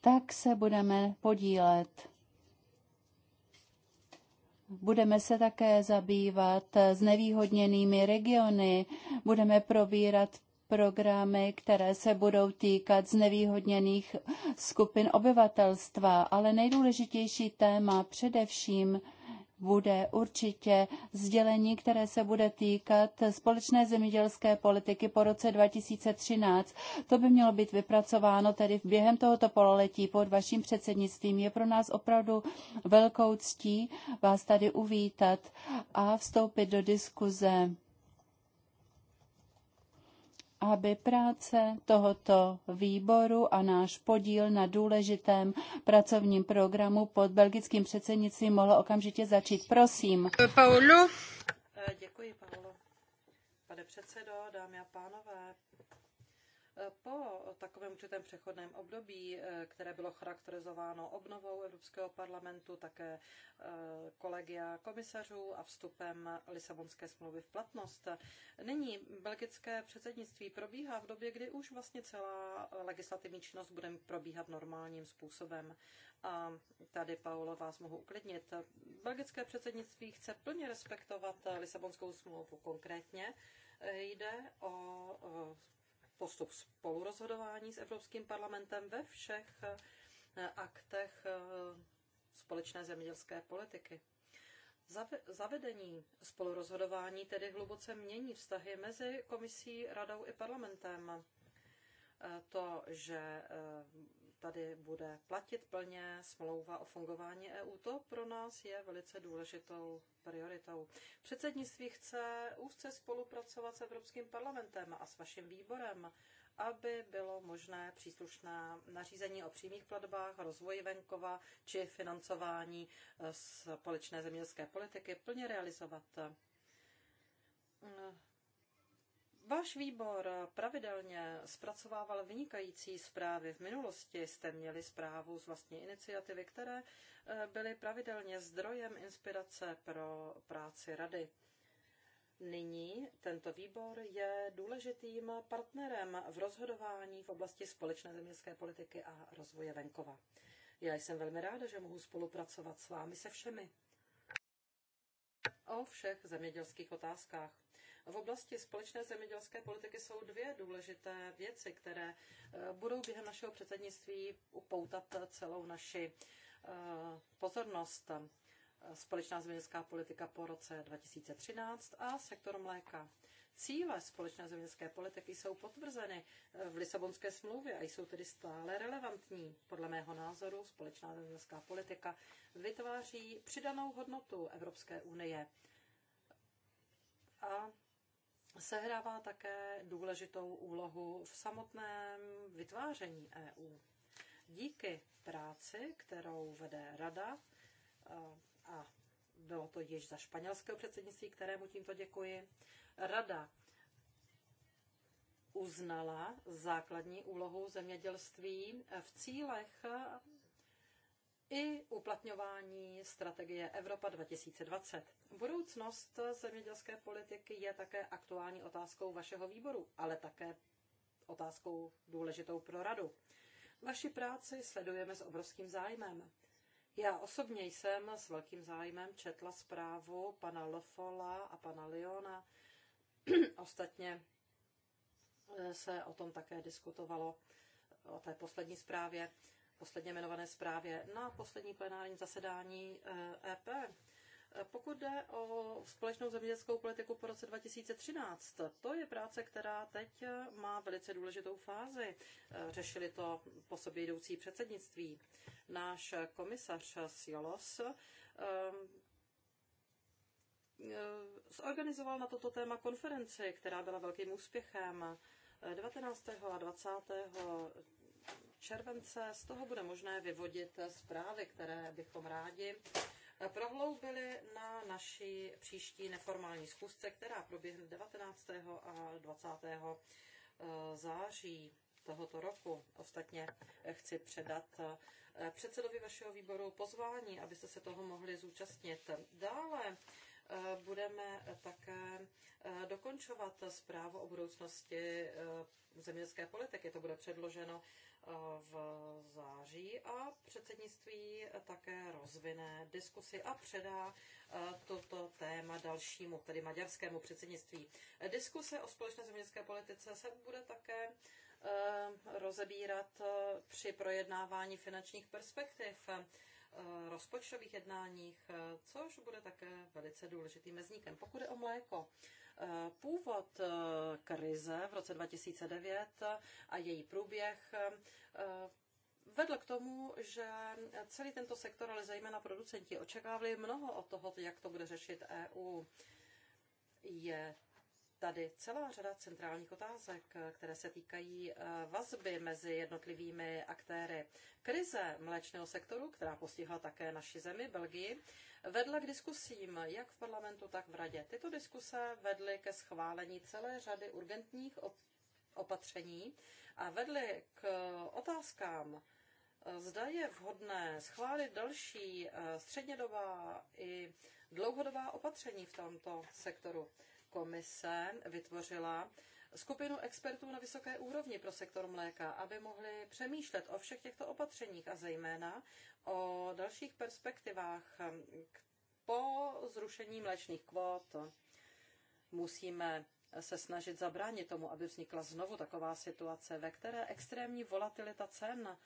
tak se budeme podílet Budeme se také zabývat znevýhodněnými regiony, budeme probírat programy, které se budou týkat znevýhodněných skupin obyvatelstva, ale nejdůležitější téma především bude určitě sdělení, které se bude týkat společné zemědělské politiky po roce 2013. To by mělo být vypracováno tedy během tohoto pololetí pod vaším předsednictvím. Je pro nás opravdu velkou ctí vás tady uvítat a vstoupit do diskuze aby práce tohoto výboru a náš podíl na důležitém pracovním programu pod belgickým předsednictvím mohlo okamžitě začít. Prosím. Paulu. Eh, děkuji, Paolo. Pane předsedo, dámy a pánové, po takovém určitém přechodném období, eh, které bylo charakterizováno obnovou Evropského parlamentu, také eh, kolegia komisařů a vstupem Lisabonské smlouvy v platnost, nyní belgické předsednictví probíhá v době, kdy už vlastně celá legislativní činnost bude probíhat normálním způsobem. A tady, Paolo, vás mohu uklidnit. Belgické předsednictví chce plně respektovat Lisabonskou smlouvu konkrétně. Jde o eh, postup spolurozhodování s Evropským parlamentem ve všech eh, aktech eh, společné zemědělské politiky. Zavedení spolurozhodování tedy hluboce mění vztahy mezi komisí, radou i parlamentem. Eh, to, že tady bude platit plně smlouva o fungování EU. To pro nás je velice důležitou prioritou. Předsednictví chce úzce spolupracovat s Evropským parlamentem a s vaším výborem, aby bylo možné příslušné nařízení o přímých platbách, rozvoji venkova či financování eh, společné zemědělské politiky plně realizovat. Váš výbor pravidelně zpracovával vynikající zprávy. V minulosti jste měli zprávu z vlastní iniciativy, které eh, byly pravidelně zdrojem inspirace pro práci rady. Nyní tento výbor je důležitým partnerem v rozhodování v oblasti společné zemědělské politiky a rozvoje venkova. Já jsem velmi ráda, že mohu spolupracovat s vámi se všemi o všech zemědělských otázkách. V oblasti společné zemědělské politiky jsou dvě důležité věci, které eh, budou během našeho předsednictví upoutat celou naši eh, pozornost. Společná zemědělská politika po roce 2013 a sektor mléka. Cíle společné zemědělské politiky jsou potvrzeny eh, v Lisabonské smlouvě a jsou tedy stále relevantní. Podle mého názoru společná zemědělská politika vytváří přidanou hodnotu Evropské unie a sehrává také důležitou úlohu v samotném vytváření EU. Díky práci, kterou vede Rada, a bylo to již za španělského předsednictví, kterému tímto děkuji, Rada uznala základní úlohu zemědělství v cílech i uplatňování strategie Evropa 2020. Budoucnost zemědělské politiky je také aktuální otázkou vašeho výboru, ale také otázkou důležitou pro radu. Vaši práci sledujeme s obrovským zájmem. Já osobně jsem s velkým zájmem četla zprávu pana Lofola a pana Leona. Ostatně eh, se o tom také diskutovalo, o té poslední zprávě posledně jmenované zprávě na poslední plenární zasedání EP. Eh, e eh, pokud jde o společnou zemědělskou politiku po roce 2013, to je práce, která teď eh, má velice důležitou fázi. Řešili to po sobě jdoucí předsednictví. Náš komisař Siolos zorganizoval na toto téma konferenci, která byla velkým úspěchem. 19. a 20 července. Z toho bude možné vyvodit zprávy, které bychom rádi prohloubili na naší příští neformální schůzce, která proběhne 19. a 20. Eh, září tohoto roku. Ostatně chci předat eh, předsedovi vašeho výboru pozvání, abyste se toho mohli zúčastnit. Dále eh, budeme také dokončovat zprávu o budoucnosti zemědělské politiky. To bude předloženo Eh, v září a předsednictví také rozvine diskusy a předá eh, toto téma dalšímu, tedy maďarskému předsednictví. Diskuse o společné zemědělské politice se bude také eh, rozebírat při projednávání finančních perspektiv rozpočtových jednáních, což bude také velice důležitým mezníkem. Pokud je o mléko, Původ eh, krize v roce 2009 a její průběh eh, vedl k tomu, že celý tento sektor, ale zejména producenti, očekávali mnoho od toho, jak to bude řešit EU. Je tady celá řada centrálních otázek, které se týkají eh, vazby mezi jednotlivými aktéry. Krize mléčného sektoru, která postihla také naši zemi, Belgii, vedla k diskusím jak v parlamentu, tak v radě. Tyto diskuse vedly ke schválení celé řady urgentních opatření a vedly k otázkám, eh, Zda je vhodné schválit další eh, střednědobá i dlouhodobá opatření v tomto sektoru komise vytvořila skupinu expertů na vysoké úrovni pro sektor mléka, aby mohli přemýšlet o všech těchto opatřeních a zejména o dalších perspektivách po zrušení mléčných kvót. Musíme se snažit zabránit tomu, aby vznikla znovu taková situace, ve které extrémní volatilita cen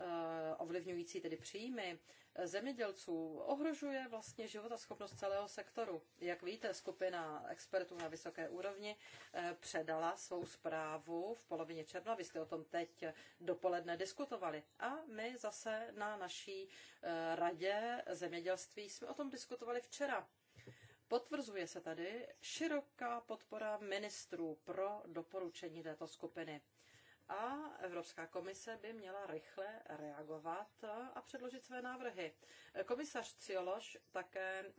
Eh, ovlivňující tedy příjmy zemědělců, ohrožuje vlastně život a schopnost celého sektoru. Jak víte, skupina expertů na vysoké úrovni eh, předala svou zprávu v polovině června. Vy jste o tom teď dopoledne diskutovali. A my zase na naší eh, radě zemědělství jsme o tom diskutovali včera. Potvrzuje se tady široká podpora ministrů pro doporučení této skupiny a Evropská komise by měla rychle reagovat a předložit své návrhy. Komisař Ciološ také e,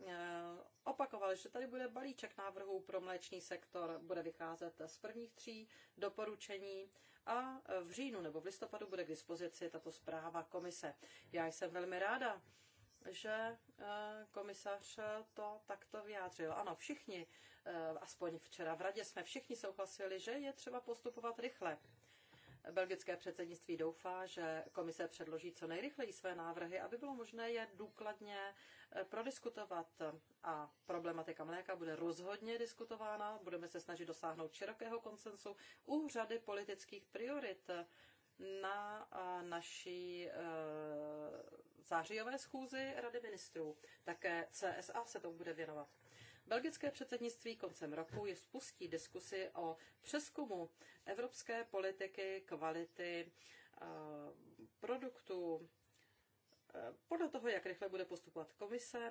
opakoval, že tady bude balíček návrhů pro mléčný sektor, bude vycházet z prvních tří doporučení a v říjnu nebo v listopadu bude k dispozici tato zpráva komise. Já jsem velmi ráda, že e, komisař to takto vyjádřil. Ano, všichni, e, aspoň včera v radě jsme všichni souhlasili, že je třeba postupovat rychle. Belgické předsednictví doufá, že komise předloží co nejrychleji své návrhy, aby bylo možné je důkladně eh, prodiskutovat. A problematika mléka bude rozhodně diskutována. Budeme se snažit dosáhnout širokého konsensu u řady politických priorit na eh, naší eh, zářijové schůzi Rady ministrů. Také CSA se tomu bude věnovat. Belgické předsednictví koncem roku je spustí diskusi o přeskumu evropské politiky kvality eh, produktů. Eh, podle toho, jak rychle bude postupovat komise,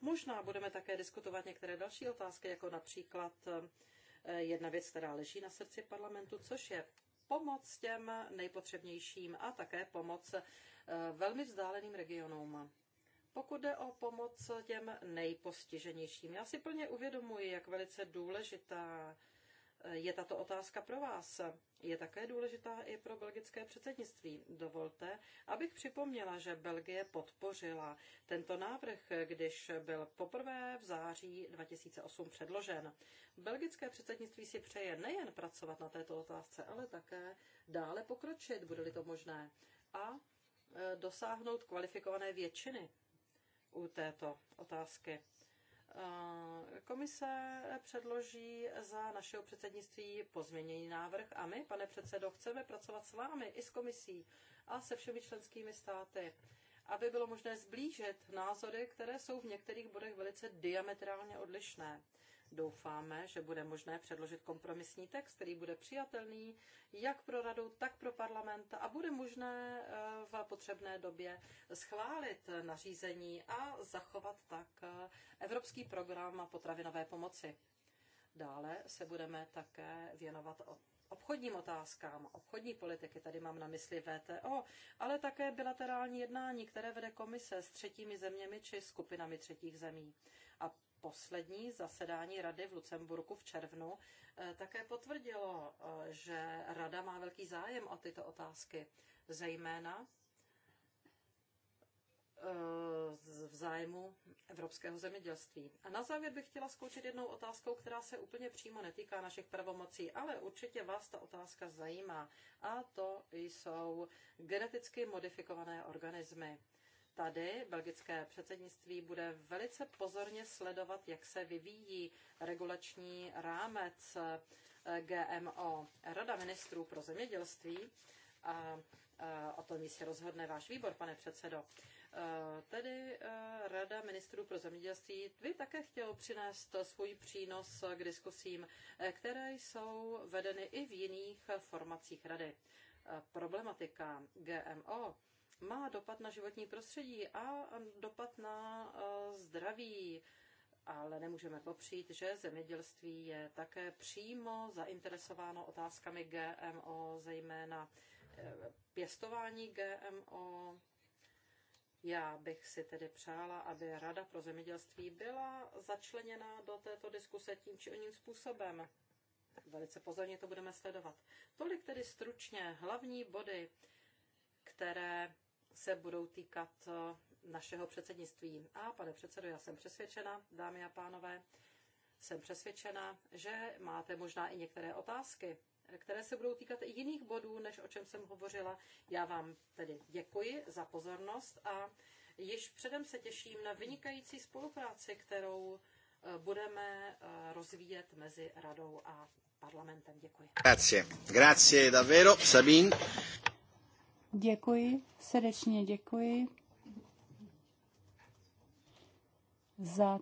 možná budeme také diskutovat některé další otázky, jako například eh, jedna věc, která leží na srdci parlamentu, což je pomoc těm nejpotřebnějším a také pomoc velmi vzdáleným regionům. Pokud jde o pomoc těm nejpostiženějším, já si plně uvědomuji, jak velice důležitá je tato otázka pro vás. Je také důležitá i pro belgické předsednictví. Dovolte, abych připomněla, že Belgie podpořila tento návrh, když byl poprvé v září 2008 předložen. Belgické předsednictví si přeje nejen pracovat na této otázce, ale také dále pokročit, bude-li to možné, a e, dosáhnout kvalifikované většiny u této otázky. Komise předloží za našeho předsednictví pozměněný návrh a my, pane předsedo, chceme pracovat s vámi i s komisí a se všemi členskými státy, aby bylo možné zblížit názory, které jsou v některých bodech velice diametrálně odlišné. Doufáme, že bude možné předložit kompromisní text, který bude přijatelný jak pro radu, tak pro parlament a bude možné eh, v potřebné době schválit nařízení a zachovat tak eh, Evropský program potravinové pomoci. Dále se budeme také věnovat obchodním otázkám, obchodní politiky, tady mám na mysli VTO, ale také bilaterální jednání, které vede komise s třetími zeměmi či skupinami třetích zemí. A poslední zasedání rady v Lucemburku v červnu eh, také potvrdilo, eh, že rada má velký zájem o tyto otázky, zejména eh, v zájmu evropského zemědělství. A na závěr bych chtěla skončit jednou otázkou, která se úplně přímo netýká našich pravomocí, ale určitě vás ta otázka zajímá. A to jsou geneticky modifikované organismy. Tady belgické předsednictví bude velice pozorně sledovat, jak se vyvíjí regulační rámec eh, GMO. Rada ministrů pro zemědělství a eh, o tom jistě rozhodne váš výbor, pane předsedo. Eh, tedy Rada ministrů pro zemědělství by také chtěl přinést svůj přínos k diskusím, které jsou vedeny i v jiných formacích Rady. Problematika GMO má dopad na životní prostředí a dopad na e, zdraví ale nemůžeme popřít, že zemědělství je také přímo zainteresováno otázkami GMO, zejména e, pěstování GMO. Já bych si tedy přála, aby Rada pro zemědělství byla začleněna do této diskuse tím či oním způsobem. Velice pozorně to budeme sledovat. Tolik tedy stručně hlavní body, které se budou týkat eh, našeho předsednictví. A pane předsedo, já jsem přesvědčena, dámy a pánové, jsem přesvědčena, že máte možná i některé otázky, které se budou týkat i jiných bodů, než o čem jsem hovořila. Já vám tedy děkuji za pozornost a již předem se těším na vynikající spolupráci, kterou eh, budeme eh, rozvíjet mezi radou a parlamentem. Děkuji. Grazie, grazie davvero, Sabine. Děkuji, srdečně děkuji za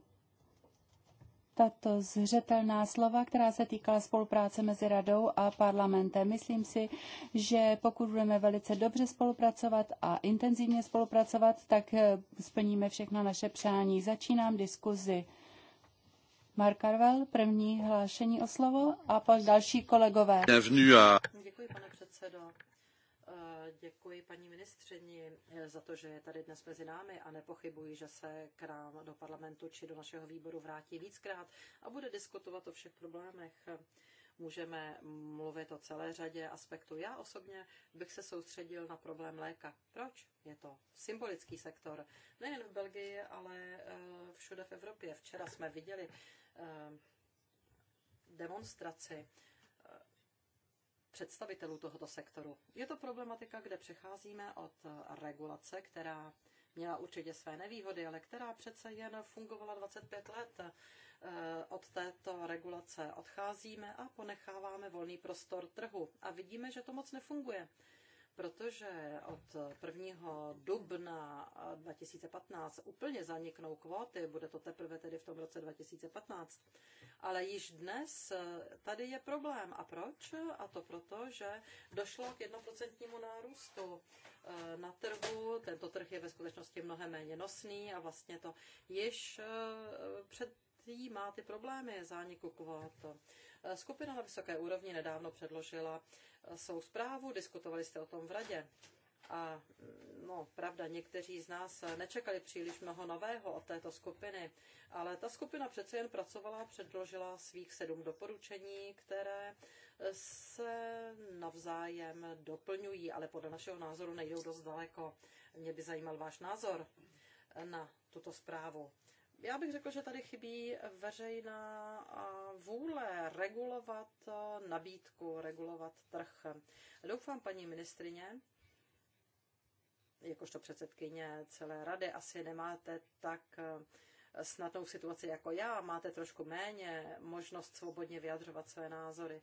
tato zřetelná slova, která se týkala spolupráce mezi radou a parlamentem. Myslím si, že pokud budeme velice dobře spolupracovat a intenzivně spolupracovat, tak eh, splníme všechno naše přání. Začínám diskuzi. Mark Carvel, první hlášení o slovo a pak další kolegové. Děkuji, pane předsedo. Eh, děkuji paní ministřeni eh, za to, že je tady dnes mezi námi a nepochybuji, že se k nám do parlamentu či do našeho výboru vrátí víckrát a bude diskutovat o všech problémech. Můžeme mluvit o celé řadě aspektů. Já osobně bych se soustředil na problém léka. Proč? Je to symbolický sektor. Nejen v Belgii, ale eh, všude v Evropě. Včera jsme viděli demonstraci představitelů tohoto sektoru. Je to problematika, kde přecházíme od regulace, která měla určitě své nevýhody, ale která přece jen fungovala 25 let. Eh, od této regulace odcházíme a ponecháváme volný prostor trhu. A vidíme, že to moc nefunguje protože od 1. dubna 2015 úplně zaniknou kvóty, bude to teprve tedy v tom roce 2015, ale již dnes eh, tady je problém. A proč? A to proto, že došlo k jednoprocentnímu nárůstu eh, na trhu. Tento trh je ve skutečnosti mnohem méně nosný a vlastně to již eh, předjímá ty problémy zániku kvót. Eh, skupina na vysoké úrovni nedávno předložila eh, svou zprávu, diskutovali jste o tom v radě. A mm, no, pravda, někteří z nás eh, nečekali příliš mnoho nového od této skupiny, ale ta skupina přece jen pracovala, a předložila svých sedm doporučení, které se navzájem doplňují, ale podle našeho názoru nejdou dost daleko. Mě by zajímal váš názor na tuto zprávu já bych řekl, že tady chybí veřejná vůle regulovat nabídku, regulovat trh. Doufám, paní ministrině, jakožto předsedkyně celé rady, asi nemáte tak snadnou situaci jako já, máte trošku méně možnost svobodně vyjadřovat své názory.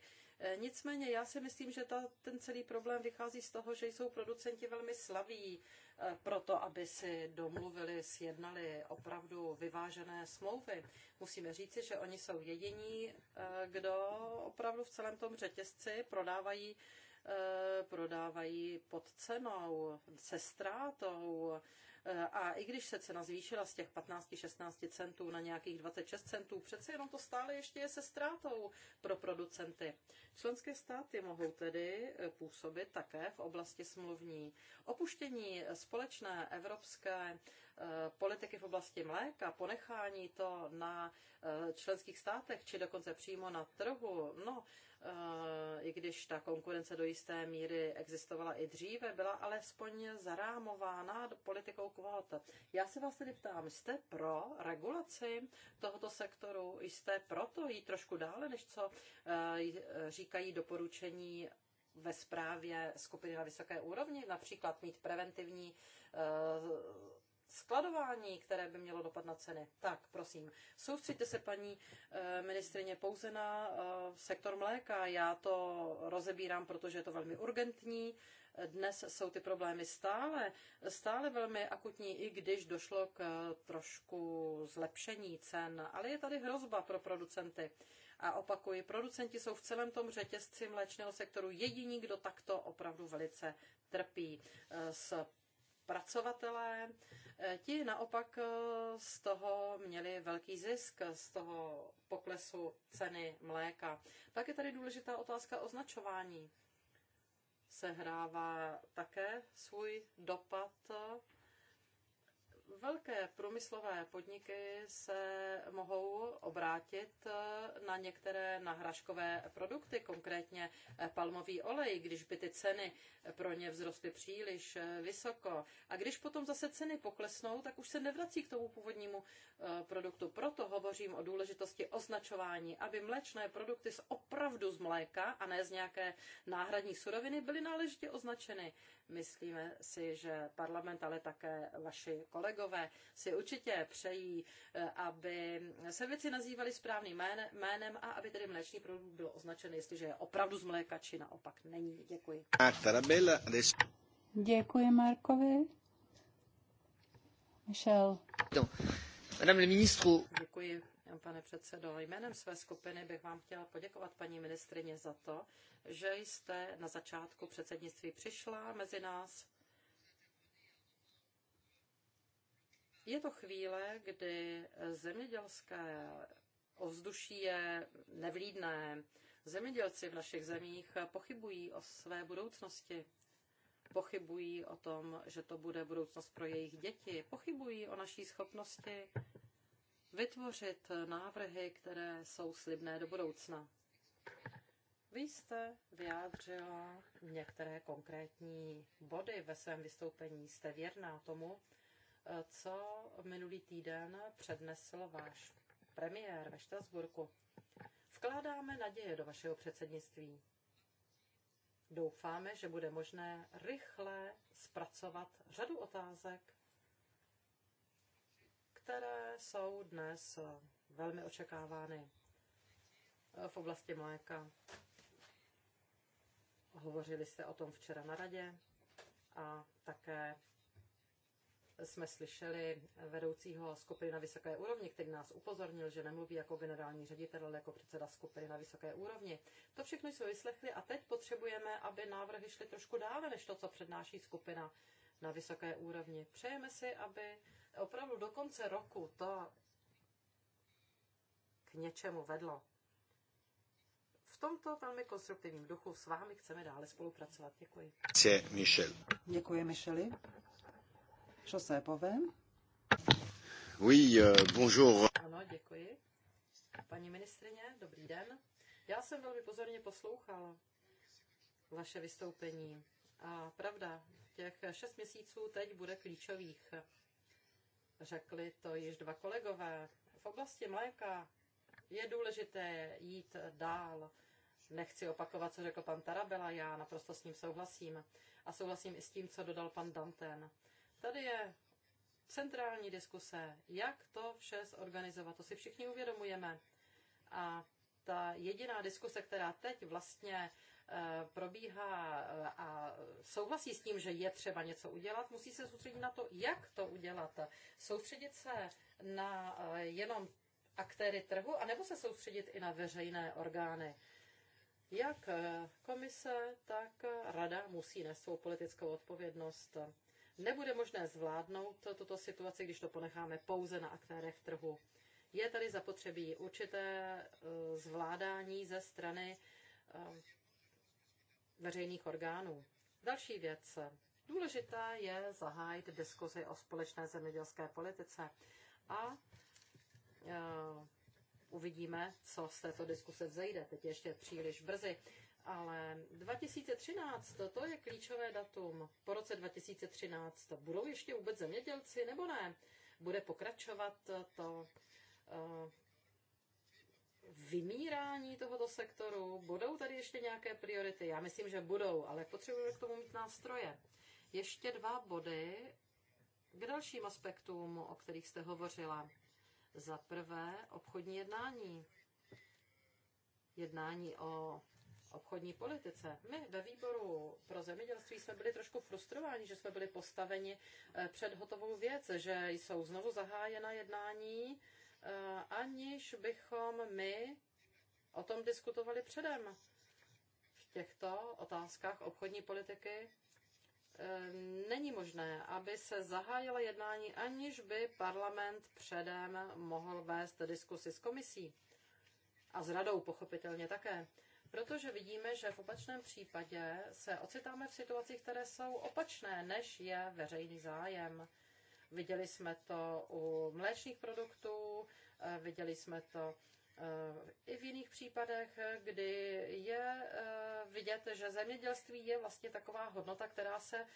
Nicméně já si myslím, že ta, ten celý problém vychází z toho, že jsou producenti velmi slaví eh, pro to, aby si domluvili, sjednali opravdu vyvážené smlouvy. Musíme říci, že oni jsou jediní, eh, kdo opravdu v celém tom řetězci prodávají eh, prodávají pod cenou, se ztrátou, a i když se cena zvýšila z těch 15-16 centů na nějakých 26 centů, přece jenom to stále ještě je se ztrátou pro producenty. Členské státy mohou tedy eh, působit také v oblasti smluvní. Opuštění společné evropské Eh, politiky v oblasti mléka, ponechání to na eh, členských státech, či dokonce přímo na trhu, no, eh, i když ta konkurence do jisté míry existovala i dříve, byla alespoň zarámována politikou kvót. Já se vás tedy ptám, jste pro regulaci tohoto sektoru? Jste proto, jít trošku dále, než co říkají doporučení ve zprávě skupiny na vysoké úrovni, například mít preventivní skladování, které by mělo dopad na ceny. Tak, prosím, soustřeďte se, paní eh, ministrině, pouze na eh, sektor mléka. Já to rozebírám, protože je to velmi urgentní. Dnes jsou ty problémy stále, stále velmi akutní, i když došlo k eh, trošku zlepšení cen, ale je tady hrozba pro producenty. A opakuji, producenti jsou v celém tom řetězci mléčného sektoru jediní, kdo takto opravdu velice trpí. S zpracovatelé, eh, ti naopak eh, z toho měli velký zisk, z toho poklesu ceny mléka. Pak je tady důležitá otázka označování. Sehrává také svůj dopad Velké průmyslové podniky se mohou obrátit eh, na některé nahražkové produkty, konkrétně eh, palmový olej, když by ty ceny eh, pro ně vzrostly příliš vysoko. A když potom zase ceny poklesnou, tak už se nevrací k tomu původnímu produktu. Proto hovořím o důležitosti označování, aby mléčné produkty z opravdu z mléka a ne z nějaké náhradní suroviny byly náležitě označeny. Myslíme si, že parlament, ale také vaši kolegové si určitě přejí, eh, aby se věci nazývaly správným jménem a aby tedy mléčný produkt byl označen, jestliže je opravdu z mléka, či naopak není. Děkuji. Ah, Děkuji Markovi. Michel. Madame le ministre. Děkuji, pane předsedo. Jménem své skupiny bych vám chtěla poděkovat, paní ministrině, za to, že jste na začátku předsednictví přišla mezi nás. Je to chvíle, kdy zemědělské ovzduší je nevlídné. Zemědělci v našich zemích pochybují o své budoucnosti pochybují o tom, že to bude budoucnost pro jejich děti, pochybují o naší schopnosti vytvořit návrhy, které jsou slibné do budoucna. Vy jste vyjádřila některé konkrétní body ve svém vystoupení. Jste věrná tomu, co minulý týden přednesl váš premiér ve Štrasburku. Vkládáme naděje do vašeho předsednictví. Doufáme, že bude možné rychle zpracovat řadu otázek, které jsou dnes velmi očekávány v oblasti mléka. Hovořili jste o tom včera na radě a také jsme slyšeli vedoucího skupiny na vysoké úrovni, který nás upozornil, že nemluví jako generální ředitel, ale jako předseda skupiny na vysoké úrovni. To všechno jsme vyslechli a teď potřebujeme, aby návrhy šly trošku dále než to, co přednáší skupina na vysoké úrovni. Přejeme si, aby opravdu do konce roku to k něčemu vedlo. V tomto velmi konstruktivním duchu s vámi chceme dále spolupracovat. Děkuji. Děkuji, Michel. Děkuji, Micheli. Co se povím? Oui, euh, bonjour. Ano, děkuji. Paní ministrině, dobrý den. Já jsem velmi pozorně poslouchala vaše vystoupení. A pravda, těch šest měsíců teď bude klíčových. Řekli to již dva kolegové. V oblasti mléka je důležité jít dál. Nechci opakovat, co řekl pan Tarabela, já naprosto s ním souhlasím. A souhlasím i s tím, co dodal pan Danten. Tady je centrální diskuse, jak to vše zorganizovat. To si všichni uvědomujeme. A ta jediná diskuse, která teď vlastně Eh, probíhá eh, a souhlasí s tím, že je třeba něco udělat, musí se soustředit na to, jak to udělat. Soustředit se na eh, jenom aktéry trhu, anebo se soustředit i na veřejné orgány. Jak komise, tak rada musí nést svou politickou odpovědnost. Nebude možné zvládnout tuto situaci, když to ponecháme pouze na aktérech trhu. Je tady zapotřebí určité zvládání ze strany veřejných orgánů. Další věc. Důležité je zahájit diskuzi o společné zemědělské politice a e, uvidíme, co z této diskuse vzejde. Teď ještě příliš brzy, ale 2013, to je klíčové datum. Po roce 2013 budou ještě vůbec zemědělci nebo ne? Bude pokračovat to e, vymírání tohoto sektoru? Budou tady ještě nějaké priority? Já myslím, že budou, ale potřebujeme k tomu mít nástroje. Ještě dva body k dalším aspektům, o kterých jste hovořila. Za prvé obchodní jednání. Jednání o obchodní politice. My ve výboru pro zemědělství jsme byli trošku frustrováni, že jsme byli postaveni eh, před hotovou věc, že jsou znovu zahájena jednání Eh, aniž bychom my o tom diskutovali předem. V těchto otázkách obchodní politiky eh, není možné, aby se zahájila jednání, aniž by parlament předem mohl vést diskusy s komisí a s radou pochopitelně také. Protože vidíme, že v opačném případě se ocitáme v situacích, které jsou opačné, než je veřejný zájem. Viděli jsme to u mléčných produktů, eh, viděli jsme to eh, i v jiných případech, kdy je eh, vidět, že zemědělství je vlastně taková hodnota, která se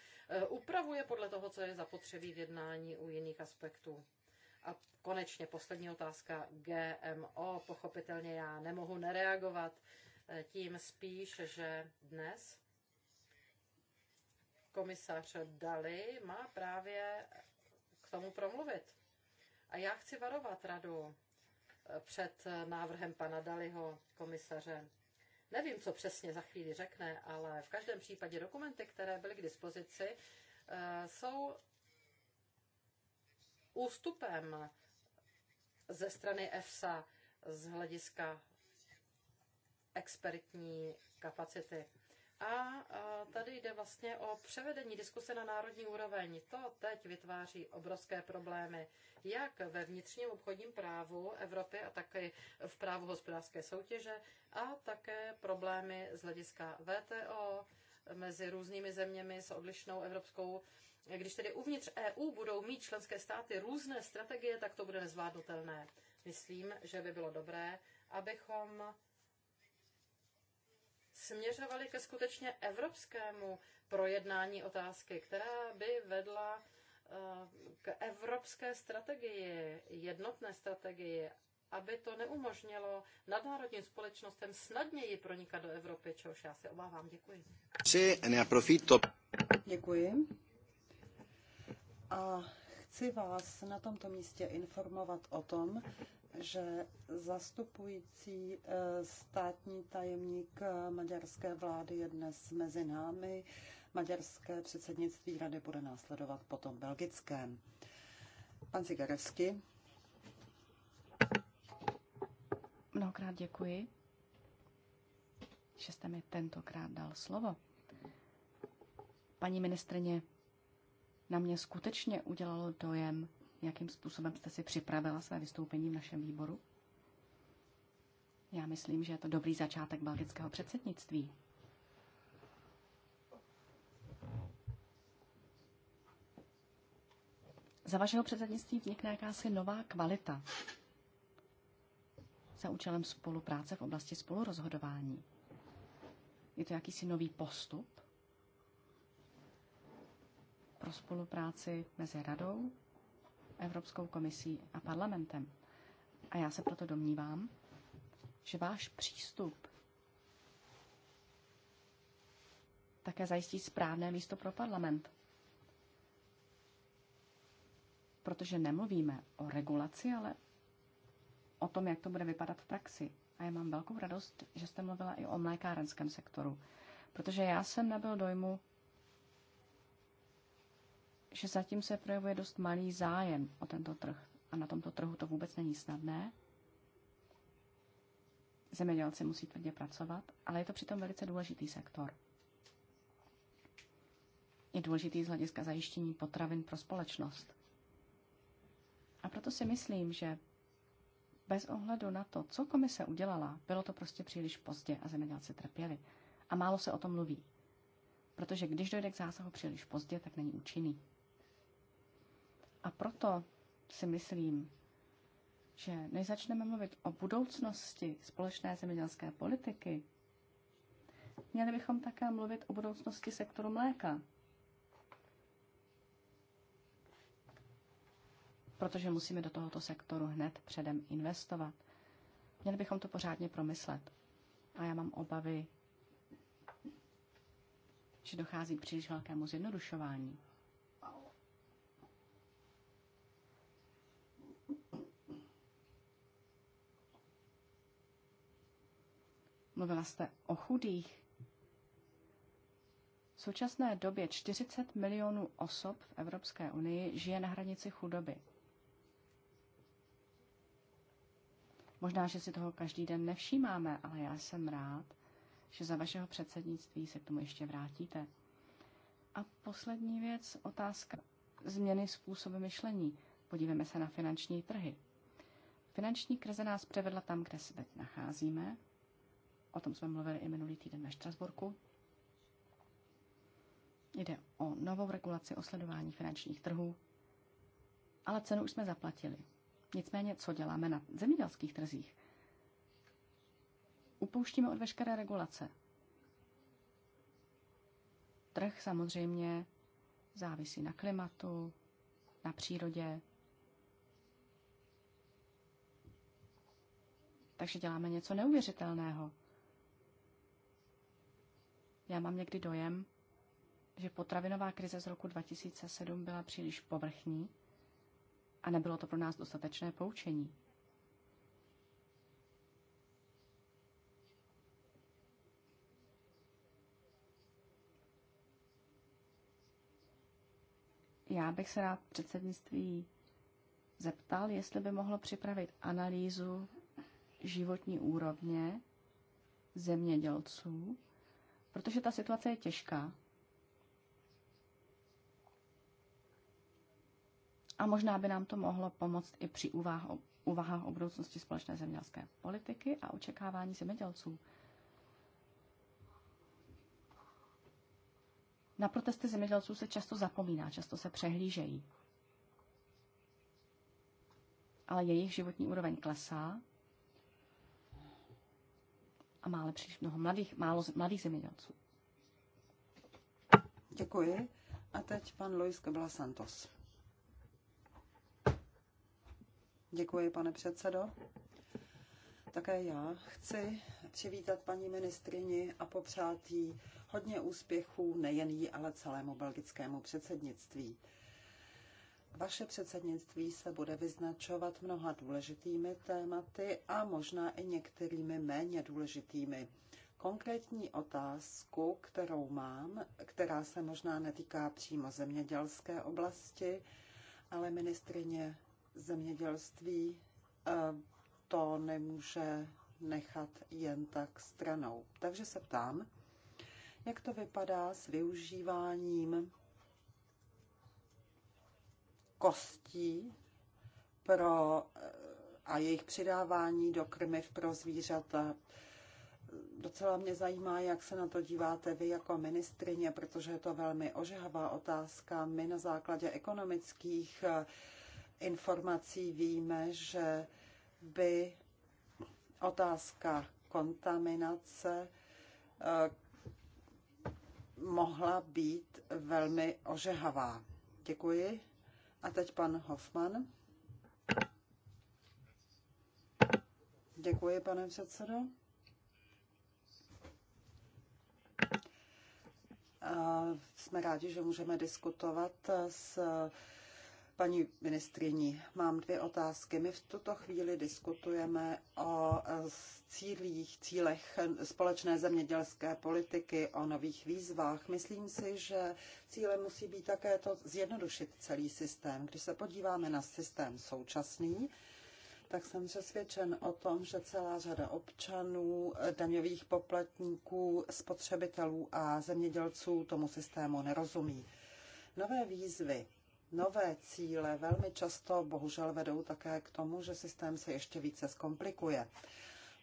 upravuje podle toho, co je zapotřebí v jednání u jiných aspektů. A konečně poslední otázka GMO. Pochopitelně já nemohu nereagovat tím spíš, že dnes komisař Dali má právě tomu promluvit. A já chci varovat radu eh, před eh, návrhem pana Daliho, komisaře. Nevím, co přesně za chvíli řekne, ale v každém případě dokumenty, které byly k dispozici, eh, jsou ústupem ze strany EFSA z hlediska expertní kapacity. A tady jde vlastně o převedení diskuse na národní úroveň. To teď vytváří obrovské problémy, jak ve vnitřním obchodním právu Evropy a také v právu hospodářské soutěže a také problémy z hlediska VTO mezi různými zeměmi s odlišnou evropskou když tedy uvnitř EU budou mít členské státy různé strategie, tak to bude nezvládnutelné. Myslím, že by bylo dobré, abychom směřovaly ke skutečně evropskému projednání otázky, která by vedla eh, k evropské strategii, jednotné strategii, aby to neumožnilo nadnárodním společnostem snadněji pronikat do Evropy, čehož já se obávám. Děkuji. Děkuji. A chci vás na tomto místě informovat o tom, že zastupující eh, státní tajemník eh, maďarské vlády je dnes mezi námi. Maďarské předsednictví rady bude následovat potom belgickém. Pan Cigarevsky. Mnohokrát děkuji, že jste mi tentokrát dal slovo. Paní ministrně, na mě skutečně udělalo dojem, jakým způsobem jste si připravila své vystoupení v našem výboru? Já myslím, že je to dobrý začátek belgického předsednictví. Za vašeho předsednictví vznikne jakási nová kvalita za účelem spolupráce v oblasti spolurozhodování. Je to jakýsi nový postup pro spolupráci mezi radou, Evropskou komisí a parlamentem. A já se proto domnívám, že váš přístup také zajistí správné místo pro parlament. Protože nemluvíme o regulaci, ale o tom, jak to bude vypadat v praxi. A já mám velkou radost, že jste mluvila i o mlékárenském sektoru, protože já jsem nabil dojmu, že zatím se projevuje dost malý zájem o tento trh. A na tomto trhu to vůbec není snadné. Zemědělci musí tvrdě pracovat, ale je to přitom velice důležitý sektor. Je důležitý z hlediska zajištění potravin pro společnost. A proto si myslím, že bez ohledu na to, co komise udělala, bylo to prostě příliš pozdě a zemědělci trpěli. A málo se o tom mluví. Protože když dojde k zásahu příliš pozdě, tak není účinný. A proto si myslím, že než začneme mluvit o budoucnosti společné zemědělské politiky, měli bychom také mluvit o budoucnosti sektoru mléka. Protože musíme do tohoto sektoru hned předem investovat. Měli bychom to pořádně promyslet. A já mám obavy, že dochází příliš velkému zjednodušování. Mluvila jste o chudých. V současné době 40 milionů osob v Evropské unii žije na hranici chudoby. Možná, že si toho každý den nevšímáme, ale já jsem rád, že za vašeho předsednictví se k tomu ještě vrátíte. A poslední věc, otázka změny způsobu myšlení. Podívejme se na finanční trhy. Finanční krize nás převedla tam, kde se teď nacházíme, O tom jsme mluvili i minulý týden ve Štrasburku. Jde o novou regulaci osledování finančních trhů, ale cenu už jsme zaplatili. Nicméně, co děláme na zemědělských trzích? Upouštíme od veškeré regulace. Trh samozřejmě závisí na klimatu, na přírodě. Takže děláme něco neuvěřitelného. Já mám někdy dojem, že potravinová krize z roku 2007 byla příliš povrchní a nebylo to pro nás dostatečné poučení. Já bych se rád předsednictví zeptal, jestli by mohlo připravit analýzu životní úrovně zemědělců protože ta situace je těžká. A možná by nám to mohlo pomoct i při úvahách o, o budoucnosti společné zemědělské politiky a očekávání zemědělců. Na protesty zemědělců se často zapomíná, často se přehlížejí. Ale jejich životní úroveň klesá a máme příliš mnoho mladých, málo mladých zemědělců. Děkuji. A teď pan Luis Cabela Santos. Děkuji, pane předsedo. Také já chci přivítat paní ministrini a popřát jí hodně úspěchů, nejen jí, ale celému belgickému předsednictví. Vaše předsednictví se bude vyznačovat mnoha důležitými tématy a možná i některými méně důležitými. Konkrétní otázku, kterou mám, která se možná netýká přímo zemědělské oblasti, ale ministrině zemědělství eh, to nemůže nechat jen tak stranou. Takže se ptám, jak to vypadá s využíváním kostí pro, a jejich přidávání do krmiv pro zvířata. Docela mě zajímá, jak se na to díváte vy jako ministrině, protože je to velmi ožehavá otázka. My na základě ekonomických eh, informací víme, že by otázka kontaminace eh, mohla být velmi ožehavá. Děkuji. A teď pan Hoffman. Děkuji, pane předsedo. Jsme rádi, že můžeme diskutovat s paní ministriní. Mám dvě otázky. My v tuto chvíli diskutujeme o e, cílích, cílech společné zemědělské politiky, o nových výzvách. Myslím si, že cílem musí být také to zjednodušit celý systém. Když se podíváme na systém současný, tak jsem přesvědčen o tom, že celá řada občanů, daňových poplatníků, spotřebitelů a zemědělců tomu systému nerozumí. Nové výzvy Nové cíle velmi často bohužel vedou také k tomu, že systém se ještě více zkomplikuje.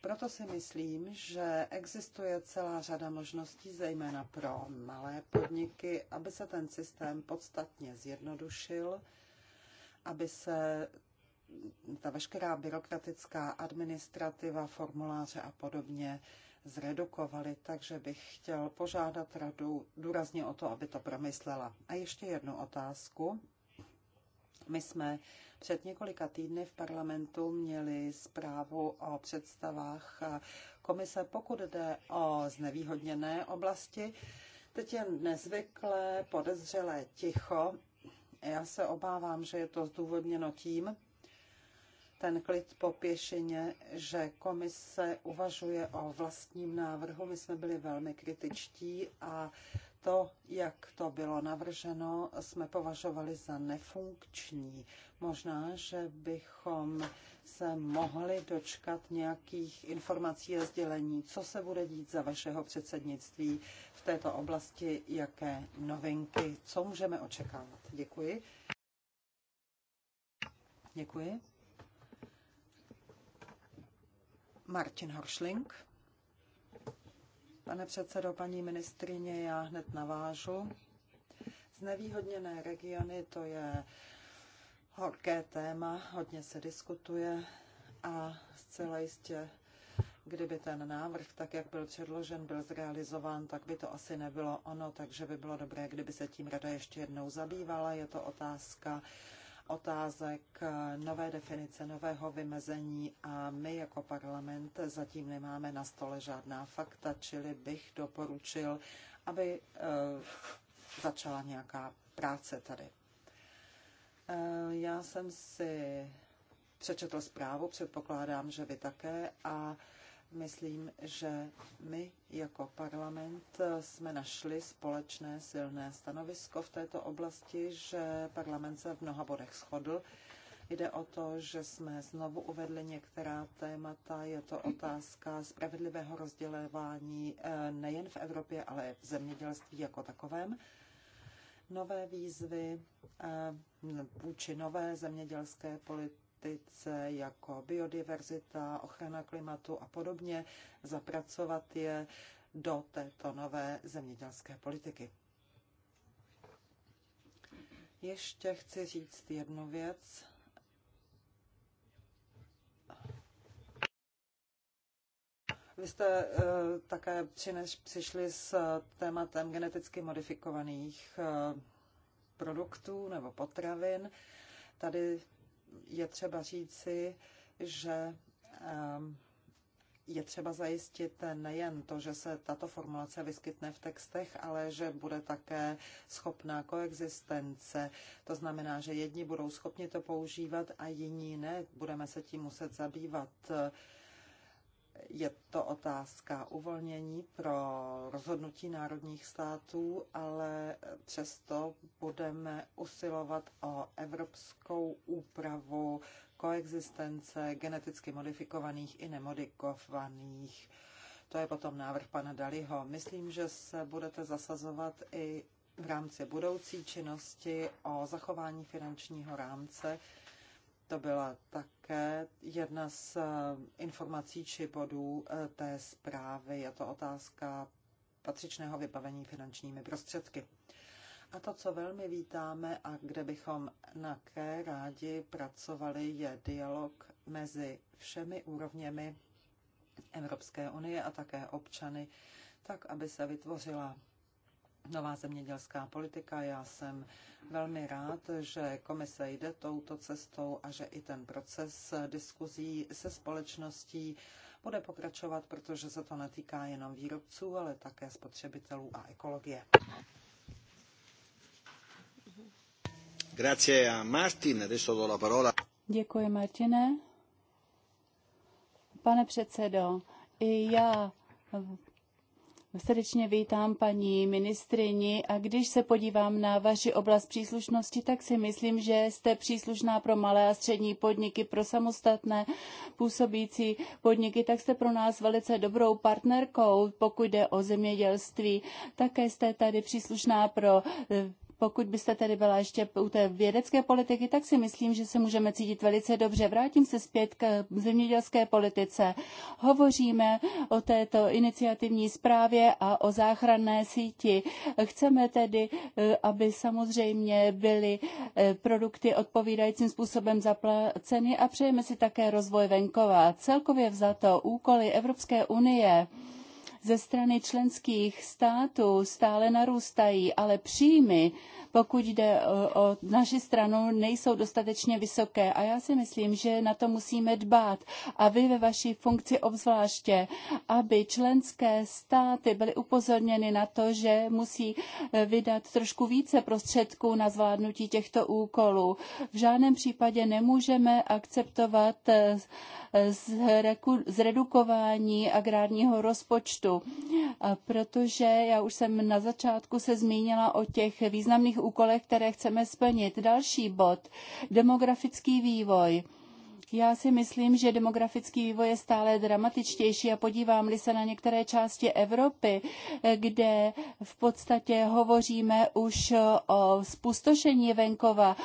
Proto si myslím, že existuje celá řada možností, zejména pro malé podniky, aby se ten systém podstatně zjednodušil, aby se ta veškerá byrokratická administrativa, formuláře a podobně zredukovaly. Takže bych chtěl požádat radu důrazně o to, aby to promyslela. A ještě jednu otázku. My jsme před několika týdny v parlamentu měli zprávu o představách komise, pokud jde o znevýhodněné oblasti. Teď je nezvyklé podezřelé ticho. Já se obávám, že je to zdůvodněno tím, ten klid po pěšině, že komise uvažuje o vlastním návrhu. My jsme byli velmi kritičtí a to, jak to bylo navrženo, jsme považovali za nefunkční. Možná, že bychom se mohli dočkat nějakých informací a sdělení, co se bude dít za vašeho předsednictví v této oblasti, jaké novinky, co můžeme očekávat. Děkuji. Děkuji. Martin Horschling. Pane předsedo, paní ministrině, já hned navážu. Znevýhodněné regiony, to je horké téma, hodně se diskutuje a zcela jistě, kdyby ten návrh, tak jak byl předložen, byl zrealizován, tak by to asi nebylo ono, takže by bylo dobré, kdyby se tím rada ještě jednou zabývala. Je to otázka uh, otázek nové definice, nového vymezení a my jako parlament zatím nemáme na stole žádná fakta, čili bych doporučil, aby eh, začala nějaká práce tady. Eh, já jsem si přečetl zprávu, předpokládám, že vy také, a Myslím, že my jako parlament jsme našli společné silné stanovisko v této oblasti, že parlament se v mnoha bodech shodl. Jde o to, že jsme znovu uvedli některá témata. Je to otázka spravedlivého rozdělování eh, nejen v Evropě, ale v zemědělství jako takovém. Nové výzvy eh, vůči nové zemědělské politice politice jako biodiverzita, ochrana klimatu a podobně, zapracovat je do této nové zemědělské politiky. Ještě chci říct jednu věc. Vy jste uh, také přineš, přišli s tématem geneticky modifikovaných uh, produktů nebo potravin. Tady je třeba říci, že ehm, je třeba zajistit nejen to, že se tato formulace vyskytne v textech, ale že bude také schopná koexistence. To znamená, že jedni budou schopni to používat a jiní ne. Budeme se tím muset zabývat je to otázka uvolnění pro rozhodnutí národních států, ale přesto budeme usilovat o evropskou úpravu koexistence geneticky modifikovaných i nemodifikovaných. To je potom návrh pana Daliho. Myslím, že se budete zasazovat i v rámci budoucí činnosti o zachování finančního rámce, to byla také jedna z eh, informací či bodů eh, té zprávy. Je to otázka patřičného vybavení finančními prostředky. A to, co velmi vítáme a kde bychom na ké rádi pracovali, je dialog mezi všemi úrovněmi Evropské unie a také občany, tak aby se vytvořila nová zemědělská politika. Já jsem velmi rád, že komise jde touto cestou a že i ten proces diskuzí se společností bude pokračovat, protože se to netýká jenom výrobců, ale také spotřebitelů a ekologie. Grazie a Martin, adesso do la parola. Děkuji, Martine. Pane předsedo, i já Srdečně vítám paní ministrini a když se podívám na vaši oblast příslušnosti, tak si myslím, že jste příslušná pro malé a střední podniky, pro samostatné působící podniky, tak jste pro nás velice dobrou partnerkou, pokud jde o zemědělství. Také jste tady příslušná pro eh, pokud byste tedy byla ještě u té vědecké politiky, tak si myslím, že se můžeme cítit velice dobře. Vrátím se zpět k zemědělské politice. Hovoříme o této iniciativní zprávě a o záchranné síti. Chceme tedy, eh, aby samozřejmě byly eh, produkty odpovídajícím způsobem zaplaceny a přejeme si také rozvoj venkova. Celkově vzato úkoly Evropské unie ze strany členských států stále narůstají, ale příjmy pokud jde o, o naši stranu, nejsou dostatečně vysoké. A já si myslím, že na to musíme dbát. A vy ve vaší funkci obzvláště, aby členské státy byly upozorněny na to, že musí eh, vydat trošku více prostředků na zvládnutí těchto úkolů. V žádném případě nemůžeme akceptovat eh, zredukování agrárního rozpočtu, protože já už jsem na začátku se zmínila o těch významných úkolech, které chceme splnit. Další bod, demografický vývoj. Já si myslím, že demografický vývoj je stále dramatičtější a podívám-li se na některé části Evropy, kde v podstatě hovoříme už o spustošení venkova,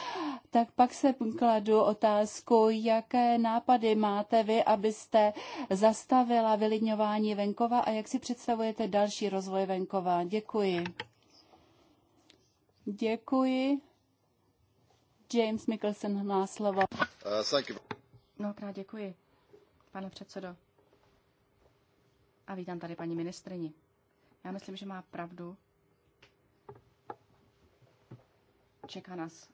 tak pak se kladu otázku, jaké nápady máte vy, abyste zastavila vylidňování venkova a jak si představujete další rozvoj venkova. Děkuji. Děkuji. James Mickelson má slovo. Uh, Mnohokrát děkuji, pane předsedo. A vítám tady paní ministrini. Já myslím, že má pravdu. Čeká nás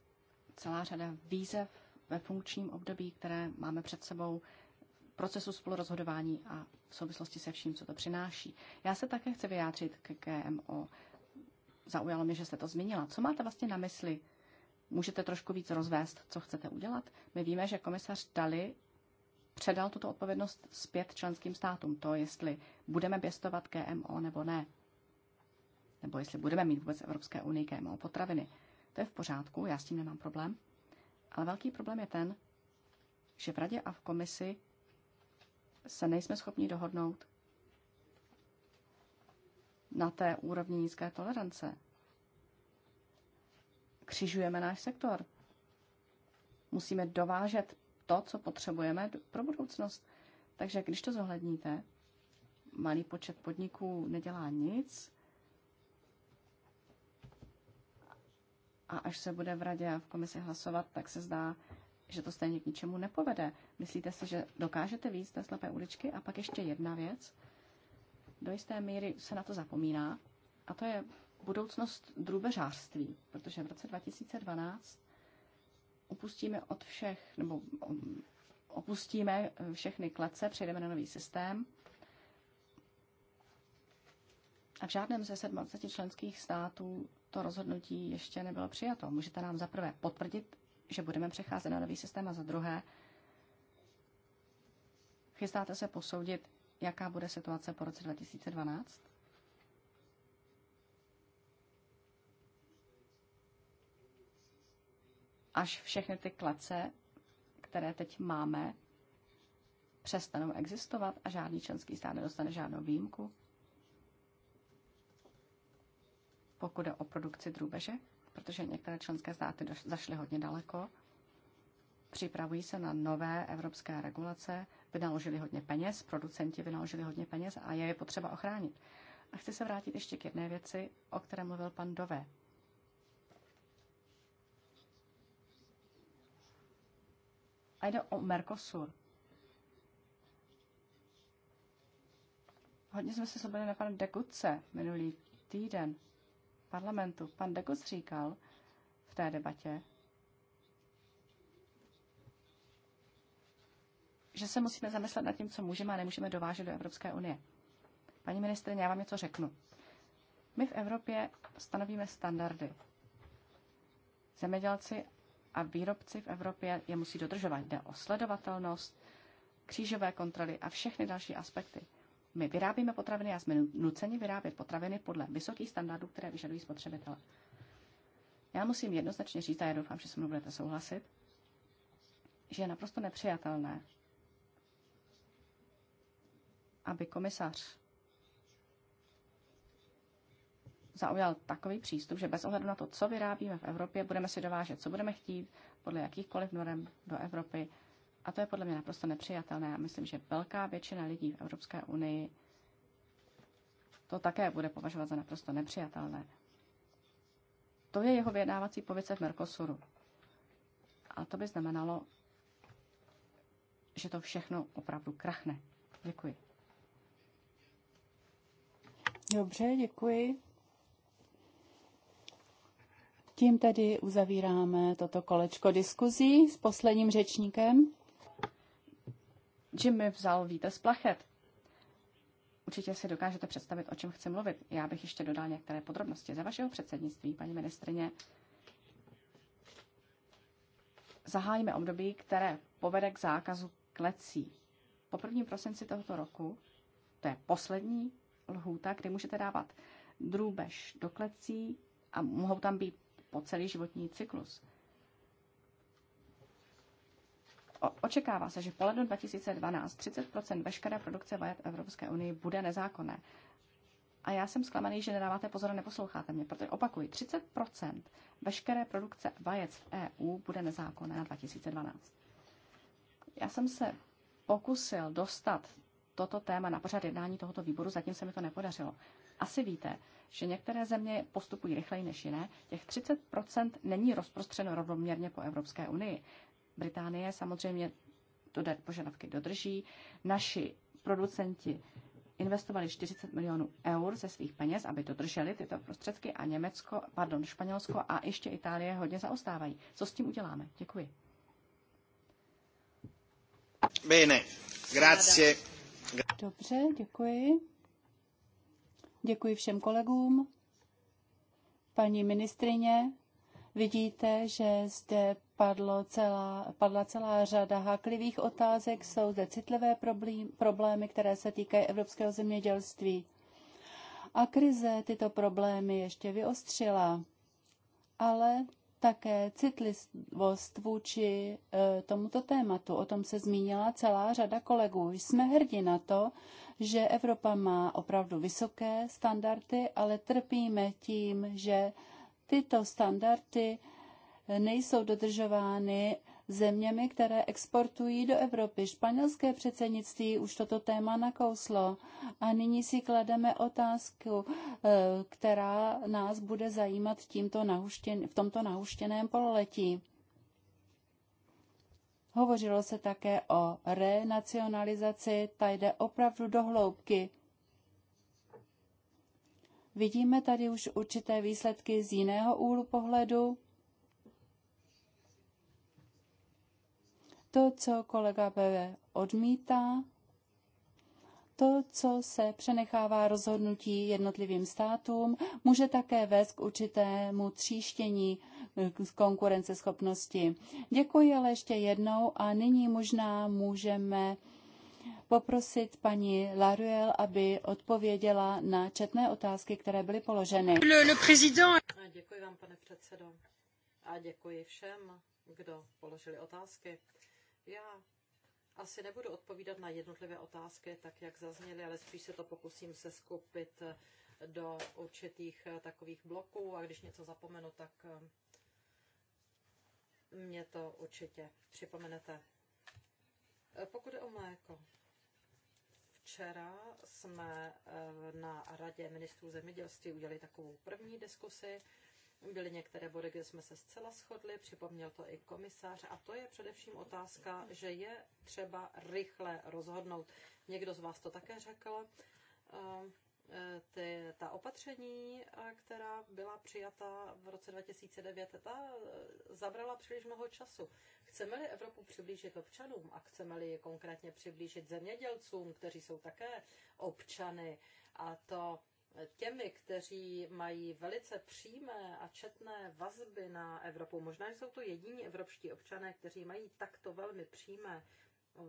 celá řada výzev ve funkčním období, které máme před sebou v procesu spolurozhodování a v souvislosti se vším, co to přináší. Já se také chci vyjádřit k GMO zaujalo mě, že jste to zmínila. Co máte vlastně na mysli? Můžete trošku víc rozvést, co chcete udělat? My víme, že komisař Dali předal tuto odpovědnost zpět členským státům. To, jestli budeme pěstovat GMO nebo ne. Nebo jestli budeme mít vůbec Evropské unii GMO potraviny. To je v pořádku, já s tím nemám problém. Ale velký problém je ten, že v radě a v komisi se nejsme schopni dohodnout, na té úrovni nízké tolerance. Křižujeme náš sektor. Musíme dovážet to, co potřebujeme pro budoucnost. Takže když to zohledníte, malý počet podniků nedělá nic a až se bude v radě a v komisi hlasovat, tak se zdá, že to stejně k ničemu nepovede. Myslíte si, že dokážete víc té slepé uličky? A pak ještě jedna věc – do jisté míry se na to zapomíná, a to je budoucnost drůbežářství, protože v roce 2012 upustíme od všech, nebo um, opustíme eh, všechny klece, přejdeme na nový systém. A v žádném ze 27 členských států to rozhodnutí ještě nebylo přijato. Můžete nám za prvé potvrdit, že budeme přecházet na nový systém a za druhé chystáte se posoudit, jaká bude situace po roce 2012? Až všechny ty klece, které teď máme, přestanou existovat a žádný členský stát nedostane žádnou výjimku? Pokud jde o produkci drůbeže, protože některé členské státy zašly hodně daleko Připravují se na nové evropské regulace, vynaložili hodně peněz, producenti vynaložili hodně peněz a je je potřeba ochránit. A chci se vrátit ještě k jedné věci, o které mluvil pan Dové. A jde o Mercosur. Hodně jsme se sobili na pan Dekutce minulý týden v parlamentu. Pan Deguc říkal v té debatě, že se musíme zamyslet nad tím, co můžeme a nemůžeme dovážet do Evropské unie. Paní ministrině, já vám něco řeknu. My v Evropě stanovíme standardy. Zemědělci a výrobci v Evropě je musí dodržovat. Jde o sledovatelnost, křížové kontroly a všechny další aspekty. My vyrábíme potraviny a jsme nuceni vyrábět potraviny podle vysokých standardů, které vyžadují spotřebitele. Já musím jednoznačně říct, a já doufám, že se mnou budete souhlasit, že je naprosto nepřijatelné, aby komisař zaujal takový přístup, že bez ohledu na to, co vyrábíme v Evropě, budeme si dovážet, co budeme chtít, podle jakýchkoliv norm do Evropy. A to je podle mě naprosto nepřijatelné. Já myslím, že velká většina lidí v Evropské unii to také bude považovat za naprosto nepřijatelné. To je jeho vyjednávací pověce v Mercosuru. A to by znamenalo, že to všechno opravdu krachne. Děkuji. Dobře, děkuji. Tím tedy uzavíráme toto kolečko diskuzí s posledním řečníkem. Jimmy vzal víte z plachet. Určitě si dokážete představit, o čem chci mluvit. Já bych ještě dodal některé podrobnosti. Za vašeho předsednictví, paní ministrině, zahájíme období, které povede k zákazu klecí. Po 1. prosinci tohoto roku, to je poslední lhůta, kde můžete dávat drůbež do klecí a mohou tam být po celý životní cyklus. O, očekává se, že po lednu 2012 30 veškeré produkce vajat Evropské unii bude nezákonné. A já jsem zklamaný, že nedáváte pozor a neposloucháte mě, protože opakuji, 30 veškeré produkce vajec v EU bude nezákonné na 2012. Já jsem se pokusil dostat toto téma na pořad jednání tohoto výboru, zatím se mi to nepodařilo. Asi víte, že některé země postupují rychleji než jiné. Těch 30 není rozprostřeno rovnoměrně po Evropské unii. Británie samozřejmě to požadavky dodrží. Naši producenti investovali 40 milionů eur ze svých peněz, aby dodrželi tyto prostředky a Německo, pardon, Španělsko a ještě Itálie hodně zaostávají. Co s tím uděláme? Děkuji. Bene, grazie. Dobře, děkuji. Děkuji všem kolegům. Paní ministrině, vidíte, že zde padlo celá, padla celá řada háklivých otázek. Jsou zde citlivé problémy, které se týkají evropského zemědělství. A krize tyto problémy ještě vyostřila. Ale také citlivost vůči e, tomuto tématu. O tom se zmínila celá řada kolegů. Jsme hrdí na to, že Evropa má opravdu vysoké standardy, ale trpíme tím, že tyto standardy nejsou dodržovány zeměmi, které exportují do Evropy. Španělské předsednictví už toto téma nakouslo a nyní si klademe otázku, eh, která nás bude zajímat tímto nahuštěn, v tomto nahuštěném pololetí. Hovořilo se také o renacionalizaci, ta jde opravdu do hloubky. Vidíme tady už určité výsledky z jiného úhlu pohledu. To, co kolega PV odmítá, to, co se přenechává rozhodnutí jednotlivým státům, může také vést k určitému tříštění z eh, konkurenceschopnosti. Děkuji ale ještě jednou a nyní možná můžeme poprosit paní Laruel, aby odpověděla na četné otázky, které byly položeny. Děkuji vám, pane předsedo. A děkuji všem, kdo položili otázky. Já asi nebudu odpovídat na jednotlivé otázky, tak jak zazněly, ale spíš se to pokusím se skupit eh, do určitých eh, takových bloků a když něco zapomenu, tak eh, mě to určitě připomenete. Pokud je o mléko, včera jsme na Radě ministrů zemědělství udělali takovou první diskusi byly některé body, kde jsme se zcela shodli, připomněl to i komisař, a to je především otázka, že je třeba rychle rozhodnout. Někdo z vás to také řekl. Eh, eh, ty, ta opatření, eh, která byla přijata v roce 2009, ta zabrala příliš mnoho času. Chceme-li Evropu přiblížit občanům a chceme-li je konkrétně přiblížit zemědělcům, kteří jsou také občany, a to těmi, kteří mají velice přímé a četné vazby na Evropu. Možná, že jsou to jediní evropští občané, kteří mají takto velmi přímé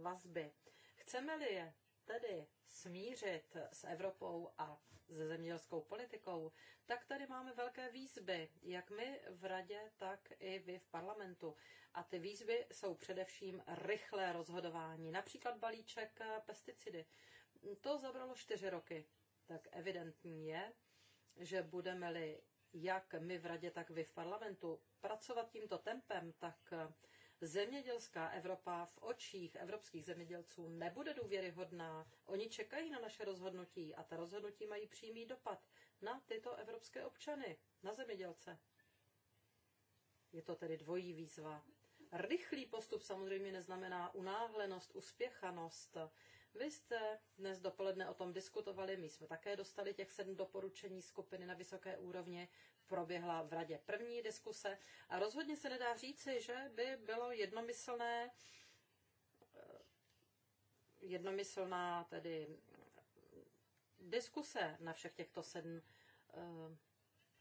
vazby. Chceme-li je tedy smířit s Evropou a se zemědělskou politikou, tak tady máme velké výzvy, jak my v radě, tak i vy v parlamentu. A ty výzvy jsou především rychlé rozhodování, například balíček pesticidy. To zabralo čtyři roky tak evidentní je, že budeme-li jak my v radě, tak vy v parlamentu pracovat tímto tempem, tak zemědělská Evropa v očích evropských zemědělců nebude důvěryhodná. Oni čekají na naše rozhodnutí a ta rozhodnutí mají přímý dopad na tyto evropské občany, na zemědělce. Je to tedy dvojí výzva. Rychlý postup samozřejmě neznamená unáhlenost, uspěchanost. Vy jste dnes dopoledne o tom diskutovali, my jsme také dostali těch sedm doporučení skupiny na vysoké úrovni, proběhla v radě první diskuse a rozhodně se nedá říci, že by bylo jednomyslné, eh, jednomyslná tedy eh, diskuse na všech těchto sedm eh,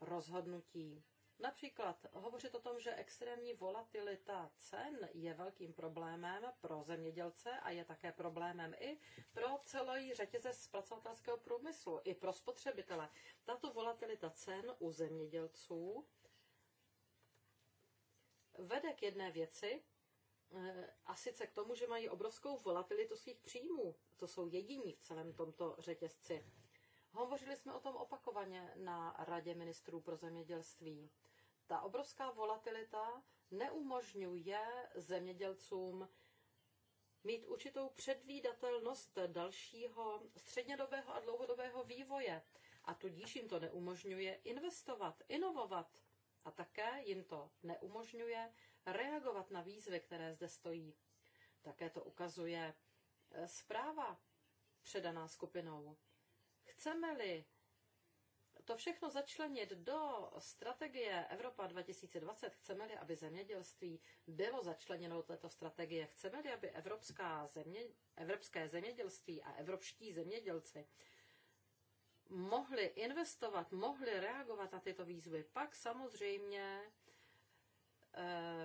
rozhodnutí. Například hovořit o tom, že extrémní volatilita cen je velkým problémem pro zemědělce a je také problémem i pro celý řetězec zpracovatelského průmyslu, i pro spotřebitele. Tato volatilita cen u zemědělců vede k jedné věci, eh, a sice k tomu, že mají obrovskou volatilitu svých příjmů. To jsou jediní v celém tomto řetězci. Hovořili jsme o tom opakovaně na Radě ministrů pro zemědělství ta obrovská volatilita neumožňuje zemědělcům mít určitou předvídatelnost dalšího střednědobého a dlouhodobého vývoje a tudíž jim to neumožňuje investovat, inovovat a také jim to neumožňuje reagovat na výzvy, které zde stojí. Také to ukazuje eh, zpráva předaná skupinou. Chceme-li to všechno začlenit do strategie Evropa 2020, chceme-li, aby zemědělství bylo začleněno do této strategie, chceme-li, aby evropská země, evropské zemědělství a evropští zemědělci mohli investovat, mohli reagovat na tyto výzvy, pak samozřejmě eh,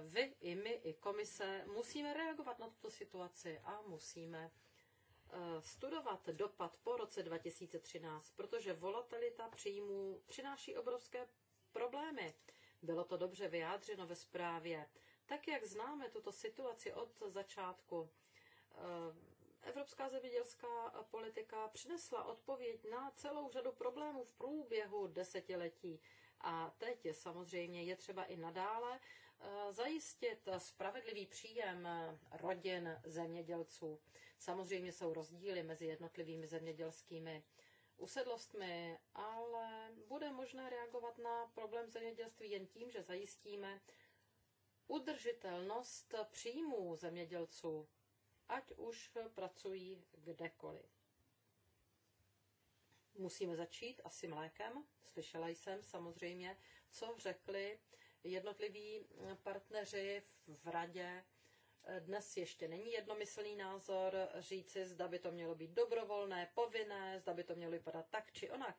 vy i my i komise musíme reagovat na tuto situaci a musíme Eh, studovat dopad po roce 2013, protože volatilita příjmů přináší obrovské problémy. Bylo to dobře vyjádřeno ve zprávě. Tak, jak známe tuto situaci od začátku, eh, evropská zemědělská politika přinesla odpověď na celou řadu problémů v průběhu desetiletí. A teď samozřejmě je třeba i nadále zajistit spravedlivý příjem rodin zemědělců. Samozřejmě jsou rozdíly mezi jednotlivými zemědělskými usedlostmi, ale bude možné reagovat na problém zemědělství jen tím, že zajistíme udržitelnost příjmů zemědělců, ať už pracují kdekoliv. Musíme začít asi mlékem. Slyšela jsem samozřejmě, co řekli jednotliví eh, partneři v radě. Eh, dnes ještě není jednomyslný názor říci, zda by to mělo být dobrovolné, povinné, zda by to mělo vypadat tak či onak.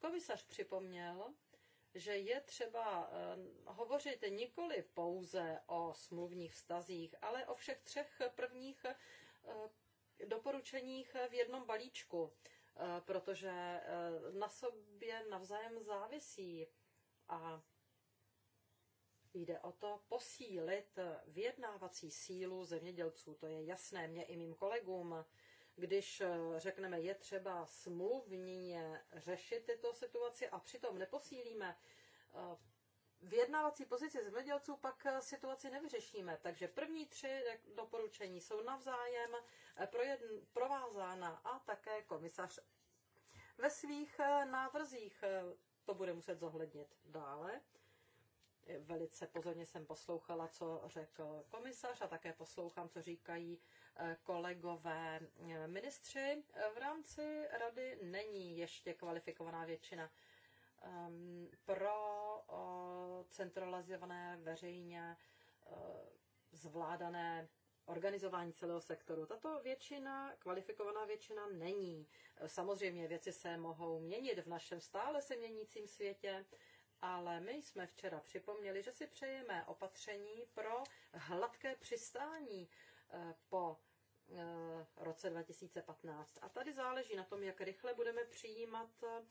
Komisař připomněl, že je třeba eh, hovořit nikoli pouze o smluvních vztazích, ale o všech třech prvních doporučeních v jednom balíčku, protože na sobě navzájem závisí a Jde o to posílit vyjednávací sílu zemědělců. To je jasné mě i mým kolegům. Když eh, řekneme, je třeba smluvně řešit tyto situaci a přitom neposílíme eh, vyjednávací pozici zemědělců, pak eh, situaci nevyřešíme. Takže první tři doporučení jsou navzájem provázána a také komisař ve svých návrzích to bude muset zohlednit dále. Velice pozorně jsem poslouchala, co řekl komisař a také poslouchám, co říkají eh, kolegové eh, ministři. V rámci rady není ještě kvalifikovaná většina ehm, pro eh, centralizované veřejně zvládané organizování celého sektoru. Tato většina, kvalifikovaná většina není. Samozřejmě věci se mohou měnit v našem stále se měnícím světě ale my jsme včera připomněli, že si přejeme opatření pro hladké přistání eh, po eh, roce 2015. A tady záleží na tom, jak rychle budeme přijímat eh,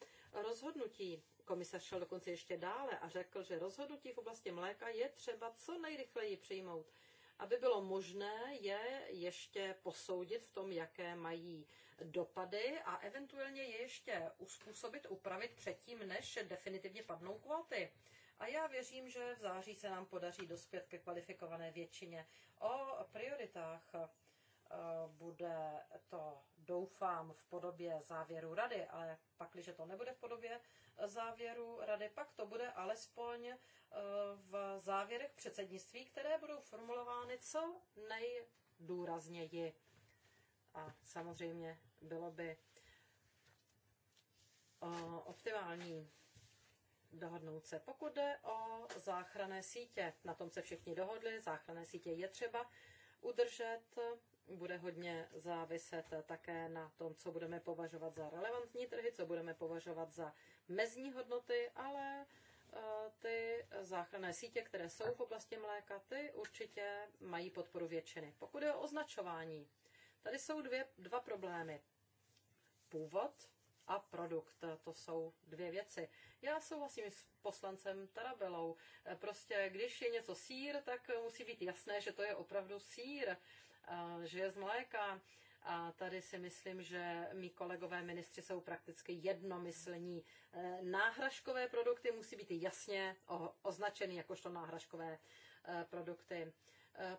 rozhodnutí. Komisař šel dokonce ještě dále a řekl, že rozhodnutí v oblasti mléka je třeba co nejrychleji přijmout, aby bylo možné je ještě posoudit v tom, jaké mají dopady a eventuálně je ještě uspůsobit, upravit předtím, než definitivně padnou kvóty. A já věřím, že v září se nám podaří dospět ke kvalifikované většině. O prioritách eh, bude to, doufám, v podobě závěru rady, ale pak, když to nebude v podobě závěru rady, pak to bude alespoň eh, v závěrech předsednictví, které budou formulovány co nejdůrazněji. A samozřejmě bylo by optimální dohodnout se. Pokud jde o záchranné sítě, na tom se všichni dohodli, záchranné sítě je třeba udržet, bude hodně záviset také na tom, co budeme považovat za relevantní trhy, co budeme považovat za mezní hodnoty, ale e, ty záchranné sítě, které jsou v oblasti mléka, ty určitě mají podporu většiny. Pokud je o označování, Tady jsou dvě, dva problémy. Původ a produkt. To jsou dvě věci. Já souhlasím s poslancem Tarabelou. Prostě když je něco sír, tak musí být jasné, že to je opravdu sír, že je z mléka. A tady si myslím, že mý kolegové ministři jsou prakticky jednomyslní. E, náhražkové produkty musí být jasně označeny jakožto náhražkové e, produkty.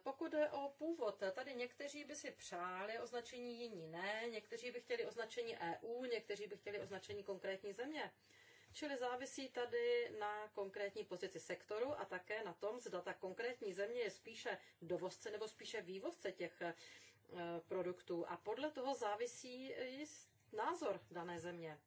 Pokud jde o původ, tady někteří by si přáli označení, jiní ne, někteří by chtěli označení EU, někteří by chtěli označení konkrétní země. Čili závisí tady na konkrétní pozici sektoru a také na tom, zda ta konkrétní země je spíše dovozce nebo spíše vývozce těch e, produktů. A podle toho závisí i názor dané země.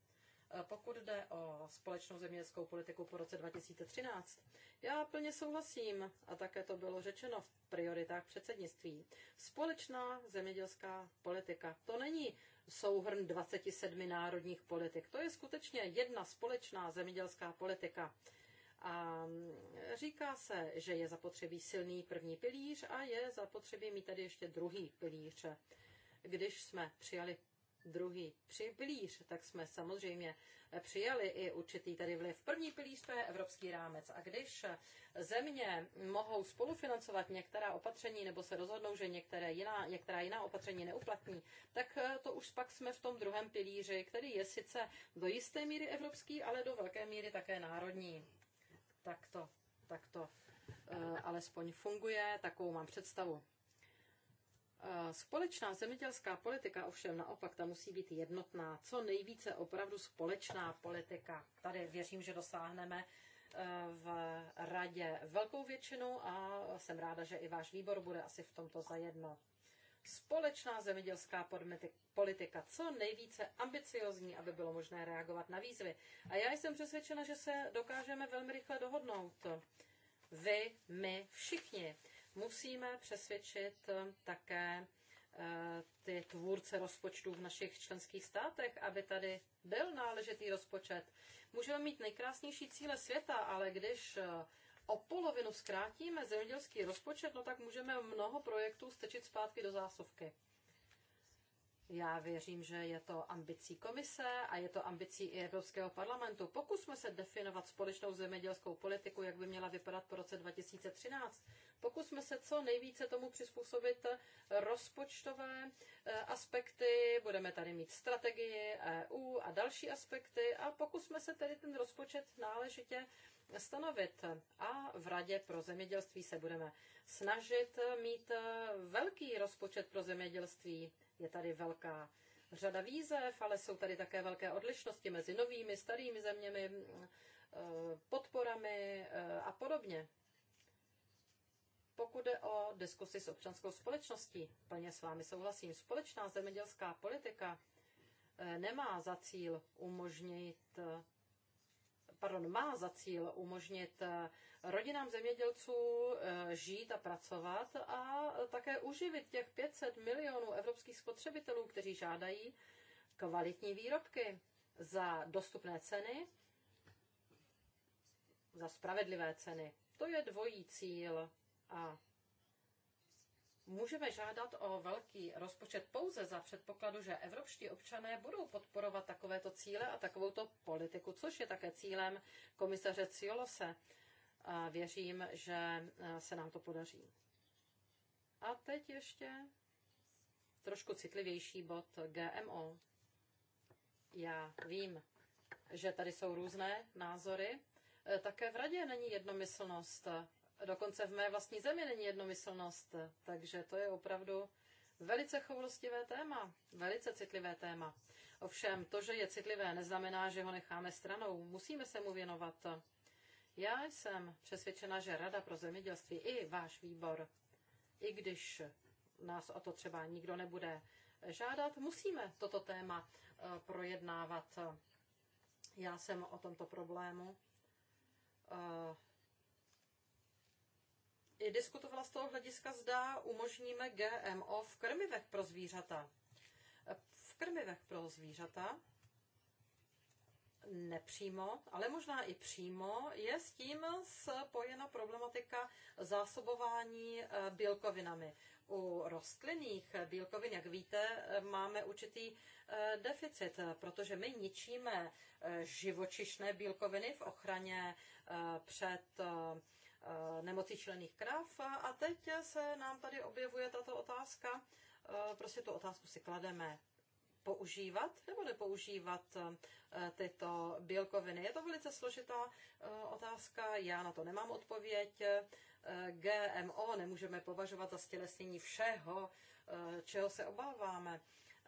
Pokud jde o společnou zemědělskou politiku po roce 2013, já plně souhlasím, a také to bylo řečeno v prioritách předsednictví. Společná zemědělská politika, to není souhrn 27 národních politik, to je skutečně jedna společná zemědělská politika. A říká se, že je zapotřebí silný první pilíř a je zapotřebí mít tady ještě druhý pilíř. Když jsme přijali druhý pilíř, tak jsme samozřejmě přijali i určitý tady vliv. První pilíř to je evropský rámec. A když země mohou spolufinancovat některá opatření nebo se rozhodnou, že některé jiná, některá jiná opatření neuplatní, tak eh, to už pak jsme v tom druhém pilíři, který je sice do jisté míry evropský, ale do velké míry také národní. Tak to, tak to eh, alespoň funguje, takovou mám představu. Společná zemědělská politika ovšem naopak ta musí být jednotná, co nejvíce opravdu společná politika. Tady věřím, že dosáhneme e, v radě velkou většinu a jsem ráda, že i váš výbor bude asi v tomto zajedno. Společná zemědělská politika, co nejvíce ambiciozní, aby bylo možné reagovat na výzvy. A já jsem přesvědčena, že se dokážeme velmi rychle dohodnout. Vy, my, všichni. Musíme přesvědčit eh, také eh, ty tvůrce rozpočtů v našich členských státech, aby tady byl náležitý rozpočet. Můžeme mít nejkrásnější cíle světa, ale když eh, o polovinu zkrátíme zemědělský rozpočet, no tak můžeme mnoho projektů stečit zpátky do zásuvky. Já věřím, že je to ambicí komise a je to ambicí i Evropského parlamentu. Pokusme se definovat společnou zemědělskou politiku, jak by měla vypadat po roce 2013, Pokusme se co nejvíce tomu přizpůsobit rozpočtové eh, aspekty, budeme tady mít strategii EU a další aspekty a pokusme se tedy ten rozpočet náležitě stanovit. A v Radě pro zemědělství se budeme snažit mít velký rozpočet pro zemědělství. Je tady velká řada výzev, ale jsou tady také velké odlišnosti mezi novými, starými zeměmi, eh, podporami eh, a podobně. Pokud jde o diskusi s občanskou společností, plně s vámi souhlasím. Společná zemědělská politika eh, nemá za cíl umožnit eh, pardon, má za cíl umožnit eh, rodinám zemědělců žít a pracovat a také uživit těch 500 milionů evropských spotřebitelů, kteří žádají kvalitní výrobky za dostupné ceny, za spravedlivé ceny. To je dvojí cíl a můžeme žádat o velký rozpočet pouze za předpokladu, že evropští občané budou podporovat takovéto cíle a takovouto politiku, což je také cílem komisaře Ciolose. A věřím, že se nám to podaří. A teď ještě trošku citlivější bod GMO. Já vím, že tady jsou různé názory. E, také v radě není jednomyslnost Dokonce v mé vlastní zemi není jednomyslnost, takže to je opravdu velice choulostivé téma, velice citlivé téma. Ovšem, to, že je citlivé, neznamená, že ho necháme stranou. Musíme se mu věnovat. Já jsem přesvědčena, že Rada pro zemědělství i váš výbor, i když nás o to třeba nikdo nebude žádat, musíme toto téma eh, projednávat. Já jsem o tomto problému eh, i diskutovala z toho hlediska, zda umožníme GMO v krmivech pro zvířata. V krmivech pro zvířata nepřímo, ale možná i přímo, je s tím spojena problematika zásobování eh, bílkovinami. U rostlinných bílkovin, jak víte, máme určitý eh, deficit, protože my ničíme eh, živočišné bílkoviny v ochraně před Eh, nemocí člených krav. A teď se nám tady objevuje tato otázka. Eh, prostě tu otázku si klademe používat nebo nepoužívat eh, tyto bílkoviny. Je to velice složitá otázka, já na to nemám odpověď. GMO nemůžeme považovat za stělesnění všeho, čeho se obáváme.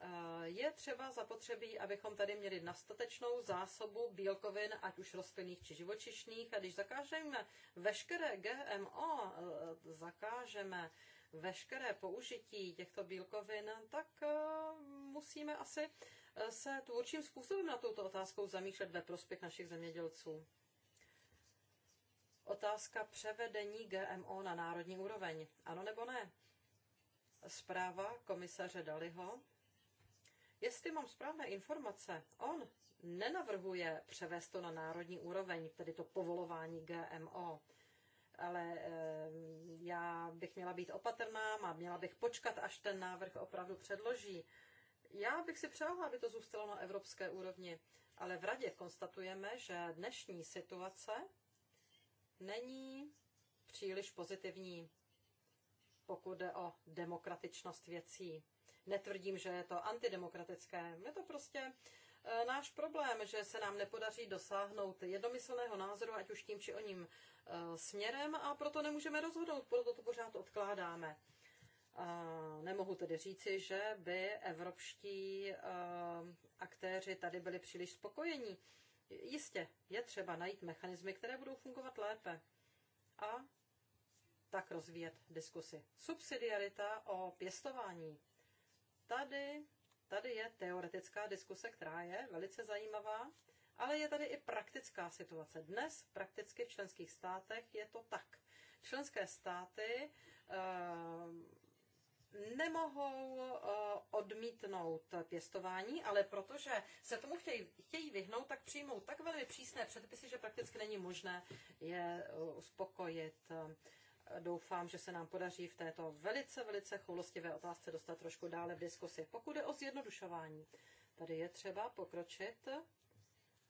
Eh, je třeba zapotřebí, abychom tady měli nastatečnou zásobu bílkovin, ať už rostlinných či živočišných. A když zakážeme veškeré GMO, eh, zakážeme veškeré použití těchto bílkovin, tak eh, musíme asi se tvůrčím způsobem na tuto otázkou zamýšlet ve prospěch našich zemědělců. Otázka převedení GMO na národní úroveň. Ano nebo ne? Zpráva komisaře Daliho Jestli mám správné informace, on nenavrhuje převést to na národní úroveň, tedy to povolování GMO. Ale eh, já bych měla být opatrná a měla bych počkat, až ten návrh opravdu předloží. Já bych si přála, aby to zůstalo na evropské úrovni, ale v radě konstatujeme, že dnešní situace není příliš pozitivní, pokud jde o demokratičnost věcí. Netvrdím, že je to antidemokratické. Je to prostě e, náš problém, že se nám nepodaří dosáhnout jednomyslného názoru, ať už tím či o ním e, směrem a proto nemůžeme rozhodnout, proto to pořád odkládáme. Nemohu tedy říci, že by evropští e, aktéři tady byli příliš spokojení. Jistě, je třeba najít mechanismy, které budou fungovat lépe a tak rozvíjet diskusy. Subsidiarita o pěstování tady, tady je teoretická diskuse, která je velice zajímavá, ale je tady i praktická situace. Dnes prakticky v členských státech je to tak. Členské státy uh, nemohou uh, odmítnout pěstování, ale protože se tomu chtějí, chtějí vyhnout, tak přijmou tak velmi přísné předpisy, že prakticky není možné je eh, uspokojit doufám, že se nám podaří v této velice, velice choulostivé otázce dostat trošku dále v diskusi. Pokud je o zjednodušování, tady je třeba pokročit.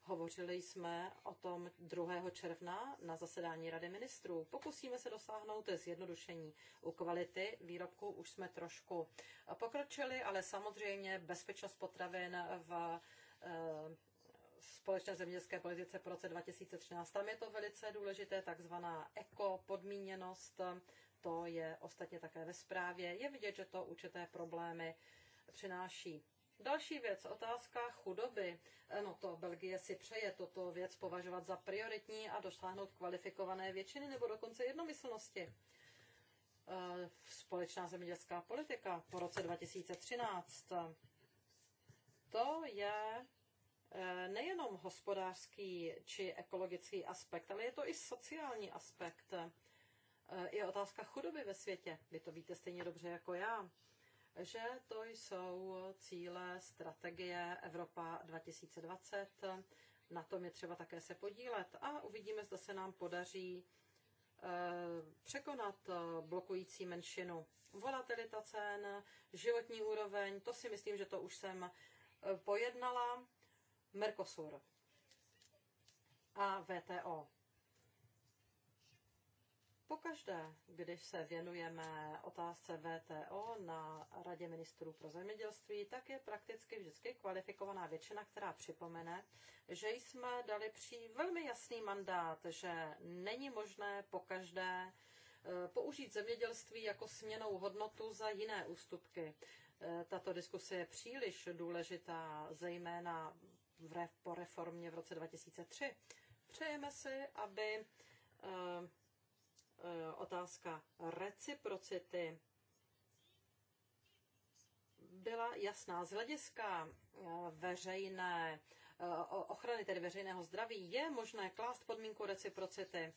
Hovořili jsme o tom 2. června na zasedání Rady ministrů. Pokusíme se dosáhnout zjednodušení u kvality výrobků. Už jsme trošku pokročili, ale samozřejmě bezpečnost potravin v eh, společné zemědělské politice po roce 2013. Tam je to velice důležité, takzvaná ekopodmíněnost, to je ostatně také ve zprávě. Je vidět, že to určité problémy přináší. Další věc, otázka chudoby. No to Belgie si přeje toto věc považovat za prioritní a dosáhnout kvalifikované většiny nebo dokonce jednomyslnosti. E, společná zemědělská politika po roce 2013. To je nejenom hospodářský či ekologický aspekt, ale je to i sociální aspekt. Eh, je otázka chudoby ve světě. Vy to víte stejně dobře jako já, že to jsou cíle strategie Evropa 2020. Na tom je třeba také se podílet a uvidíme, zda se nám podaří eh, překonat eh, blokující menšinu. Volatilita cen, životní úroveň, to si myslím, že to už jsem pojednala Mercosur a VTO. Pokaždé, když se věnujeme otázce VTO na Radě ministrů pro zemědělství, tak je prakticky vždycky kvalifikovaná většina, která připomene, že jsme dali při velmi jasný mandát, že není možné pokaždé eh, použít zemědělství jako směnou hodnotu za jiné ústupky. Eh, tato diskuse je příliš důležitá, zejména v, po reformě v roce 2003. Přejeme si, aby eh, eh, otázka reciprocity byla jasná. Z hlediska eh, veřejné ochrany, tedy veřejného zdraví, je možné klást podmínku reciprocity,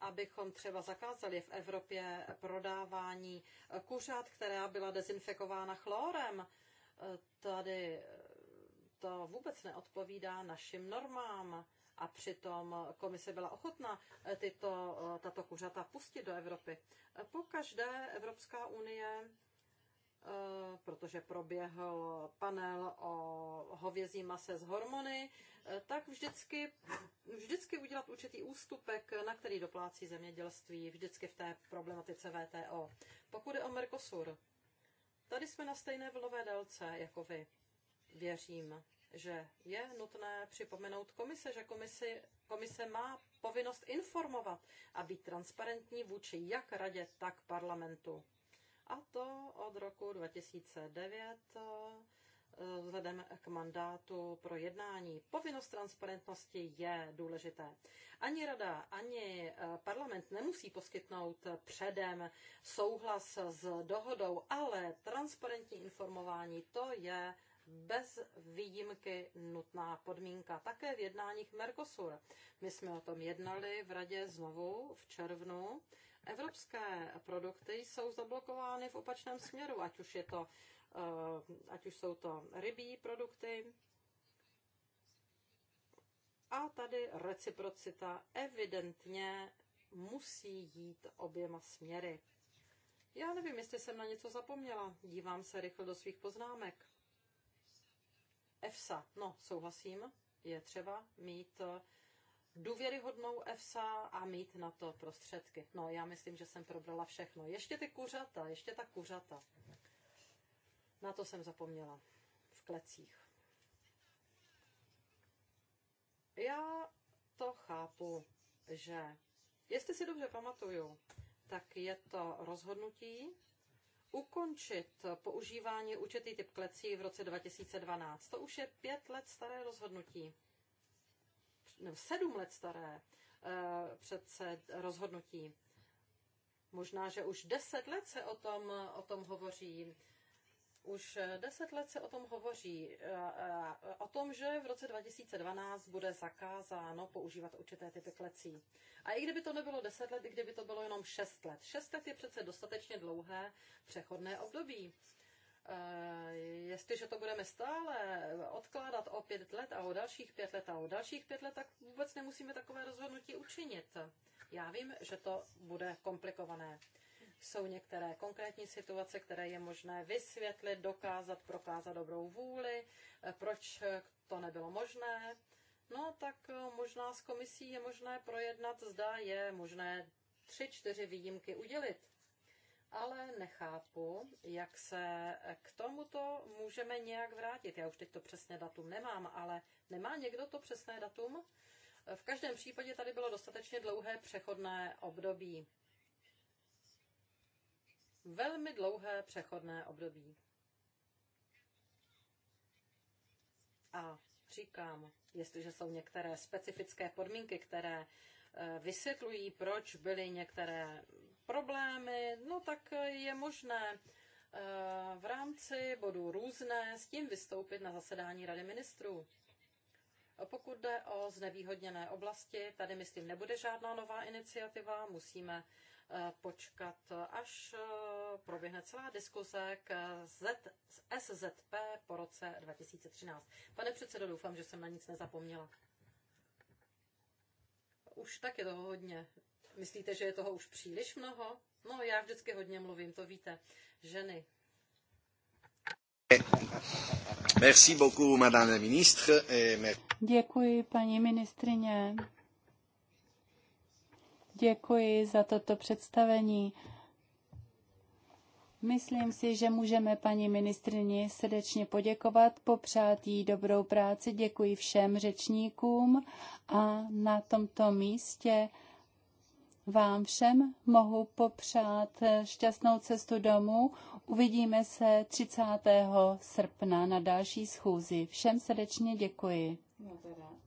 abychom třeba zakázali v Evropě prodávání kuřat, která byla dezinfekována chlorem. Tady to vůbec neodpovídá našim normám. A přitom komise byla ochotná eh, tyto, eh, tato kuřata pustit do Evropy. Eh, po každé Evropská unie protože proběhl panel o hovězí mase z hormony, tak vždycky, vždycky udělat určitý ústupek, na který doplácí zemědělství, vždycky v té problematice VTO. Pokud je o Mercosur, tady jsme na stejné vlnové délce jako vy. Věřím, že je nutné připomenout komise, že komisi, komise má povinnost informovat a být transparentní vůči jak radě, tak parlamentu. A to od roku 2009 eh, vzhledem k mandátu pro jednání. Povinnost transparentnosti je důležité. Ani rada, ani eh, parlament nemusí poskytnout předem souhlas s dohodou, ale transparentní informování to je bez výjimky nutná podmínka. Také v jednáních Mercosur. My jsme o tom jednali v radě znovu v červnu. Evropské produkty jsou zablokovány v opačném směru, ať už, je to, eh, ať už jsou to rybí produkty, a tady reciprocita evidentně musí jít oběma směry. Já nevím, jestli jsem na něco zapomněla. Dívám se rychle do svých poznámek. EFSA. No, souhlasím, je třeba mít eh, důvěryhodnou EFSA a mít na to prostředky. No, já myslím, že jsem probrala všechno. Ještě ty kuřata, ještě ta kuřata. Na to jsem zapomněla. V klecích. Já to chápu, že jestli si dobře pamatuju, tak je to rozhodnutí, ukončit používání určitý typ klecí v roce 2012. To už je pět let staré rozhodnutí. Nebo sedm let staré e, přece rozhodnutí. Možná, že už deset let se o tom, o tom hovoří. Už deset let se o tom hovoří, o tom, že v roce 2012 bude zakázáno používat určité typy klecí. A i kdyby to nebylo deset let, i kdyby to bylo jenom šest let. Šest let je přece dostatečně dlouhé přechodné období. E, jestliže to budeme stále odkládat o pět let a o dalších pět let a o dalších pět let, tak vůbec nemusíme takové rozhodnutí učinit. Já vím, že to bude komplikované. Jsou některé konkrétní situace, které je možné vysvětlit, dokázat, prokázat dobrou vůli, eh, proč eh, to nebylo možné. No tak eh, možná s komisí je možné projednat, zda je možné tři, čtyři výjimky udělit. Ale nechápu, jak se k tomuto můžeme nějak vrátit. Já už teď to přesné datum nemám, ale nemá někdo to přesné datum? V každém případě tady bylo dostatečně dlouhé přechodné období velmi dlouhé přechodné období. A říkám, jestliže jsou některé specifické podmínky, které eh, vysvětlují, proč byly některé problémy, no tak je možné eh, v rámci bodu různé s tím vystoupit na zasedání Rady ministrů. Pokud jde o znevýhodněné oblasti, tady myslím nebude žádná nová iniciativa, musíme eh, počkat, až proběhne celá diskuze k Z, SZP po roce 2013. Pane předsedo, doufám, že jsem na nic nezapomněla. Už tak je toho hodně. Myslíte, že je toho už příliš mnoho? No, já vždycky hodně mluvím, to víte. Ženy. Merci beaucoup, madame la ministre. Děkuji, paní ministrině. Děkuji za toto představení. Myslím si, že můžeme paní ministrini srdečně poděkovat, popřát jí dobrou práci, děkuji všem řečníkům a na tomto místě vám všem mohu popřát šťastnou cestu domů. Uvidíme se 30. srpna na další schůzi. Všem srdečně děkuji. No teda.